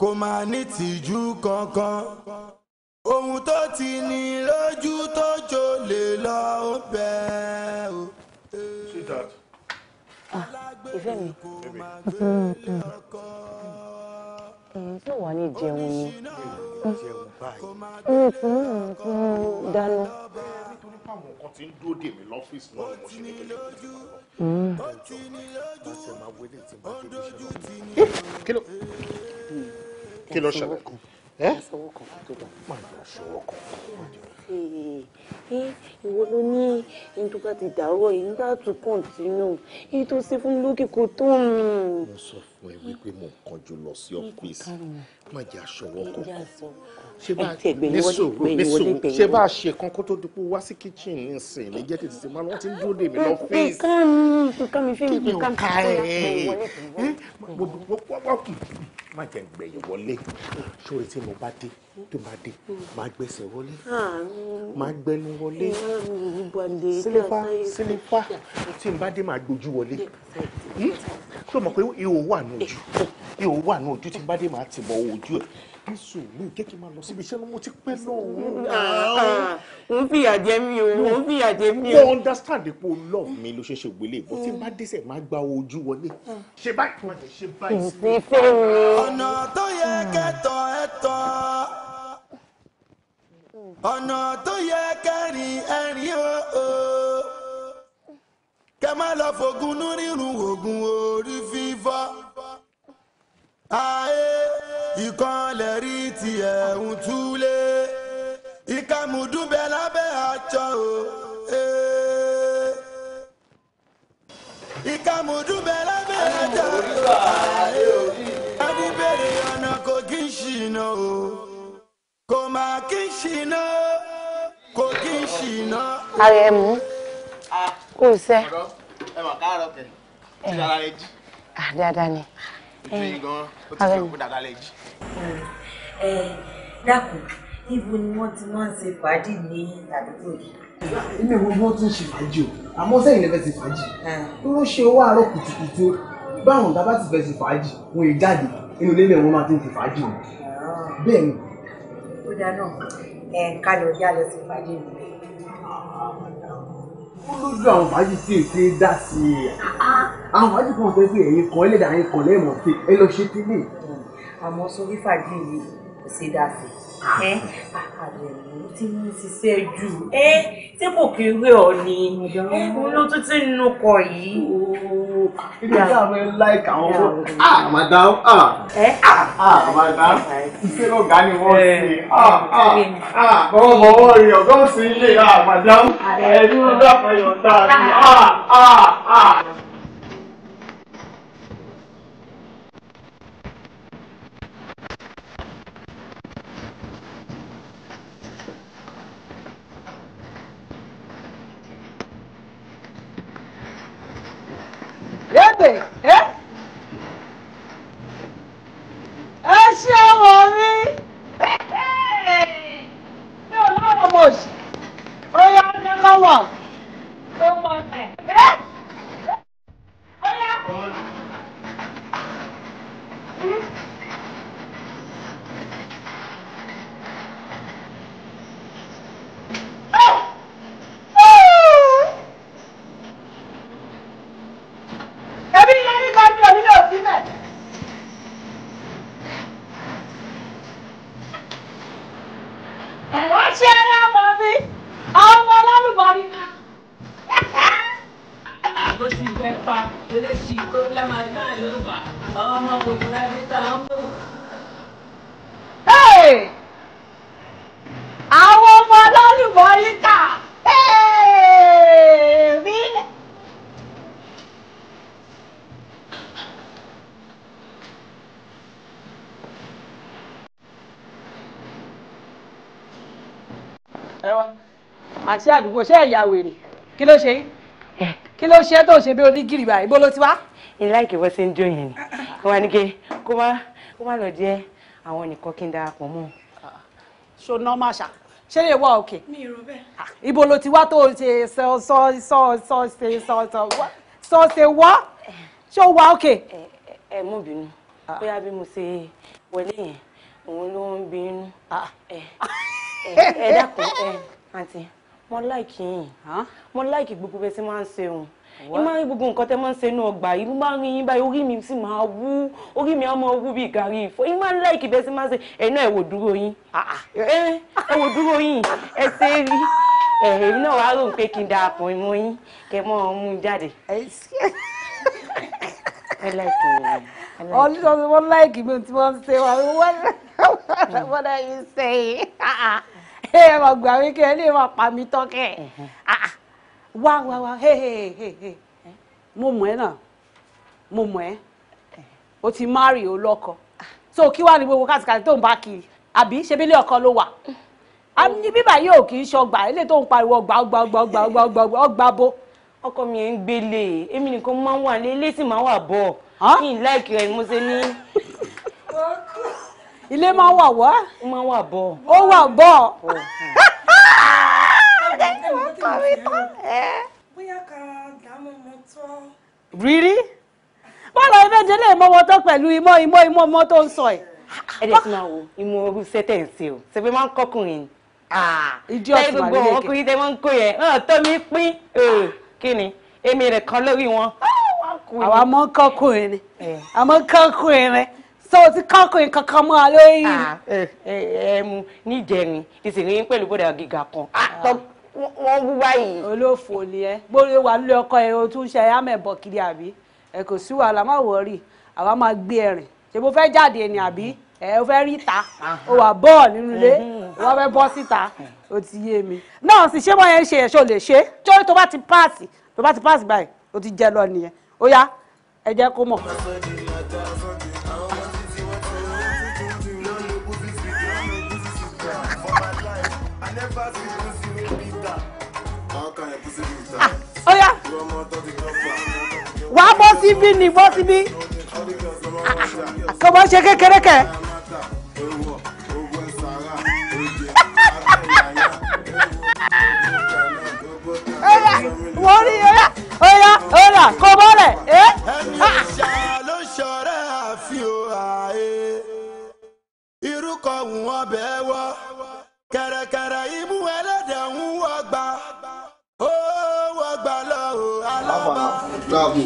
kò máa ní tìjú kankan ohun tó ti ní lójú tó jò lè lọ ó o. ah ìfẹ́ mi. èyí tó mm-hmm. mm-hmm. mm-hmm. wà ní jẹun ni. jẹun báyìí. dáná. nítorí pàwọn nǹkan eh! kí ló kí ló ẹ. má jọ sọwọ́ kan ìwọ ló ní ìdúgà ti dàrọ yìí nígbà tó kọ̀ǹtínú èyí tó ṣe fún lókè kò tó ń. mo sọ fún ẹ wípé mo kánjú lọ sí ọkùnrin má jẹ aṣọwọ́ kankan ṣe bá a ṣe kan kó tó dupò wá sí kitchen ní sìn ní jẹ́ tètè máa wọ́n ti ń dúró dè mí lọ fèsì. kí ni o ká ẹ má jẹ́ gbẹ̀yìn wọlé sórí tí mo bá dé tó bá dé má gbẹ̀sẹ̀ wọlé má gbẹnu wọlé sílífà sílífà tí n bá dé má gbójú wọlé tó hm? mọ̀ pé ihò wà ní ojú ihò wà ní ojú tí n bá dé má ti bọ̀ ojú ẹ̀ ní sùúrù jẹ́ kí n máa lọ síbi iṣẹ́ náà mo ti pẹ́ lọ́hùn. Ah, òun ah, fìyà jẹ mí o òun fìyà jẹ mí o. mo understand pé o love mi ló ṣe ṣe gbélé bó tí n bá dẹ́sẹ̀ máa gba ojú wọlé. ṣe báyìí máa jẹ ṣe báyìí. ìfẹ́ mi. ọ̀nà tó yẹ kẹ́tọ̀ ẹ tọ̀ ọ̀nà tó yẹ kẹ́rin ẹ̀rin o kẹ́ má lọ fògùn nírìnrún ògùn orí fífọ́ ayé ìkànlẹ̀ rí tiẹ̀ ń túlé ìkàmùdúbẹ̀ lábẹ́ àjọ o. E. ìkàmùdúbẹ̀ lábẹ́ àjọ o. adìbẹ̀rẹ̀ ọ̀nà kò kí ń ṣìnà o kò má kí ń ṣìnà kò kí ń ṣìnà. Àrẹ̀mú kò sẹ́. ẹ mọ̀ káàárọ̀ kẹ̀ ṣe ara ah, dáadáa ni ojú yìí eh, eh, eh, dákun níbo ni wọ́n ti máa ń ṣe fàájì ní àdúgbò yìí. inú ìwé tún ṣe fàájì o àmọ́ sẹ́yìn lè ṣe fàájì bí wọ́n ṣe owó àárọ̀ kùtùkùtù báwọn ọ̀gá bá ti fẹ́ ṣe fàájì wọn èé jáde inú ilé lẹ́wọ̀n máa ti ń ṣe fàájì o ah. bẹ́ẹ̀ ni. ó dáná ẹ̀ka lọ yá lọ sí fàájì mi ó lójú àwọn fàájì tí èké dá sí i àwọn fàájì kan fẹ́ pé ẹ̀yin kan ẹlẹ́dàá ẹ̀yin kan lẹ́ẹ̀mọ̀ pé ẹ lọ ṣe tẹ́lẹ̀. àmọ́ sórí fàájì yìí kò ṣe dá sí i ẹ àbẹ̀wò tí wọ́n ṣiṣẹ́ jù ẹ tí kò kí wé ọ ni òun ló tún ti nu kọ yìí. ibi tí àwọn ẹni láìka àwọn fún ah madam ah, ah ah madam iṣẹ́ ọ̀gá ni wọ́n ṣe ah ah bọ́wọ́bọ́wọ́ ah, rí ọ̀gá òsì ilé ah madam ẹ̀ẹ́dúró dàpọ̀ yọ̀ọ̀dá ah ah ah. ah. nothing. Eh? àti àdúgbò ṣé ẹ̀yà wèrè kí ló ṣe yín kí ló ṣe tó ṣe bí onígìrì báyìí bó ló ti wá. ní láìkè bó ṣe ń jó yẹn ni ah, ah, ah. wọn ní kí kó má kó má lọ jẹ àwọn nìkan kí n darapọ̀ mọ́. ṣo nọ́ọ̀mà ṣá ṣé lè wá òkè. mi ì rò bẹ́ẹ̀. ibo ló ti wá tó ṣe sọ sọ sọ sọ ṣe sọ sọ sọ ṣe wá ṣó wá òkè. ẹ ẹ mú bínú bóyá bí mo ṣe wọlé yẹn òun ló ń bínú ẹ ẹ dákun ẹ àǹtí mo like yín mo like gbogbo bẹ́ẹ̀ tí máa ń ṣe òun ìmọ̀ rí gbogbo nǹkan tẹ́ máa ń ṣe inú ọgbà yìí mo máa ń rí yín báyìí orí mi sì máa wú orí mi á máa wú bíi gàrí ìfọ́ ìmọ̀ ń like bẹ́ẹ̀ tí máa ń ṣe ẹ̀nà ẹ̀wò dúró yín ah, ah. ẹ̀wò dúró yín ẹ̀ ṣe é rí èmi náà wàá rò pé kí n darapọ̀ mọ́ yín kẹ́ mọ́ ọ mú un jáde. ẹ láìkì mi. ọlọ́run wọn láìkì mi tí wọ́n ṣe wà wọ́n náà yìí sẹ́yìn. kẹ́ ẹ máa gbà mí kẹ́ ẹ lè máa pa mí tán kẹ́ he ah, ah. wá wá wá mo mọ̀ ẹ́ náà mo mọ̀ ẹ́ o ti márì o lọ́kọ so kí wàá ní gbogbo kàtìkàtì tó ń bá kiri àbí ṣebílẹ̀ ọkọ ló wà ní bíbà yóò kì í ṣọgbà ilé tó ń pariwo ọgbà ọgbà ọgbà ọgbà ọgbà ọgbà ọgbà bo. ọkọ mi ń gbélé èmi nìkan máa ń wà lé ilé sì máa wà bọ̀ kí n láìkì rẹ̀ ni mo ṣe ní. ilé máa wà wá. ó máa wà bọ̀. ó wà bọ̀. bóyá ká dààmú mọ́tò. rírí bọ́lá ẹgbẹ́ délé ìmọ̀wọ́tọ́ pẹ̀lú ìmọ̀ ìmọ̀ ìmọ̀ ọmọ tó ń sọ ẹ̀. ẹ dẹ̀ tí máa wo ìmọ̀ orú sẹ́tẹ̀ǹsì o ṣe pé máa ń kọkùnrin ìdí ọ̀tún wà nílé kẹ. ọkùnrin tẹ máa ń kó yẹn náà tọ́ mi pín kí èmi rẹ̀ kan lórí wọn. àwa mọ́ kọkùnrin ni àmọ́ kọkùnrin ni so o ti kọ́kùnrin kankan mọ́ ọ lórí. ẹ mu níjẹrin ìsìnkú pẹ̀lú bọ́dà gíga kan ah, wọ́n wú báyìí. olófò ni ẹ gbórí wa nílé ọkọ ẹ o tún ṣe ẹ àmẹ̀bọ̀ kiri àbí ẹ kò sí wàhálà má wọrí àwa máa gbé ẹ̀rìn ṣe mo fẹ́ jáde ni àbí ẹ o fẹ́ rí ta o wà bọ́ọ̀ nínú ilé mhm. wọ́n fẹ́ bọ́ síta o ti yé mi. náà sì ṣé wọ́n yẹn ṣe ẹ̀ṣọ́ lè ṣe tó tó bá ti páàsì tó bá ti páàsì báyìí o ti jẹ lọ nìyẹn ó yá ẹ jẹ́ kó mọ̀. wàá bọ́ síbí ni bọ́ síbí kò bọ́ ṣe kékeré kẹ. ọ̀yà wọ́n rí ọ̀yà ọ̀yà ọ̀yà kò bọ́ rẹ̀ kẹ̀rẹ̀kẹ̀rẹ̀ imú ẹlẹ́dẹ̀ ń wọ́ afa gbàgbó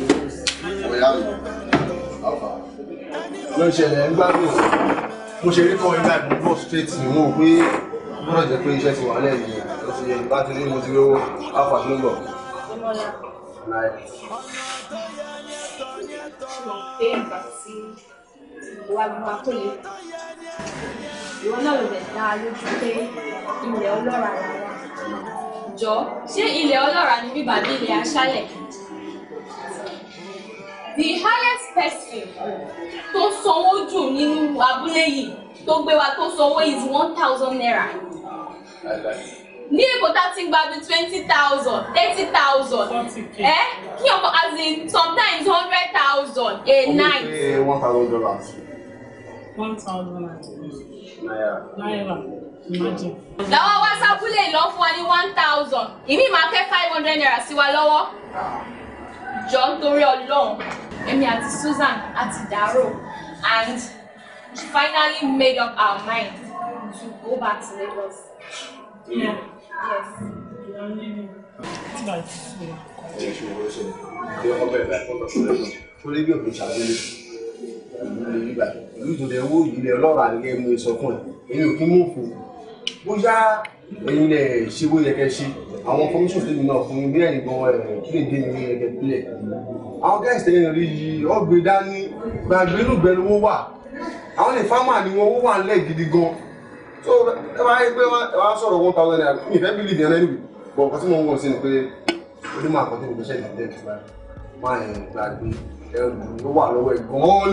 ń ṣẹlẹ̀ mo ṣe rí kọ́ ilé àìmọ́ bọ́ straight ni wọn ò pé wọ́n jẹ́ pé iṣẹ́ ti wà lẹ́yìn ló ti yẹ bá ti rí mo ti rí owó afa tó ń bọ̀. ṣe ìgbà tí ìwà gbogbo akóle ìwọ náà lè dá lójú pé ilẹ̀ ọlọ́ràá la wà ni bíbà bí ilẹ̀ aṣálẹ̀ the highest person tó sanwó jù nínú abúlé yìí tó gbé wa tó sanwó is one thousand naira ní èkó tá ti gba bíi twenty thousand thirty thousand ẹ kí ọkọ as in sometimes hundred thousand a night. one thousand dollars. one thousand naira. naira lọ́wọ́ wá sábúlé lọ́ fún wa ní one thousand ìmí máa kẹ́ five hundred naira sí wa lọ́wọ́. Ah jọ nítorí Ọlọ́run èmi àti Susan àti dàrò and she finally made up our mind to go back to Lagos. Mm. Yeah. Yes. Yeah, she will also. They are coming back from the selection. So they will be challenged. Ìlú ìtòlẹ̀ owó ìlẹ̀ ọlọ́run àlẹ́ mú sọ fún ẹ̀. Èmi ò kí mú fún. Bóyá ẹ̀yin lẹ̀ ṣe bó yẹ kẹ́ ṣe àwọn commission tèmi náà fún mi bí ẹnì gan lè dé mi gẹ́gẹ́ bílẹ̀ àwọn guys tẹ̀yìn rí yìí ọ̀gbìn dání gbàgbé lùgbẹ́ lówó wà àwọn lè fámà ni wọn owó wà ńlẹ̀ gidi gan so ẹ máa yẹ pé ẹ sọ̀rọ̀ one thousand naira mi ìfẹ́ bílíì dẹ̀rẹ́ nìyí bọ̀ ọ̀kan tí mo ń wọ̀ sí ni pé onímọ̀ àkọ́tẹ́ ìgbésẹ̀ ìdílé máa ń gbàgbé ẹrù ló wà lọ́wọ́ ẹ̀ gan-an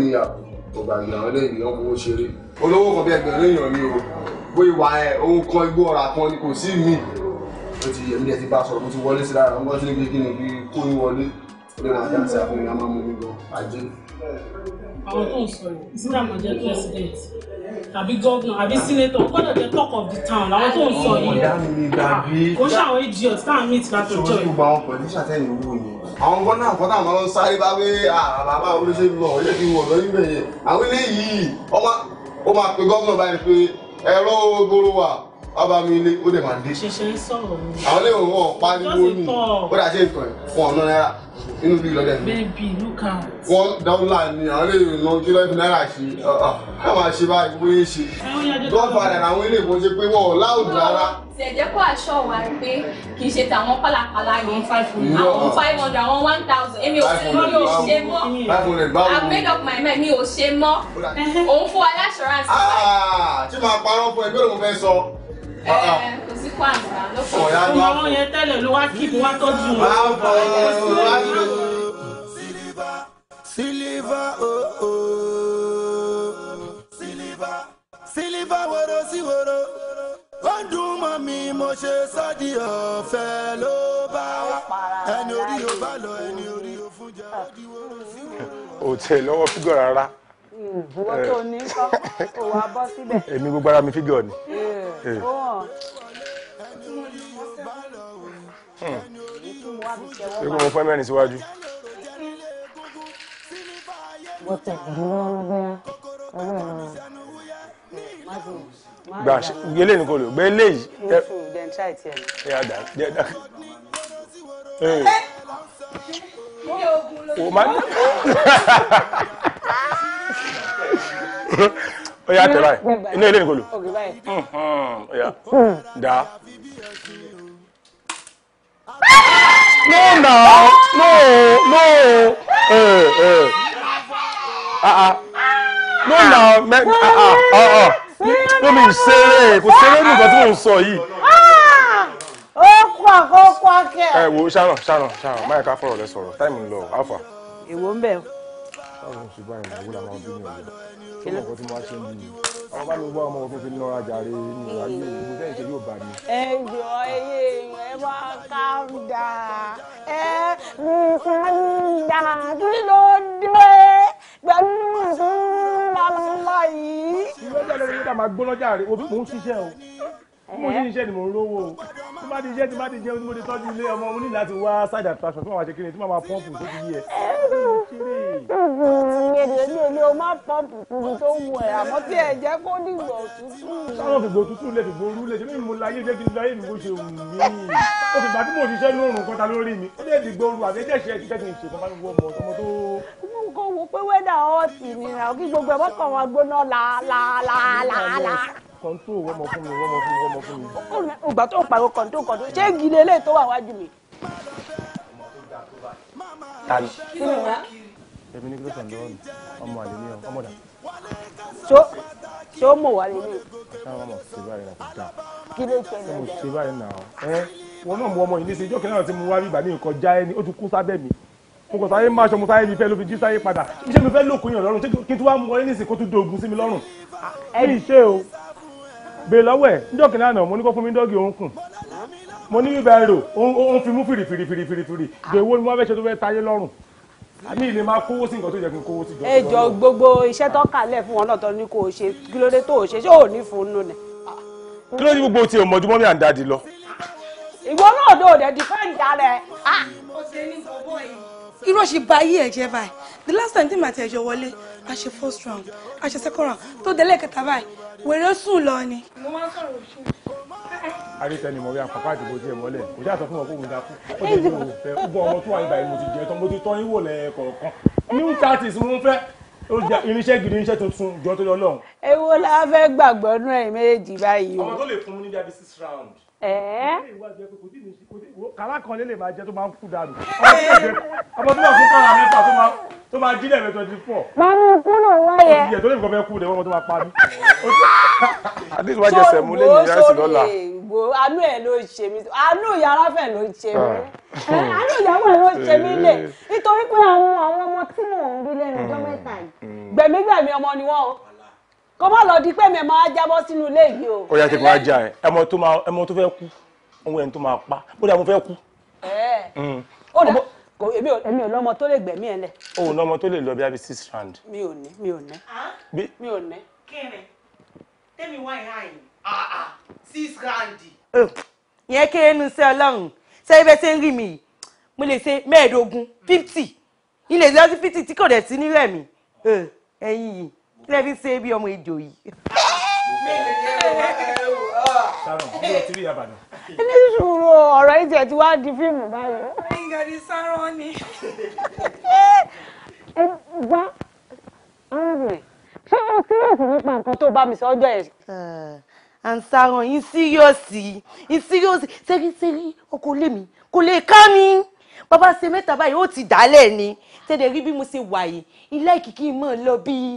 ni àwọn ilé ògbàgbé àwọn eléyìí wọn fowó ṣeré olówó kan bí ẹgbẹ̀rún èèyàn ni o bó ìwà ẹ òun kọ igbó ọ̀rà kan ni kò sí mi ó ti yẹ mí ẹ ti bá sọ̀rọ̀ mo ti wọlé sí lára wọn bá ti ní kí ni kí kó ní wọlé ó lè máa dá sí àfihàn máa mi lọ ajé àwọn tó ń sọ yìí sídà máa jẹ president àbí governor àbí senator ó gbọ́dọ̀ jẹ talk of the town làwọn tó ń sọ yìí kò ṣe àwọn idiot tá à ń meet láti ọjọ́ yìí. ṣùgbọ́n àwọn pẹ̀lú àtẹ̀yìn owó ni àwọn gbọ́dọ̀ àkọ́ táwọn máa ń sáré bá wé àlàbà olóṣèlú lọ yẹ kí wọ́n lọ níbẹ̀ yẹn àwọn eléyìí ó máa pe gómìnà báyìí pé ẹ̀rọ gbòòrò wà ọba mi ilé ó dẹ̀ máa dé. ṣẹ̀ṣẹ̀ ń sọ̀rọ̀ mi. àwọn ilé òun wọn pariwo nù ó dà ṣe ìkàn fún ọ̀nà náírà inú bí lọ́dẹ̀ mi. bẹ́ẹ̀bi lúkà. wọ́n dáwọ́là ni àwọn ilé ìrìnà kí lọ́ọ́ fi náírà ṣe ọ̀ máa ṣe báyìí bóyá ṣe. godfather làwọn ilé ìbọn ṣe pé wọ́n láòdù rárá. ṣẹ̀jẹ̀ kó aṣọ wa pé kì í ṣe tàwọn pálapàla yìí àwọn five hundred àwọn one thousand èmi ò sí mi ò ṣe mọ́ I made up my mind mi ò ṣe mọ́ òun fún wa ní assurance. Ah, tí màá parọ́ fún ẹgbẹ́ òun fẹ́ sọ. Eh, kò sí oh oh. Silva, Silva, woro sí woro. Wọ́n dùn mọ́ mi, mo ṣe sọ́dí ọ̀fẹ́ ló bá wá. Ẹni orí yóò bá lọ́wọ́ fígọ̀ rárá ìwọ tó eh. ní kọ́ kò wá bọ́ síbẹ̀. èmi gbogbo ara mi fígọ̀ ni. Eh, eh. ó hàn hmm. ṣé kò mo fẹ́ mẹ́rin síwájú. mo tẹ̀ dúró lọ́wọ́ ọwọ́ mi gba gbélé ní kò lò gbé lè yìí. ẹ ẹ dà ẹ dà wò má ní. ó yà tẹ báyìí inú ilé nìkolo ó yà dá. no na no no eh eh ah ah no na me ah ah oh oh no mi ṣeré kò ṣeré nǹkan tí mo ń sọ yìí ó kọ́ àkọ́ kọ́ akẹ́. ẹ wo ṣáná ṣáná ṣáná máa ká fọ̀rọ̀ lẹ sọ̀rọ̀ táìmù ń lọ alfa. èwo ń bẹ̀. báwo ni ṣùgbọ́n ìmọ̀ ìwúlò àwọn bí mi ò lè kí ló kọ́ tí wọ́n ṣe ń bí mi àwọn bá mi wá ọmọ tó fi ń lọ́ra jàre ní ìwádìí ìlú bẹ́ẹ̀ ṣe yóò bá mi. ẹ jọ ẹyẹ ẹ bá calm down ẹ calm mm, down mm, mm, kí ló dé pẹ̀lú lálá yìí. ìwé jáde ló ń dà máa gbóná jàre mo ń ṣiṣẹ́ o mo ń ṣiṣẹ́ ni mo ń rówó o tí má ti jẹ́ tí má ti jẹ́ tí mo ti tọ́jú ilé ọmọ mo ní láti wá side attraction tí mo máa ṣe kí tí mo máa pọ́ǹpù tó ti yẹ. èrè ní o máa pọ́ǹpù kúrú tó wù ẹ̀ àmọ́ tí ẹ jẹ́ kó dìgbò tútù. sáwọn fìgbò tútù lè fìgbò orú lè ṣe mí mo láyé jẹ́ kí n láyé mi bó ṣe wù mí. o fìgbà tí mo ṣiṣẹ́ ní òrùn kọta lórí mi ó lè dìgbò orú àbí kọ́ńtò wọ́mọ fún mi wọ́mọ fún mi wọ́mọ fún mi. ògbà tó pariwo kọ́ńtò kọ́ńtò ṣé gidi eléyìí tó wà wájú mi. tani. èmi ní kí ló sàn lọ́wọ́ mi ọmọ àlè ni ọmọ dà. so so mo wà lè ní. káwọn ọmọ ṣe báyìí náà kò dáa. kí ló ṣe lè dẹ. ṣe báyìí náà ẹ wọn náà mú ọmọ yìí ní sèjọ́ náà ti mú wá bí ìgbà ní nǹkan ẹni ó ti kú sábẹ́ mi mo kò sáyé máa ṣe mo sáyé ní fẹ́ ló fi jí sáyé padà iṣẹ́ mi fẹ́ lókun yàn lọ́rùn kí n tún wá mú ọ ní ìsìn kó tún dogun sí mi lọ́rùn. ẹ ní ìṣe o bèè lọ́wọ́ ẹ̀ níjọ́kì lánàá mo ní kó fún mi dọ́gì òun kùn mo ní bíbá ẹ̀rọ òun fi mú fìrìfìrì fìrìfìrì bèèwó ni wọ́n fẹ́ ṣe tó fẹ́ tayé lọ́rùn àmì ìlè máa kówó sí nǹkan tó yẹ kí n kówó sí. ẹ gbogbo iṣẹ́ tó kàlẹ̀ fún wọn náà tó ní kó o ṣe kí ló dé tó o ṣe ṣé ò ní fún un nù kí ló ní gbogbo tí o mọ̀jú mọ́mí àǹdáàdì lọ. ìwọ náà ló ah! dẹ̀ irọ́ ṣe ba ayé báyìí the last time tí màtí ẹ̀jọ̀ wọlé a ṣe first round a ṣe second round tó délé kẹta báyìí wèrè sùn lọ ni. mo máa ń sọ̀rọ̀ oṣù. arítẹni mọ̀ wí àpapọ̀ àti bòjú ẹ̀ mọ́lẹ̀ kò já sọ fún wọn kó wù dákú ó ti wù fẹ́ ó bọ ọmọ tó wà nígbà yìí mo ti jẹ tán mo ti tán ìwò lẹ́ẹ̀kọ̀ọ̀kan new thirties mo ń fẹ́ ó jẹ irinṣẹ́ gidi irinṣẹ́ tuntun jọ tó yọ náà. èwo la fẹ́ gbàgbọ́ nú ẹ̀ méjì báyìí o. ọmọ tó lè fún mi ní bí i six round kàrá kan lè lè máa jẹ tó máa ń kú dànù ọmọ tó máa fún kàrá mẹ́fà tó máa jí lẹ́ẹ̀mẹ́ twenty four. máa mú kú lò wáyé. ó ti yẹ tó lè fi fẹ́ kú lè tó máa pa mí. àti ìwà jẹsẹ̀ mú lẹ́yìn ìyá sí lọ́la. àánú ẹ̀ ló ṣe mí àánú ìyára fẹ̀ ló ṣe mí àánú ah. ìyàwó ló ṣe mí lè eh. nítorí pé àwọn ọmọ tí mò ń rí lẹ́nu ọjọ́ mẹ́ta yìí mm. gbẹ̀mígbẹ̀mí ọmọ ni wọ́n kó má lọ di pé mi máa jábọ́ sínú ilé yìí o. ó yà tẹ̀kọ̀ ajá ẹ̀ ẹmọ tó máa ẹmọ tó fẹ́ kú òun ẹni tó máa pa ó dà mo fẹ́ kú. Mm. ó dà kò èmi ò èmi ò lọ́mọ tó lè gbẹ̀mí ẹ̀ lẹ̀. o ò lọ́mọ tó lè lọ bí i abi six round. mi ò ní mi ò ní. mi ò ní. kíni tẹ́mi wá ìhà yìí six round. ìyẹn kéré nu sí ọlọ́run sẹ́yìn bẹ́ẹ̀ ṣe ń rí mi yìí mo lè ṣe mẹ́ẹ̀ẹ́dógún fifty ilé ìṣẹ́ fifty tí kò dẹ̀ sí nílẹ̀ mi ẹ̀yìn yìí kílẹ̀ fi ṣe bí ọmọ ìjò yìí. ní ìṣòro ọ̀rọ̀ ìjẹ̀ tí wàá di fíìmù báyìí. ìgàdì sáró ni. ẹ gbá ṣé o síríọ̀sì nípa nǹkan tó bá mi sọ ọjọ́ ẹ̀. àǹsàràn yín síríọ̀sì yín síríọ̀sì ṣẹ́rí ṣẹ́rí ọkọ̀ lèmi kò lè ká mi bàbá se mẹ́ta báyìí ó ti dálẹ̀ ni tẹ́lẹ̀ rí bí mo ṣe wà yìí ilé ìkìkì mọ̀ lọ bíi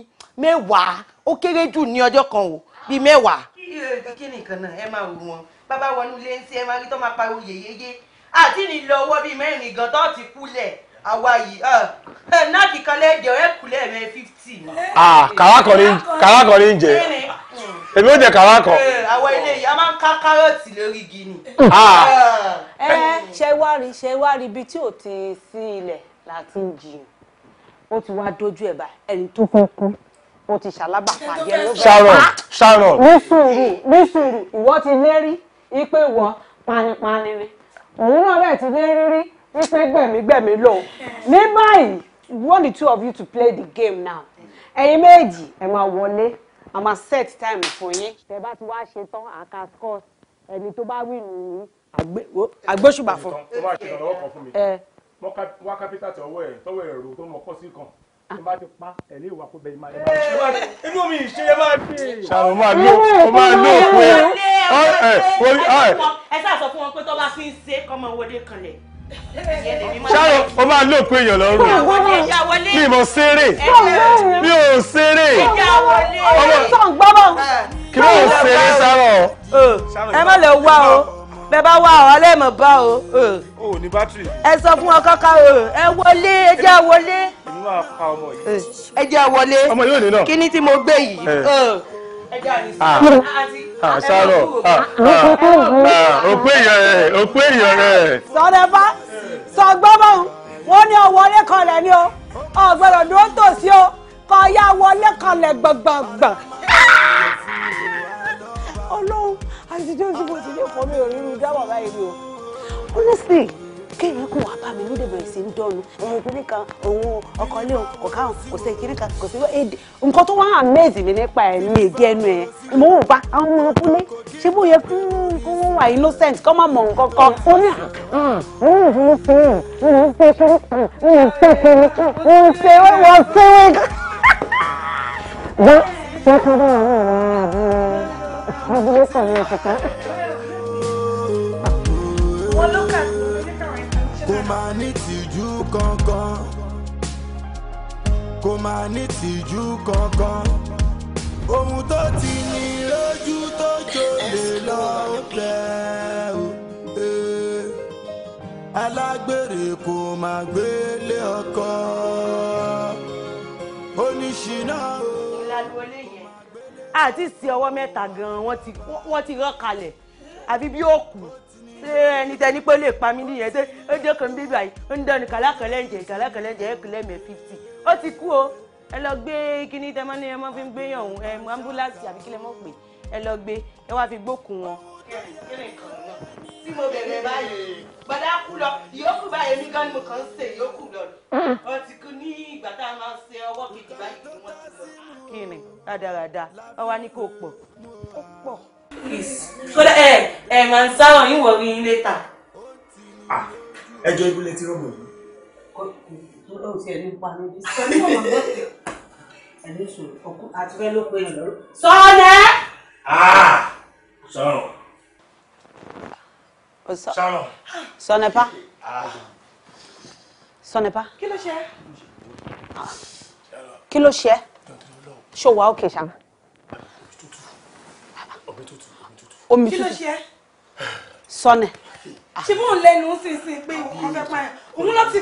mẹ́wàá ó kéré jù ní ọjọ́ kan o bíi mẹ́wàá. kí ni nǹkan náà ẹ máa wù wọn bàbá wọnú ilé ń ṣe ẹ máa rí tó máa pariwo yèyéyé àti nílò owó bíi mẹ́rin gan tó ti kú lẹ̀ àwa yìí e kan lẹ́jọ ẹ̀kúlẹ̀ mẹ́ fifty. ni ah, ni nje. Eh, a ma ń ka karoti lori igi ni. ẹ hmm. ah. eh, ṣe wá rí ṣe ti si ile lati ń O ti wa doju ẹ̀ bá ẹni ti ṣàlábàpàdé ẹ̀ ló bẹ̀rẹ̀ Sharon Sharon. Ah, ní sùúrù ní ti ipe ni ti leri wípé gbẹ̀mí gbẹ̀mí lòun ní báyìí we want the two of you to play the game now ẹ̀yin méjì ẹ̀ máa wọlé a máa set time for yín. tẹ́ bá ti wá ṣe tán àka scores ẹni tó bá wí nìyí àgbóṣùbà fún. tó bá ṣe ìrànlọ́wọ́ kan fún mi wá kápítà tọwọ́ ẹ̀ tọwọ́ ẹ̀ rò tó mọ̀ kọ́ sí kan tó bá ti pa ẹ̀lẹ́ ìwà kó bẹ ìmọ̀ ẹ̀ máa ṣe. inú mi ìṣe ẹ máa gbé. ṣàrò máa lò ó máa lò ó pé. ẹ sá sọ fún wọn pé tó bá fi ń ṣe kọ́mọ wọlé kanlẹ̀ ṣáàrọ̀ o máa lò pé èèyàn lọ́rùn mi ìmọ̀ ṣeré mi ò ṣeré ọmọ kí ló ń ṣeré ṣáàrọ̀. ẹ má lè wá o bẹ́ẹ̀ bá wá ọ lẹ́ẹ̀mọ̀ bá o. o ní bátìrì. ẹ sọ fún ọ kọ́kọ́ o ẹ wọlé ẹ jẹ́ wọlé. èmi máa pa ọmọ yìí. ẹ jẹ́ wọlé. ọmọ yóò ní náà. kí ni tí mo gbé yìí. ẹ jẹ́ àní sí àṣàrò ah, òpó ah, ah, èèyàn rẹ̀ òpó èèyàn rẹ̀. sọ̀rẹ́fà sọ̀gbọ́mọ̀hún wọ́n ní ọwọ́ ọlẹ́ kan lẹ̀ ni o ọ̀gbọ́dọ̀ dúró tòsí o kọ́ ya wọlé kan lẹ̀ gbọ̀ngbọ̀ngbọ̀n. ọlọ́run àti jọ́sí mo ti ní ìfọ́nmi ò rí irú dáwọ̀ báyìí o honestly kéèyàn kún wá bá mi ló dé bẹ̀rẹ̀ sí ń dọ́nu òun kiri kan òun ọkọ ilé òun kò káwọn kò sí kiri kan kò sí èdè nǹkan tó wá àmẹ́ẹ̀dì mi nípa ẹ̀ ní èdè ẹnu ẹ̀ mo wò bá àwọn ọmọ kúlé ṣé bó yẹ kún kún wà innocent kọ́ má mọ̀ nǹkan kan. ṣé wọ́n ṣe wọ́n. máa ní tìjú kankan kò máa ní tìjú kankan ohun tó ti ní lójú tó jòlè lọ́ọ́ tẹ́ o eh, alágbèrè kò máa gbélé ọkọ oníṣìná o. ìlàlúwọlé yẹn àti sí ọwọ́ mẹ́ta gan-an wọ́n ti rán kalẹ̀ àbí bí ó kù ṣé ẹni tẹni pé lè pa mí nìyẹn ṣé ó dé kan bíbí àyè ó ń dẹnu kàlákàlẹ́ǹjẹ̀ kàlákàlẹ́ǹjẹ̀ ẹ̀kúlẹ́mẹ̀ fifty ó ti kú o ẹ lọ gbé kíní tẹ́ ní ẹ fi ń gbé yàn ọ̀hún ẹ ambulance àbí kílẹ̀ mọ̀ pé ẹ lọ gbé ẹ wá fi gbókùn wọn. tí mo bẹ̀rẹ̀ báyìí gbọ́dá kú lọ ìyókù báyìí mi gan ni mo kàn ń ṣe ìyókù lọ wọ́n hmm. ti kú ní ìgbà tá a máa ṣe ọwọ́ kejì báyìí kí wọ́n ti lọ. kí ni rádaràda wọn wá ní kó pọ̀ ó pọ̀ please so that ẹ ẹ máa ń sáwọn yín wọ̀ rí yín létà. ẹjọ́ ibú létí rọ́mọ̀ yìí. ó ti ẹni pa ní bí sọ́ni ọ̀nà mọ́tò ẹni sùn sọ̀rọ̀. sọ̀rọ̀. sọ̀nẹ́ pa. sọ̀nẹ́ pa. kí ló ṣe é. kí ló ṣe é. ṣó wa ó kè omi tútù. kí ló ṣe é. sọnẹ. ṣé mò ń lẹnu sínsìn pé wọn fẹ́ pa ẹ̀ òun ló ti.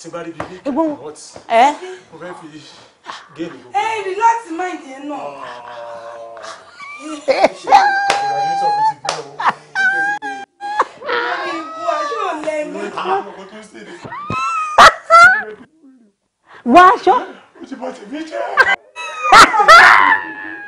tí bá rí bíi bíi kẹ̀kẹ́ wọ́n ti mo fẹ́ fi géèmù gbogbo. ẹ rí láti má ìdí náà. ìrọ̀lẹ́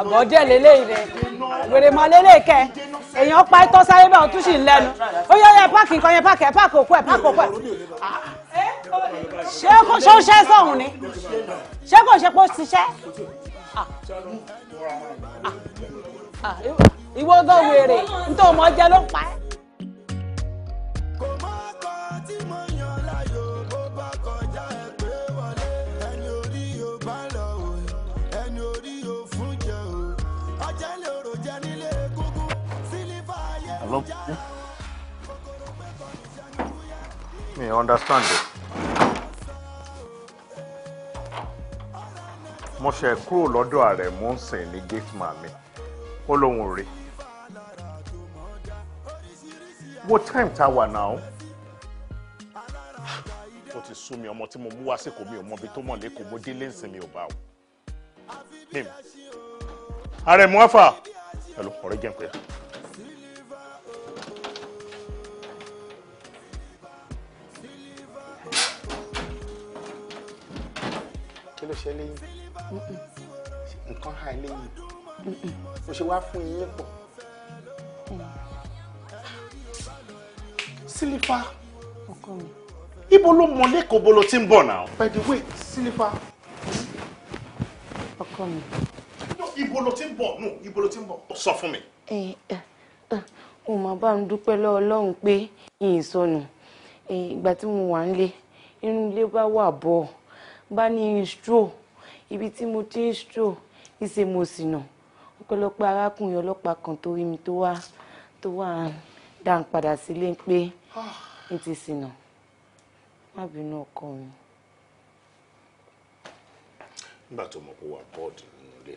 àgọ́jẹ́ lélẹ́yìn rẹ̀ wèrèmọ̀ lélẹ́yìn kẹ́ èèyàn pa itọ́ sáyé bẹ́ẹ̀ ọtún sì ń lẹ́nu ó yẹ ẹ páàkì nǹkan yẹn páàkì ẹ páàkì òkú ẹ páàkì òkú ẹ. ṣé kò ṣe ó ṣe sọ̀hún ni ṣé kò ṣe kó ṣiṣẹ́. Ah, ah, ah, ìwọ gan wèrè nítorí ọmọ jẹ ló ń pa ẹ́. No. Me understand it. mo ṣe kúrò lọ́dọ̀ ààrẹ mo ń sìn ní gateman mi ó lóun ò rí wo time ta wà náà ó ti sú mi ọmọ tí mo mú wá sí kò mi ò mọ ibi tó mọ̀ lẹ́kọ̀ọ́ mo délé ń sìn mi ò bá o ààrẹ mo wá fà hello ọ̀rẹ́ jẹun pé. ṣiṣẹ́ lẹ́yìn nǹkan ha lẹ́yìn mo ṣe wá fún yín pọ̀ mm. sílífà ibo ló mọ lẹ́kọ̀ọ́ bó ti ń bọ̀ náà. by the way sílífà. ọkọ mi. ibo ló ti ń bọ̀ nù ibo ló ti ń bọ̀ sọ fún mi. mo máa bá ń dúpẹ́ lọ́wọ́ Ọlọ́run pé ìyìn sọnù ìgbà tí mo wà ń lé inú ilé bá wà bọ̀ bá ní stroke ibi tí mo ti ń ṣò ìṣe mo sì nà ọpẹ́lọpẹ́ arákùnrin ọlọ́pàá kan tó rí mi tó wá tó wá dá ń padà sílé pé ah. n ti ṣìnà má bínú ọkọ mi. nígbà tó mọ̀ kó wà bọ́ọ̀dì nínú ilé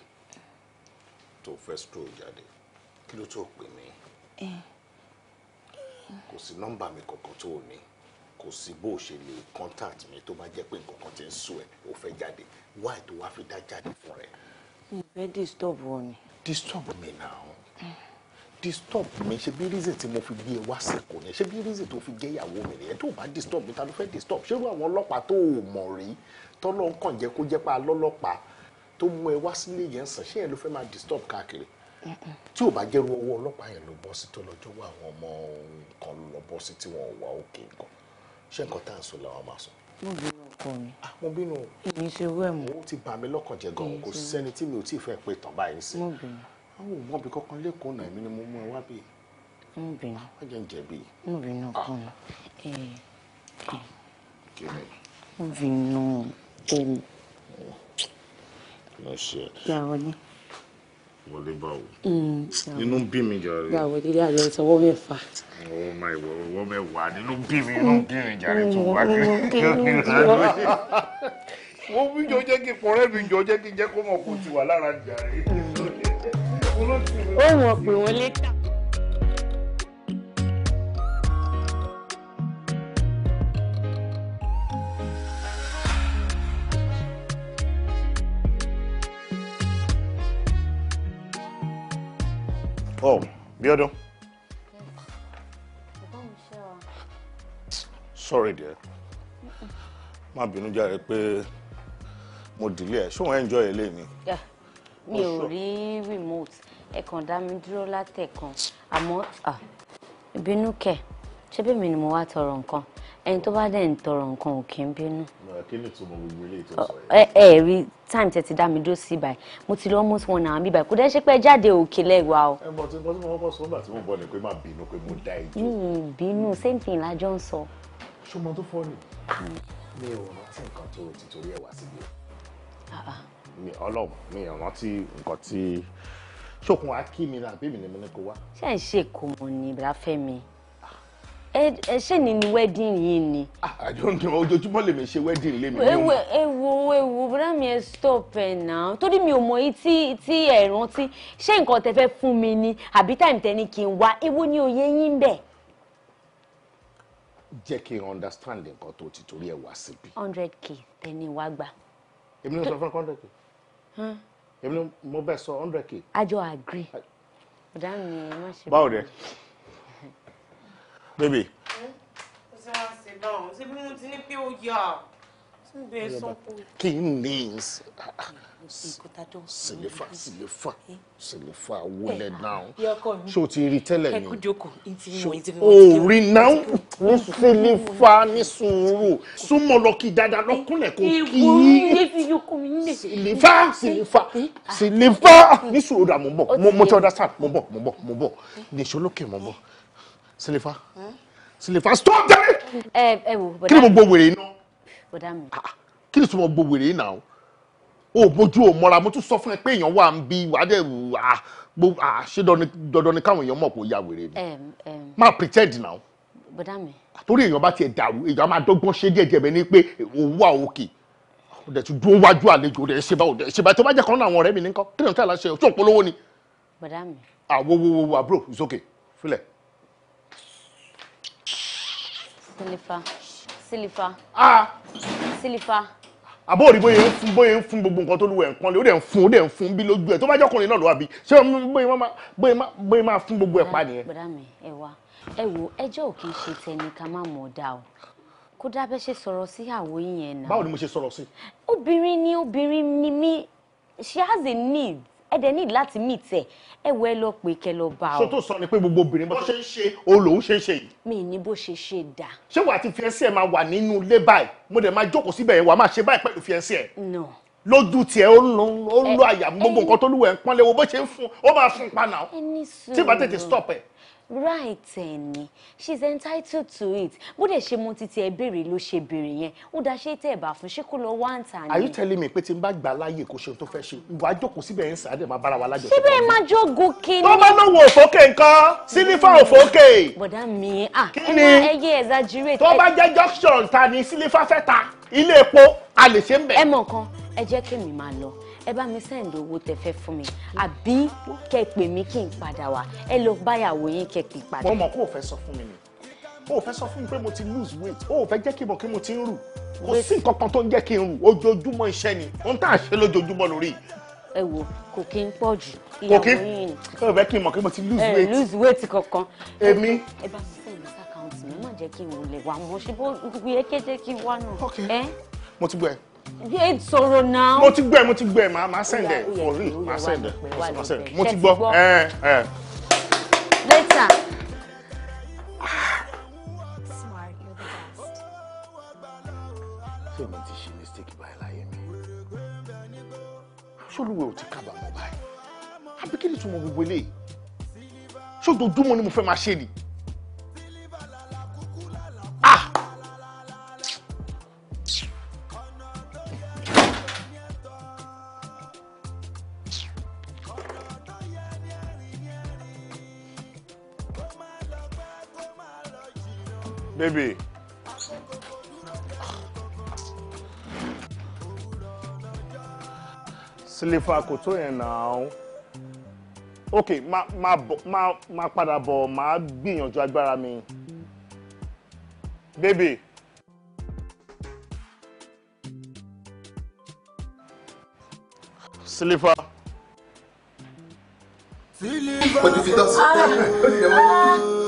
tó fẹ́ stroll jáde kí ló tó pè mí kò sí nọ́mbà mi kankan tó o ní kò sí bó o ṣe lè contact mi tó bá jẹ́ pé nǹkan kan ti ń sùn ẹ̀ ò fẹ́ jáde why do I fi that jáde for it? mi fẹ́ disturb me, disturb me now disturb me. She be reason to move fi gbé e wá sẹ́kọ̀ọ́ ni ṣe bí reason tó fi gẹ́yàwó mi nìyẹn tó bá disturb mi ta ló fẹ́ disturb ṣé irú àwọn ọlọ́pàá at o Mori. rí tọ́lọ́ ń kàn jẹ́ kó jẹ́ pa lọ́lọ́pàá tó mú ẹ wá sílé yẹn sàn ṣé yẹn ló disturb káàkiri tí ò bá jẹ́rú ọwọ́ ọlọ́pàá yẹn ló bọ́ sí tó lọ́jọ́ wá àwọn ọmọ nǹkan ló lọ́ bọ́ sí tí wọ́n wà òkè nǹkan ṣé mo bínú ọkọ mi. Ah, mo bínú. èyí ṣe owó ẹ̀ mọ́. ó ti bà mí lọ́kàn jẹ́ gan-an kò sẹ́ni tí mi ò tí ì fẹ́ pé tàn báyìí sí. mo bínú. àwọn ò mọbi kankan lẹ́kọ̀ọ́ náà èmi ni mo mú ẹ wá bí. mo bínú. wọ́n ah, jẹ́ ń jẹ̀bi. mo bínú ah. ọkọ mi. Eh, mo bínú. kí ṣe. Oh, ìyàwó ni wọlé báwo mm, inú bí mi jàre. báwo ni ilé àjọ ìsanwó mẹ́fà. ọwọ́ máa ìwọ ọwọ́ mẹ́wàá nínú bí mi inú bí mi jàre tó wá kiri. wọ́n mi mm, mm, jọ jẹ́ kí pọ̀rẹ́ mi jọ jẹ́ kí jẹ́ kó mọ̀ kó ti wà lára jàre. ó wọ̀ pé wọ́n lé ta. Oh, Bíọ́dún. Sorry dear. Ma bínú jàre pé mo delay ẹ̀. Ṣé wọ́n enjoy ẹ̀ lẹ́ni? Mi oh, ò rí remote. E kàn dá mi dúró Amo ah. ìbínú kẹ̀, ṣé bí mi ni mo wá tọrọ nǹkan? ẹni tó bá dẹ̀ ń tọrọ nǹkan ò kí ń bínú. kí ni ìtumọ̀ gbogbo ilé ìtọ́ sọ yẹn. ẹ ẹ rí time tẹ́tí dá mi dúró sí ibà mo ti lọ almost one hour bíbà kò dẹ́ ṣe pé jáde òkè lẹ́wà o. ẹ mọ tí mo ti mọ kọ́ sọ nígbà tí mo bọ̀ ni pé má bínú pé mo dá ẹjọ́. bínú same thing lájọ ń sọ. ṣọmọ tó fọ́ ni mi ò rántí nǹkan tó ti torí ẹ̀ wá síbi ah, ah. mi ọlọ́run mi ò rántí nǹkan tí ṣókun akí mi náà àbí mi ni mo ní kó wá. ṣé ẹ ṣe kò mọ̀ ní ìbáfẹ́ mi ẹ ṣé ni ni wedding yìí ni. Ah, I don't know ojoojúmọ́ lèmi ṣe wedding lèmi. ewu ewu ewu bọ́dá mi ẹ stop ẹ náà torí mi ò mọ yìí tí tí ẹ rántí ṣé nǹkan tẹ fẹ́ fún mi ni àbí time tẹ ni kí n wá ewu ni òye yín bẹ̀. jẹ́ kí n understand nǹkan tó ti torí ẹ̀ wá síbi. hundred k tẹni wá gbà. èmi ló sọ fún hundred k. èmi ló mo bẹ̀ sọ hundred k. àjọ agree. bọ́dá mi má ṣe. báwo dẹ. Baby. Kí ni Sìlífà Sìlífà Sìlífà wọlé náà ṣó ti rí tẹ́lẹ̀ ni ó rí náà ní Sìlífà ní sùúrù súnmọ́ lọ kí dáadáa lọ́kúnlẹ̀ kò kí í Sìlífà Sìlífà Sìlífà ní sùúrù dà mo bọ̀ mo ti understand mo bọ̀ mo bọ̀ mo bọ̀ nìṣó lókè mo bọ̀ sílífà sílífà stop there. ẹ ẹ wo bọ̀dá mi ah, kí ni mo gbọ́ wèrè iná. bọ̀dá mi. kí ni mo gbọ́ wèrè iná o bójú o mọ́ra mo tún sọ fún ẹ pé èèyàn wà ń bí wàdẹ ṣé dandan ni káwọn èèyàn mọ̀ kó ya wèrè ni má pretend now. bọ̀dá mi. torí èèyàn bá tiẹ̀ dàrú èèyàn máa dọ́gbọ́n ṣe díẹ̀ díẹ̀ bẹ́ẹ̀ ni pé òun wà òkè ó dẹ̀ tún dúró wájú àlejò rẹ̀ ṣe báwo ṣe báyìí tó bá jẹ́ kan náà àwọn ọ̀rẹ́ mi nìkan kí ni òun tí àlàṣe ọ̀tún òpolówó ni. bọ̀dá mi. àwo ah, wo wo àbúrò it's okay fílẹ̀. sílífà sílífà. sílífà. àbó òrí bóyá ń fún bóyá ń fún gbogbo nǹkan tó lu ẹ̀ ń pọ́nlé ó dẹ̀ ń fún ó dẹ̀ ń fún bí lójú ẹ̀ tó bá jọkùnrin náà ló wà bí ṣé bóyá má bóyá má bóyá má fún gbogbo ẹ̀ pa ah, nìyẹn. bùdá mi ẹ wá ẹ wo ẹjọ́ ò kì í ṣe tẹni ká má mọ̀ ọ́ dá o kó dábẹ́ ṣe sọ̀rọ̀ sí ìyàwó yẹn náà. báwo ni mo ṣe sọ̀rọ̀ sí. obìnrin ni obìnrin ni mí she has a need ẹ dẹ̀ ní láti mì tẹ̀ ẹ wọ ẹ lọ pé kẹ lọ bá ọ. sọtò sọ ni pé gbogbo obìnrin bó ṣe ń ṣe olóhùn ṣe ń ṣe yìí. mi ní bó ṣe ṣe dà. ṣé wàá ti fiẹ́nsì ẹ̀ máa wà nínú ilé báyìí mo dẹ̀ máa jókòó síbẹ̀ yẹn wàá máa ṣe báyìí pẹ̀lú fiẹ́nsì ẹ̀. no lójú tiẹ̀ ó ń lo àyà gbogbo nǹkan tó lúwẹ̀ ń pọ́nlé wo bó ṣe ń fún ó máa fún pa náà tí bá tètè stop ẹ̀ right ẹ̀ She's entitled to it bó dẹ̀ ṣe mo ti tiẹ̀ béèrè ló ṣe béèrè yẹn ó dá ṣe tẹ̀ bá fún ṣé kó lọ wá ń tà ní. are you telling me pé tí n bá gbà láàyè kó ṣe ohun tó fẹ́ ṣe wà á jókòó síbẹ̀ yẹn sàádẹ́ máa bára wa lájọ. síbẹ̀ ẹ máa jó gòkè ni. tó bá lọ wo òfókè nǹkan sílífà òfókè. bọ̀dá mi ah ẹ máa ẹyẹ exaggerate. tó bá jẹ́ junction ta ni sílífà fẹ́ ta ilé epo a lè ṣe ń bẹ̀. ẹ mọ̀ kan ẹ jẹ́ kémi máa lọ ẹ bá mi sẹ́ǹdì owó tẹ fẹ́ fún mi àbí kẹ́ pè mí kí n padà wá ẹ lọ báyàwó yín kẹ́ pè padà. bọ́ọ̀mọ̀ kò fẹ́ sọ fún mi ni o fẹ́ sọ fún mi pé mo ti lose weight o fẹ́ jẹ́ kí mo kí mo ti ń rù kò sí nǹkan kan tó ń jẹ́ kí n rù ojoojúmọ́ iṣẹ́ ni ohun tá à ṣe lójoojúmọ́ lórí. ẹ wo kò kí n pọ̀ jù ìyàwó yìí ni o fẹ́ kí n mọ̀ kí mo ti lose weight. lose weight kankan. èmi. ẹ bá mi sẹ́yìn sí àkáǹtì mi má jẹ́ kí n wọlé wa mo ṣe bó gbé ẹ kéde kí n wá náà. ok mo ti gbọ́ ẹ yé sọ̀rọ̀ náà. mo ti gbẹ mo ti gbẹ ma màá sẹ̀ndẹ̀ for real màá sẹ̀ndẹ̀ màá sẹ̀ndẹ̀ mo ti gbọ́ ẹ ẹ. later. ṣé mi ti ṣe mistake báyìí láyé mi ṣolúwe ò ti kábàámọ̀ báyìí àbíkí ni tí mo gbogbo eléyìí ṣojoojúmọ́ ni mo fẹ́ máa ṣe nìyí. baby. sílífà kò tó yẹn náà ok máa máa bọ̀ máa máa padà bọ̀ máa gbìyànjú agbára mi baby. sílífà. sílífà.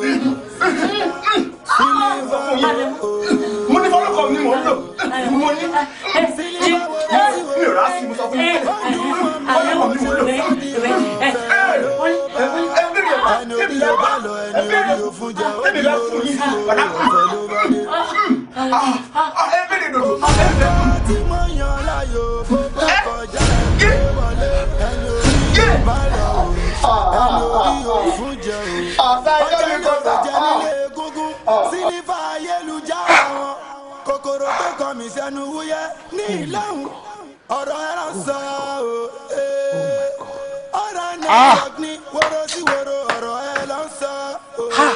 sílífà mo ní fọlọ́kọ mi mò ń lò mo ní mi ò rà á sí mo sọ fún yín fọlọ́kọ mi mò ń lò. Ebi la ba, ebi la fun yi, bana kun ẹbẹrẹ dodo ẹbẹrẹ dodo. ọ̀sán ẹjọ́ mi kọ́ ta. Ah, sílífà ah. ayélujára wọn kòkòrò tó kọ mí sẹ́nu wúyẹ́ ní ìlẹ́hùn ọ̀rọ̀ ẹran sọ eh, o oh ọ̀rọ̀ ẹni ọ̀gbìn wóró sí wóró ọ̀rọ̀ ẹran sọ o oh.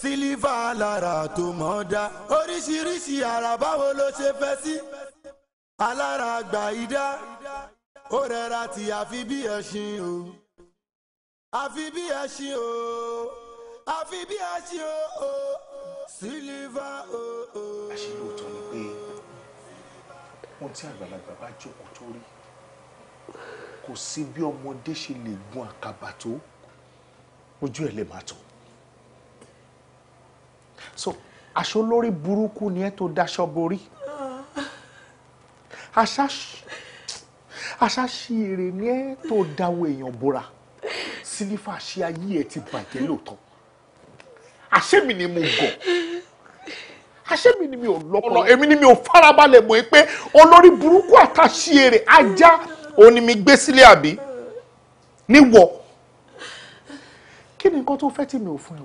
sílífà alára tó mọ̀ dá oríṣiríṣi àrà báwo ló ṣe fẹ́ sí alára àgbà ìdá ó rẹra tí àfi bí ẹṣin o àfi bí ẹṣin o àfi bí ẹṣin o sílífà ooo. Oh, oh. àṣírí òótọ́ ni pé ohun tí àgbàlagbà bá jókòó tó rí kò sí bí ọmọdé ṣe lè gun àkàbà tó ojú ẹ̀ lè má tó. so aṣọ lórí burúkú ni ẹ tó daṣọ borí aṣáṣiire ni ẹ tó dáwọ èèyàn bora sílífà ṣe ayé ẹ ti bàjẹ́ lóòótọ́ àṣẹ́mi ni mo gọ̀ àṣẹ́mi ni mi ò lọ́pọ̀lọ́ èmi ni mi ò farabalẹ̀ mọ̀ pé olórí burúkú àtàṣìẹ̀rẹ̀ ajá òun ni mi gbé sílé àbí níwọ̀ kí ni nǹkan tó fẹ́ tí mi ò fún ẹ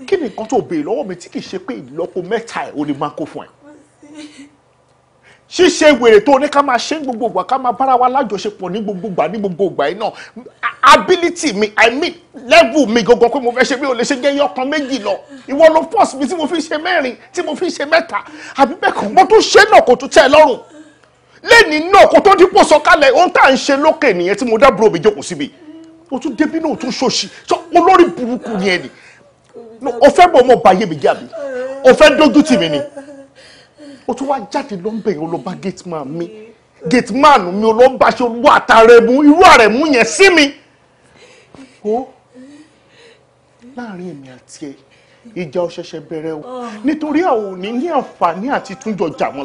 o kí ni nǹkan tó béèrè lọ́wọ́ mi tí kì í ṣe pé ìlọ́po mẹ́ta ẹ̀ ò ní máa kó ẹ ṣíṣe wèrè tó ní ká máa ṣe ní gbogbo ìgbà ká máa bára wa lájọṣepọ̀ ní gbogbo ìgbà ní gbogbo ìgbà yìí ability mi i mean level mi gangan pé mo fẹ́ ṣe mi ò lè ṣe jẹ́ iye ọkàn méjì lọ ìwọ ló force mi tí mo fi ṣe mẹ́rin tí mo fi ṣe mẹ́ta àbí bẹ́ẹ̀ kọ́ mo tún ṣe náà kò tún tẹ́ ẹ lọ́rùn lẹ́ni náà kò tó dípò sọ̀kalẹ̀ ohun tá à ń ṣe lókè nìyẹn tí mo dábúrò mi jókòó síbi o tún débí náà o tún ṣòṣì sọ olórí burúkú ni ẹ ni o fẹ́ bọ̀ mo bàyè mi jáde o fẹ́ dójú tì mí ni ó tún wá jáde lọ́nbẹ̀ olóba gate man mi gate man mi olóba ṣe olú àtàrẹ̀mú irú àrẹ̀mú yẹn sí mi. ó láàrin èmi àti ẹ ìjà ó ṣẹ̀ṣẹ̀ o nítorí àwọn òní ní àǹfààní àti túnjọ jà mọ́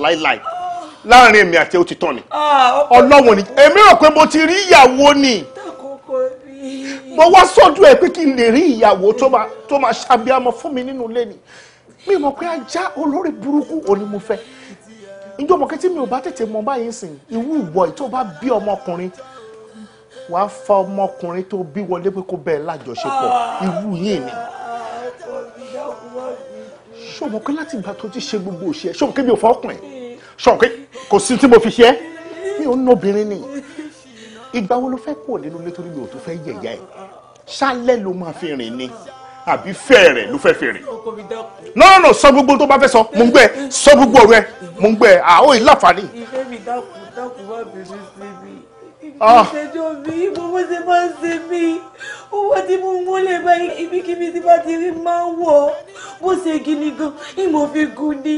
láàrin èmi àti ẹ ó ti tán ni ah, ọlọ́wọ̀n ni èmi rò pé mo ti rí ìyàwó ni mo wá sọ́dọ̀ ẹ pé kí n lè rí ìyàwó tó máa ṣàbíamọ fún mi nínú ilé ni mi mọ̀ pé ajá olórí burúkú òní mo fẹ́ njẹ́ ọmọ kẹ́tí mi ò bá tètè mọ báyìí sìn ìwú ìwọ ìtọ́ bá bí ọmọkùnrin wà á fa ọmọkùnrin tó bí wọlé pé kó bẹ́ẹ̀ lájọṣepọ̀ ìwú yín ni. ṣọmọ kí láti ìgbà tó ti ṣe gbogbo òṣìṣẹ́ ṣọmọ kí mi ò fọkùn ẹ̀ ṣọmọ kí kò sí tí mo fi ṣe é mi ò ń nobìnrin ni ìgbà wo ló fẹ́ kúrò nínú ilé mi ò tún fẹ́ yẹ̀yẹ́ ẹ̀ ló máa fi rìn ni àbí fẹ́ rẹ̀ ló fẹ́ fẹ́ rẹ̀ no no sọ gbogbo tó bá fẹ́ sọ mo ń gbẹ sọ gbogbo ọ̀rọ̀ ẹ mo ń gbẹ à ó láǹfààní. ìfẹ́ mi dákun dákun wá bèrè sí mi ìṣèjọ mi gbogbo ṣe máa ń ṣe mí owó tí mo mú lè bá ibikíbi tí bá ti rí máa ń wọ̀ bó ṣe gini gan ìmọ̀ gun ní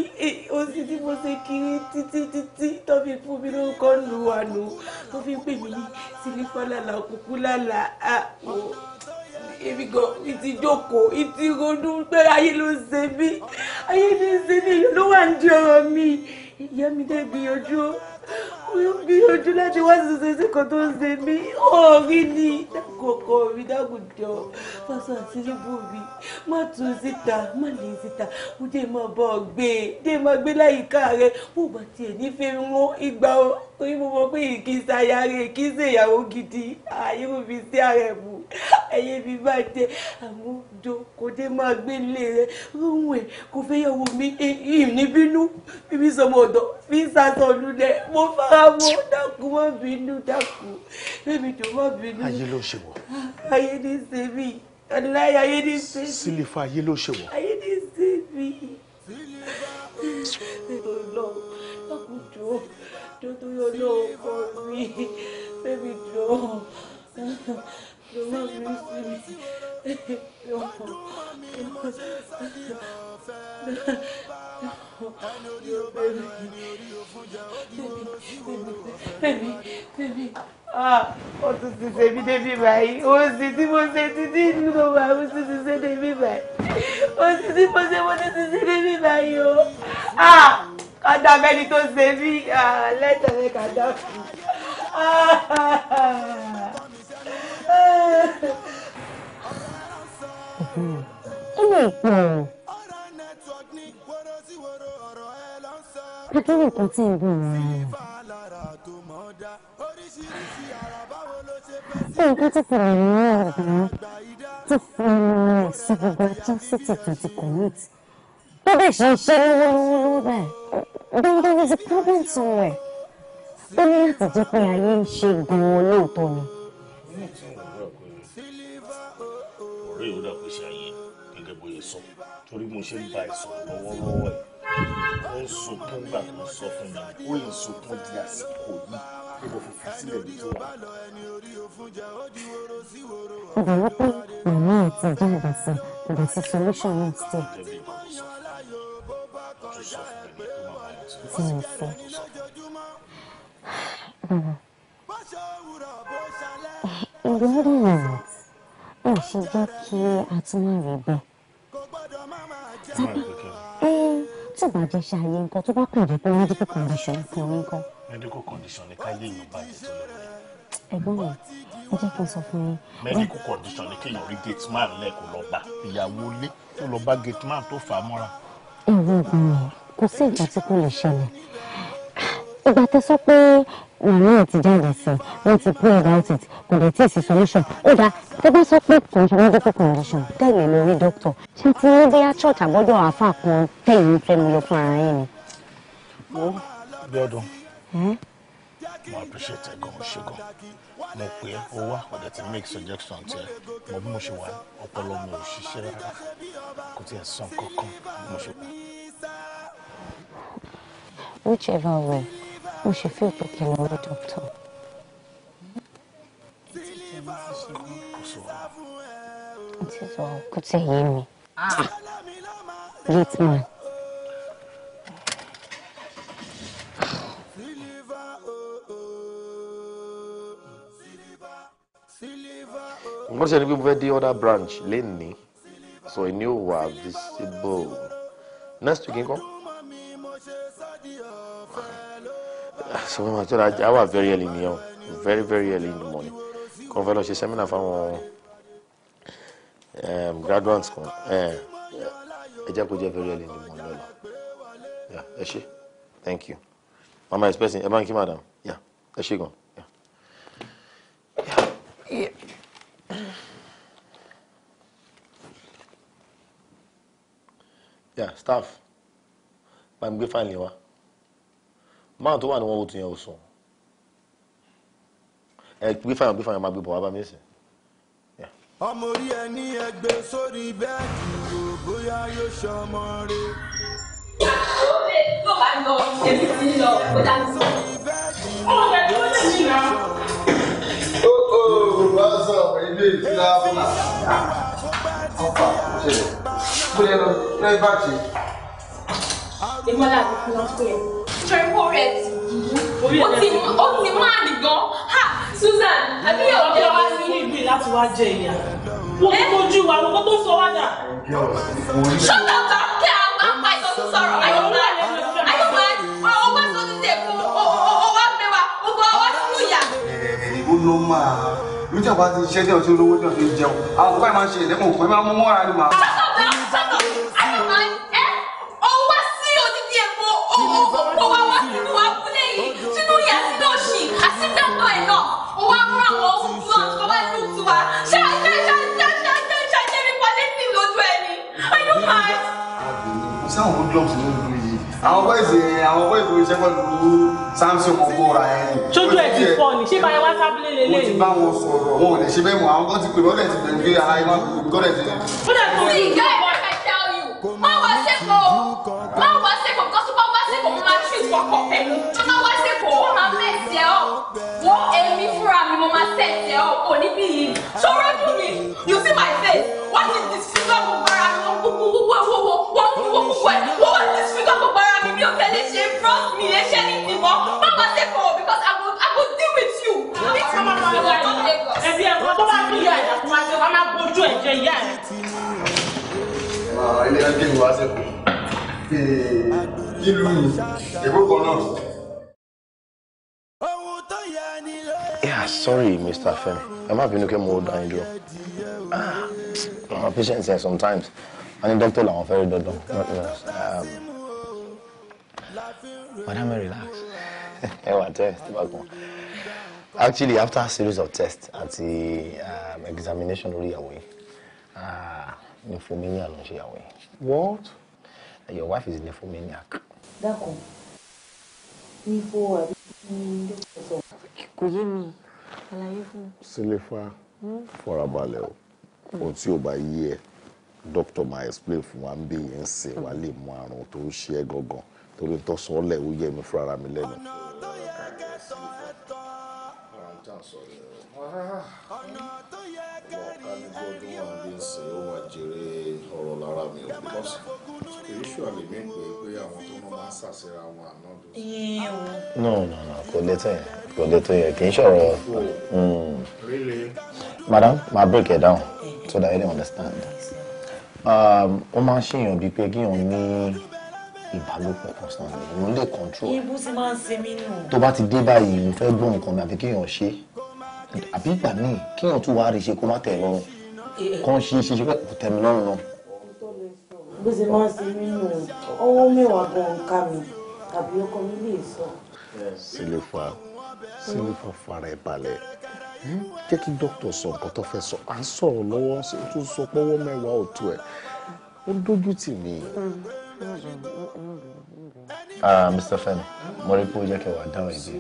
òsì e, tí mo ṣe kiri títí títí tó fún mi lórúkọ nù wà nù tó fi pè mí ní sílífà lálá òkùnkùn lálá àpò èmi gan ìtì jókòó ìtì ronú pé ayé ló ń ṣe mí ayé ló ń ṣe mí èyí ló wà ń di ọ̀rọ̀ mi ìyá mi dẹ̀ gbìyànjú o gbìyànjú láti wá ṣiṣẹ́ sí kan tó ń ṣe mí ọ̀rí ni kòkò rí dágùjọ fásán Tinubu mi má tún síta má lè síta ó dé máa bọ́ ọ gbé e dé máa gbé láyìíká rẹ bó bá tiẹ̀ nífẹ̀ẹ́ mú ìgbà o torí mo mọ pé kì í ṣayáre kì í ṣe ìyàwó gidi àyẹ̀wò fi sí ààrẹ mu ẹ̀yẹ mi bá jẹ àwọn òjò kò dé máa gbé ilé rẹ rúwẹ̀ kò fẹ́ yàwó mi èyí níbínú bíbí sọmọ ọ̀dọ́ fi sàtọ̀lù dẹ mo fara mọ́ dákun má bínú dákun bébí tó má bínú. ayé ló ṣe wọ. ayé ní ṣe mí ọ̀nàláyà ayé ní ṣe mí. sílífà ayé ló ṣe wọ. ayé ní ṣe mí. lọ dákun jọ jọ tó yọ lọ ọkọ mi jọ jọ̀wọ́ mi sí mi. Ọdún mọ́ mi mo ṣe sáyé ọ̀fẹ́ ẹni orí o bá lọ ẹni orí o fún jẹ ó di oró sí oró ọ̀fẹ́. Ó tún ti ṣe mí débi báyìí, ó sì tí mo ṣe títí inú wa, ó sì ti ṣe débi báyìí, ó sì tí mo ṣe mo ti ti ṣe débi báyìí o. Kàdá mẹ́ni tó ṣe mí, lẹ́tọ̀ọ́ ni kàdá fún mi. ilé ìpọ̀ kékeré nǹkan tí ń gùn wọn. nǹkan tí fọ̀rọ̀ ní ọ̀gá tó fọ̀rọ̀ rẹ̀ sí gbogbo ọjọ́ sí tètè ti commit tó ṣe ń ṣe lọ́wọ́lọ́wọ́ bẹ́ẹ̀ then there is a problem somewhere ó ní láti jẹ́ pé ayé ń ṣe gan-an lóòótọ́ ni. torí mo ṣe ń bá ìsọ̀rọ̀ lọ́wọ́lọ́wọ́ ẹ̀ ó ń sunkún gbà tó ń sọ fún mi ó ń sunkún di àsìkò yìí kí mo fi fi sílẹ̀ bí tó wà. ìgbàlọ́ pé màmá ẹ̀ ti jẹ́ ìgbàsà ìgbàsà solution náà ti tẹ̀. tí mo fẹ́ ìlérí ọ̀rọ̀ ẹ̀ ṣe jẹ́ kí a tún máa rí bẹ́ẹ̀. tí ìbàjẹ́ ṣe àyè nǹkan tó bá kù jù pé medical condition kan ní nǹkan. medical condition ni káyé èèyàn bàjẹ́ tó lọ rẹ̀. ẹ̀gbọ́n mi ẹ jẹ́ kí n sọ fún yín. medical condition ni kéèyàn rí gate man lẹ́ẹ̀kọ́ lọ bá ìyàwó ilé tó lọ bá gate man tó fà á mọ́ra. ìwọ ìgbìmọ̀ kò sí nǹkan tí kò lè ṣẹlẹ̀ ìgbà tẹ sọ pé làwọn náà jáde sí i ti pray about it kò dé tí ì sí solution ó dáa tó bá sọ pé kò ń ṣe medical condition tẹ̀yìn ló rí doctor ṣé ti ní bóyá church àbọ́jọ́ àáfà kan tẹ̀yìn fẹ́ mu lọ fún ara yín ni. wo bí ọdún mo appreciate ẹ gan ṣe gan mo pé ó wá ọ̀dẹ̀ tí make suggestion tiẹ̀ mo bí mo ṣe wà ọpọlọ mi ò ṣiṣẹ́ rárá kò tiẹ̀ sàn kankan mo ṣe wà. whichever way mo ṣe fẹ́ pé kí n lọ rí dókítà. ti sọ kó tẹ̀ yé mi. gate man. wọ́n ṣe ni pé mo fẹ́ dé other branch lẹ́nìí so ẹ̀ ní ò wà visible next week come so ma i was very early in the morning, very very early in the morning kò fẹ́ lọ ṣe seminar graduate. Um, graduates kan ẹ jẹ́ kó jẹ́ very early in the morning Yeah, ẹ ṣe thank you mama is person ẹ madam. Yeah, kí madam ẹ ṣe gan. Yeah, staff, I'm mi gbé fáìlì wa máa tó wà ní wọn ó tún yẹn ó sùn ẹ gbé fáyọ̀ gbé fáyọ̀ máa gbé bọ̀ wá bá mi sìn. ọmọ orí ẹni ẹgbẹ́ sórí bẹ́ẹ̀dì wò bóyá yóò ṣe ọmọ rẹ. ó lè tó bá lọ èmi ti lọ ó dá mi sọ. ó lè tó lè mi nà. ó ó wá sọ ilé ìtura fún mi. ọ̀pá ṣe kúlẹ̀ lọ playback. ìmọ̀lá àti kúlọ̀ pé torí kó rẹ̀ tì í ó ti ó ti ha Susan àbí yóò jẹ́ wá sí. wọ́n gbìn láti wá jẹ ìyá wọ́n ti kojú wa wọ́n tó sọ wá dà. ṣọ́tà ọ̀tà kí a máa pa ìsọ̀tún sọ̀rọ̀ ayọ̀pá don't ọ̀pá tó ti tẹ̀ fún ọwọ́ mẹ́wàá gbogbo ọwọ́ tó yà. ó ló máa lójà bá ti ṣẹ́jọ́ tí olówó jọ̀ fi jẹun àwọn kọ́ ẹ̀ máa ń ṣe ìlẹ́kùn kọ́ ẹ̀ máa mú mọ́ra ni màá. sáwọn globes ló ń lu yìí àwọn bọ́ìsì àwọn bọ́ìsì ló ṣẹ́fọ́ lu samson ọkọ ra ẹ̀. sójú ẹ ti fọ ni ṣé báyìí wá sábìlì lélẹ̀. mo ti bá wọn sọ̀rọ̀ wọn ò lè ṣe bẹ́ẹ̀ mọ́ àwọn kan ti pè wọ́n ti bẹ̀rù pé ara ẹ̀ máa kọ́ lẹ̀ ti. see guy what i tell you má wá sẹ́kọ̀ọ́ má wá sẹ́kọ̀ọ́ because wọ́n wá sẹ́kọ̀ọ́ mo máa treat for kọ̀ọ̀pẹ̀ má wá sẹ́kọ̀ọ́ wọ́n máa mẹ́sẹ̀ ọ́ wọ́n èmi fúnra mi mo máa sẹ́ẹ̀tẹ̀ ọ́ òní bí Yeah, sorry, Mr. Femi. I'm having bínú kí more dá yín dúró. Ah, my patients here sometimes. and the doctor làwọn very rí dandan. Um, madam, relax. Ẹ wà tẹ́ ẹ ti actually after a series of tests àti um, examination lórí ìyàwó yìí nymphomania ah, ló ń ṣe ìyàwó yìí. what. your wife is nymphomaniac. dákun nífò àbí dókítà sọ. kò yé mi àlàyé fún mi. sílẹ̀fà hmm? farabalẹ̀ o ohun tí o bá yí ẹ dókítà máa explain fún wa bí yẹn ń sè wá lè mọ àrùn tó ń ṣe ẹ́ gangan torí tó sọ ọ́ lẹ̀ ó mi fúnra mi lẹ́nu. ọ̀nà tó yẹ kẹ́tọ̀ ẹ̀tọ́ tá no no no kò lè tẹ̀ kò lè tó yẹ kì oh, hmm. madam ma break it down so that you don't understand. Um, ó máa ń ṣèyàn bíi pé kí èèyàn ní ìbálòpọ̀ constantly èèyàn lè control. ibú sì máa ń ṣe mí nù. tó bá ti dé báyìí mo fẹ́ gbọ́ nǹkan mi àbí kéèyàn ṣe àbí ìgbà míì kéèyàn tún wàá rí ṣe kó má tẹ̀ lọ́rùn eh, eh. kàn ṣe ṣe ṣe fẹ́ kò tẹ̀ mí lọ́rùn náà. bó ṣe máa ń ṣe mí nù ọwọ́ mẹ́wàá gan-an ká mi tàbí ọkọ mi lè sọ. sílẹ̀fà sílẹ̀fà fara ẹ̀ balẹ̀ hm, jẹ́ kí dókítà sọ nǹkan tó fẹ́ sọ à ń sọ̀rọ̀ lọ́wọ́ tó sọ pọ́wọ́ mẹ́wàá ò tó ẹ̀ ó dójú tì mí hmm ah Mr. Femi mo rí pé ó jẹ́ kí wàá dáhùn ìdí.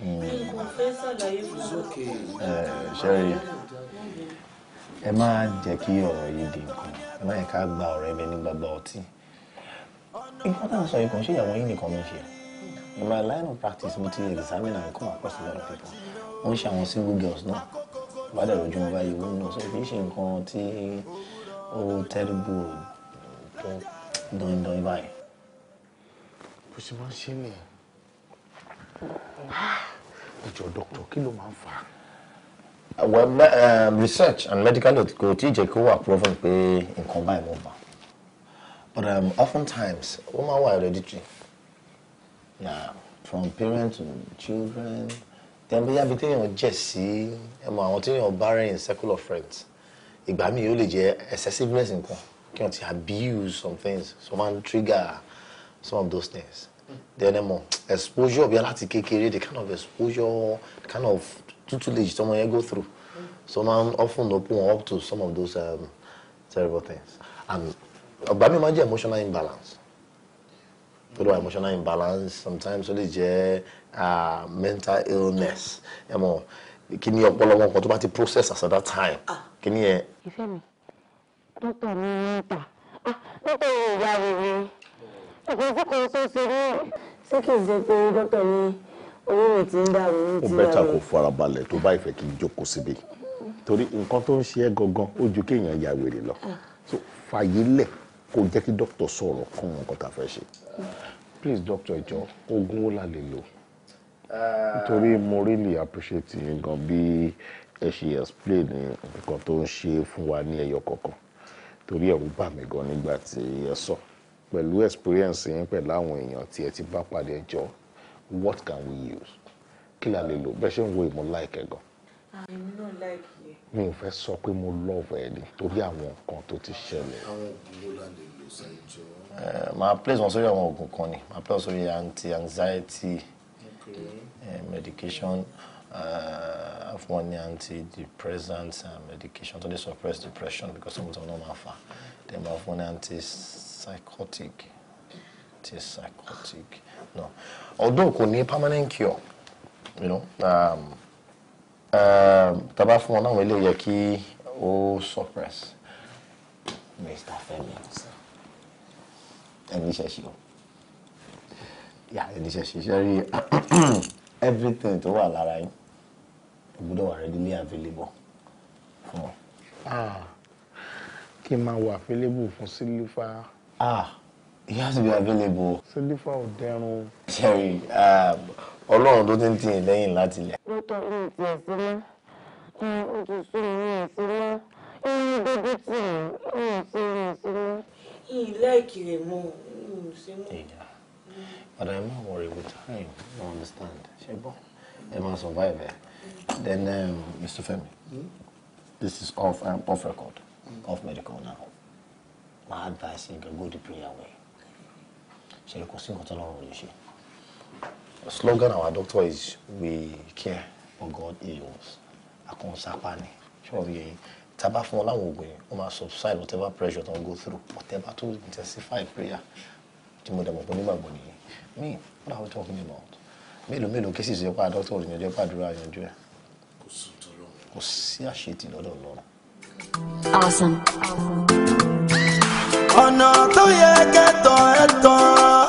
Hmm. Eh, ṣẹ́rí ẹ má jẹ́ kí ọ̀rọ̀ yìí di nǹkan ẹ má yẹ ká gba ọ̀rọ̀ ẹbẹ ní gbàgbà ọtí. nǹkan tá à ń sọ yìí kàn ìyàwó yín nìkan ló ṣe. in my line of practice mo ti examine and come across a lot of people wọ́n ṣe àwọn single girls náà bá dẹ̀ rojú wọn báyìí wọ́n náà sọ kì nǹkan tí ó oh, tẹ́rìbù tó dọ̀yìndọ̀yìn báyìí. bó ṣe máa ń ṣe nìyẹn ah, ìjọ dọ́kítọ̀ well uh, research and medical note kò tí ì jẹ́ kó wà proven pé nǹkan báyìí but um, often times ó máa ń hereditary yeah, from parents to children tẹ̀bíyàbí téèyàn jẹ̀ sí ẹ̀mọ àwọn téèyàn bá rẹ̀ in circle of friends ìgbà míì ó lè jẹ́ excessiveness nǹkan kí wọ́n ti abuse some things so man trigger some of those things then ẹ mọ̀ exposure bí aláti kékeré the kind of exposure the kind of tutelage tọmọ yẹn go through so man often open up to some of those um, terrible things and ọgbà mi máa ń emotional imbalance pẹ̀lú emotional imbalance sometimes ó lè jẹ́ uh, mental illness ẹ mọ̀ kí ni ọpọlọ wọn kan tó bá ti process as at that time. Ah kíní ẹ. ìfẹ́ mi dókítà mi ń tà ah, dókítà mi ò bá rere ọ̀pọ̀ tí kò tó ṣe mí ṣé kì í ṣe pé dókítà mi owó mi ti ń dàrú mi ti ń dàrú. ó bẹ́ẹ̀ ta kò farabalẹ̀ tó bá ìfẹ́ kí n jókòó síbi torí nǹkan tó ń ṣe ẹ́ gangan ó ju kéèyàn ya wèrè lọ ah. so fàyè lẹ̀ kó jẹ́ kí dókítà sọ̀rọ̀ fún nǹkan tá a fẹ́ ṣe please doctor ìjọ oògùn wo la lè lò nítorí ah. mo really appreciate yín gan bí ẹ ṣe explain nǹkan tó ń ṣe fún wa ní ẹyọ kọ̀ọ̀kan torí ẹ̀rù bà mí gan nígbà tí ẹ sọ pẹ̀lú experience yín pẹ̀lú àwọn èèyàn tí ẹ ti bá pàdé jọ what can we use kí la lè lò bẹ́ẹ̀ ṣe ń wo ìmọ̀ láìkẹ́ gan. Ah, èmi náà láìkì ẹ. mi ò fẹ́ sọ pé mo love ẹ ni torí àwọn nǹkan tó ti ṣẹlẹ̀. àwọn oògùn wo la lè lò sẹ́yìn jọ. Eh, máa place wọn sórí àwọn oògùn kan ni máa place wọn sórí anti anxiety okay. uh, medication. Okay uh, fún wọn ní antidepressants um, medication to suppress depression because some of them are ma fa dem ma fún wọn ní antipsychotic antipsychotic no although kò ní permanent cure you know um, uh, um, taba fún wọn náà wọ́n kí ó suppress Mr. Femi ẹni iṣẹ́ ṣe o ya ẹni iṣẹ́ ṣe ṣe rí everything tó wà lára yín o gbọ́dọ̀ wà readily available fún ọ. Ah, kí n máa wà available fún sílífà. ah he has to be available. Silifa, ò dẹrùn. jerry ah, ọlọ́run tó ti ń tì í lẹ́yìn láti ilẹ̀. lọ́tọ̀ mi ò mọ́ ó ti sún mi ò sí mọ́ ó ní tì mí ó ò sí mi ò sí mọ́. ilé ìkìlè mọ́ ò sí mọ́. But I'm not worried with time. You understand? Ṣé bọ́? Ẹ máa survive ẹ̀. Then, um, Mr. Femi, mm? this is off um, off record, mm. off medical now. My advice is to go the prayer way. Ṣé kò sí nǹkan tó lọ́rùn ló Slogan our doctor is we care for God heals. Akọ̀nsápá ni. Ṣé wọ́n yẹ tábà fún ọ láwọn oògùn yẹn, ó máa subside whatever pressure don't go through, whatever to intensify prayer. Tí mo dàgbọ́ pé nígbàgbọ́ nìyẹn. Me, what are we talking about? Mélòó mélòó cases yẹ pa doctor òyìnbó yẹ pa àdúrà yẹn jù kò sí àṣetì lọ́dọ̀ ọlọ́run. ọ̀nà tó yẹ kẹ́tọ̀ ẹ̀ tán.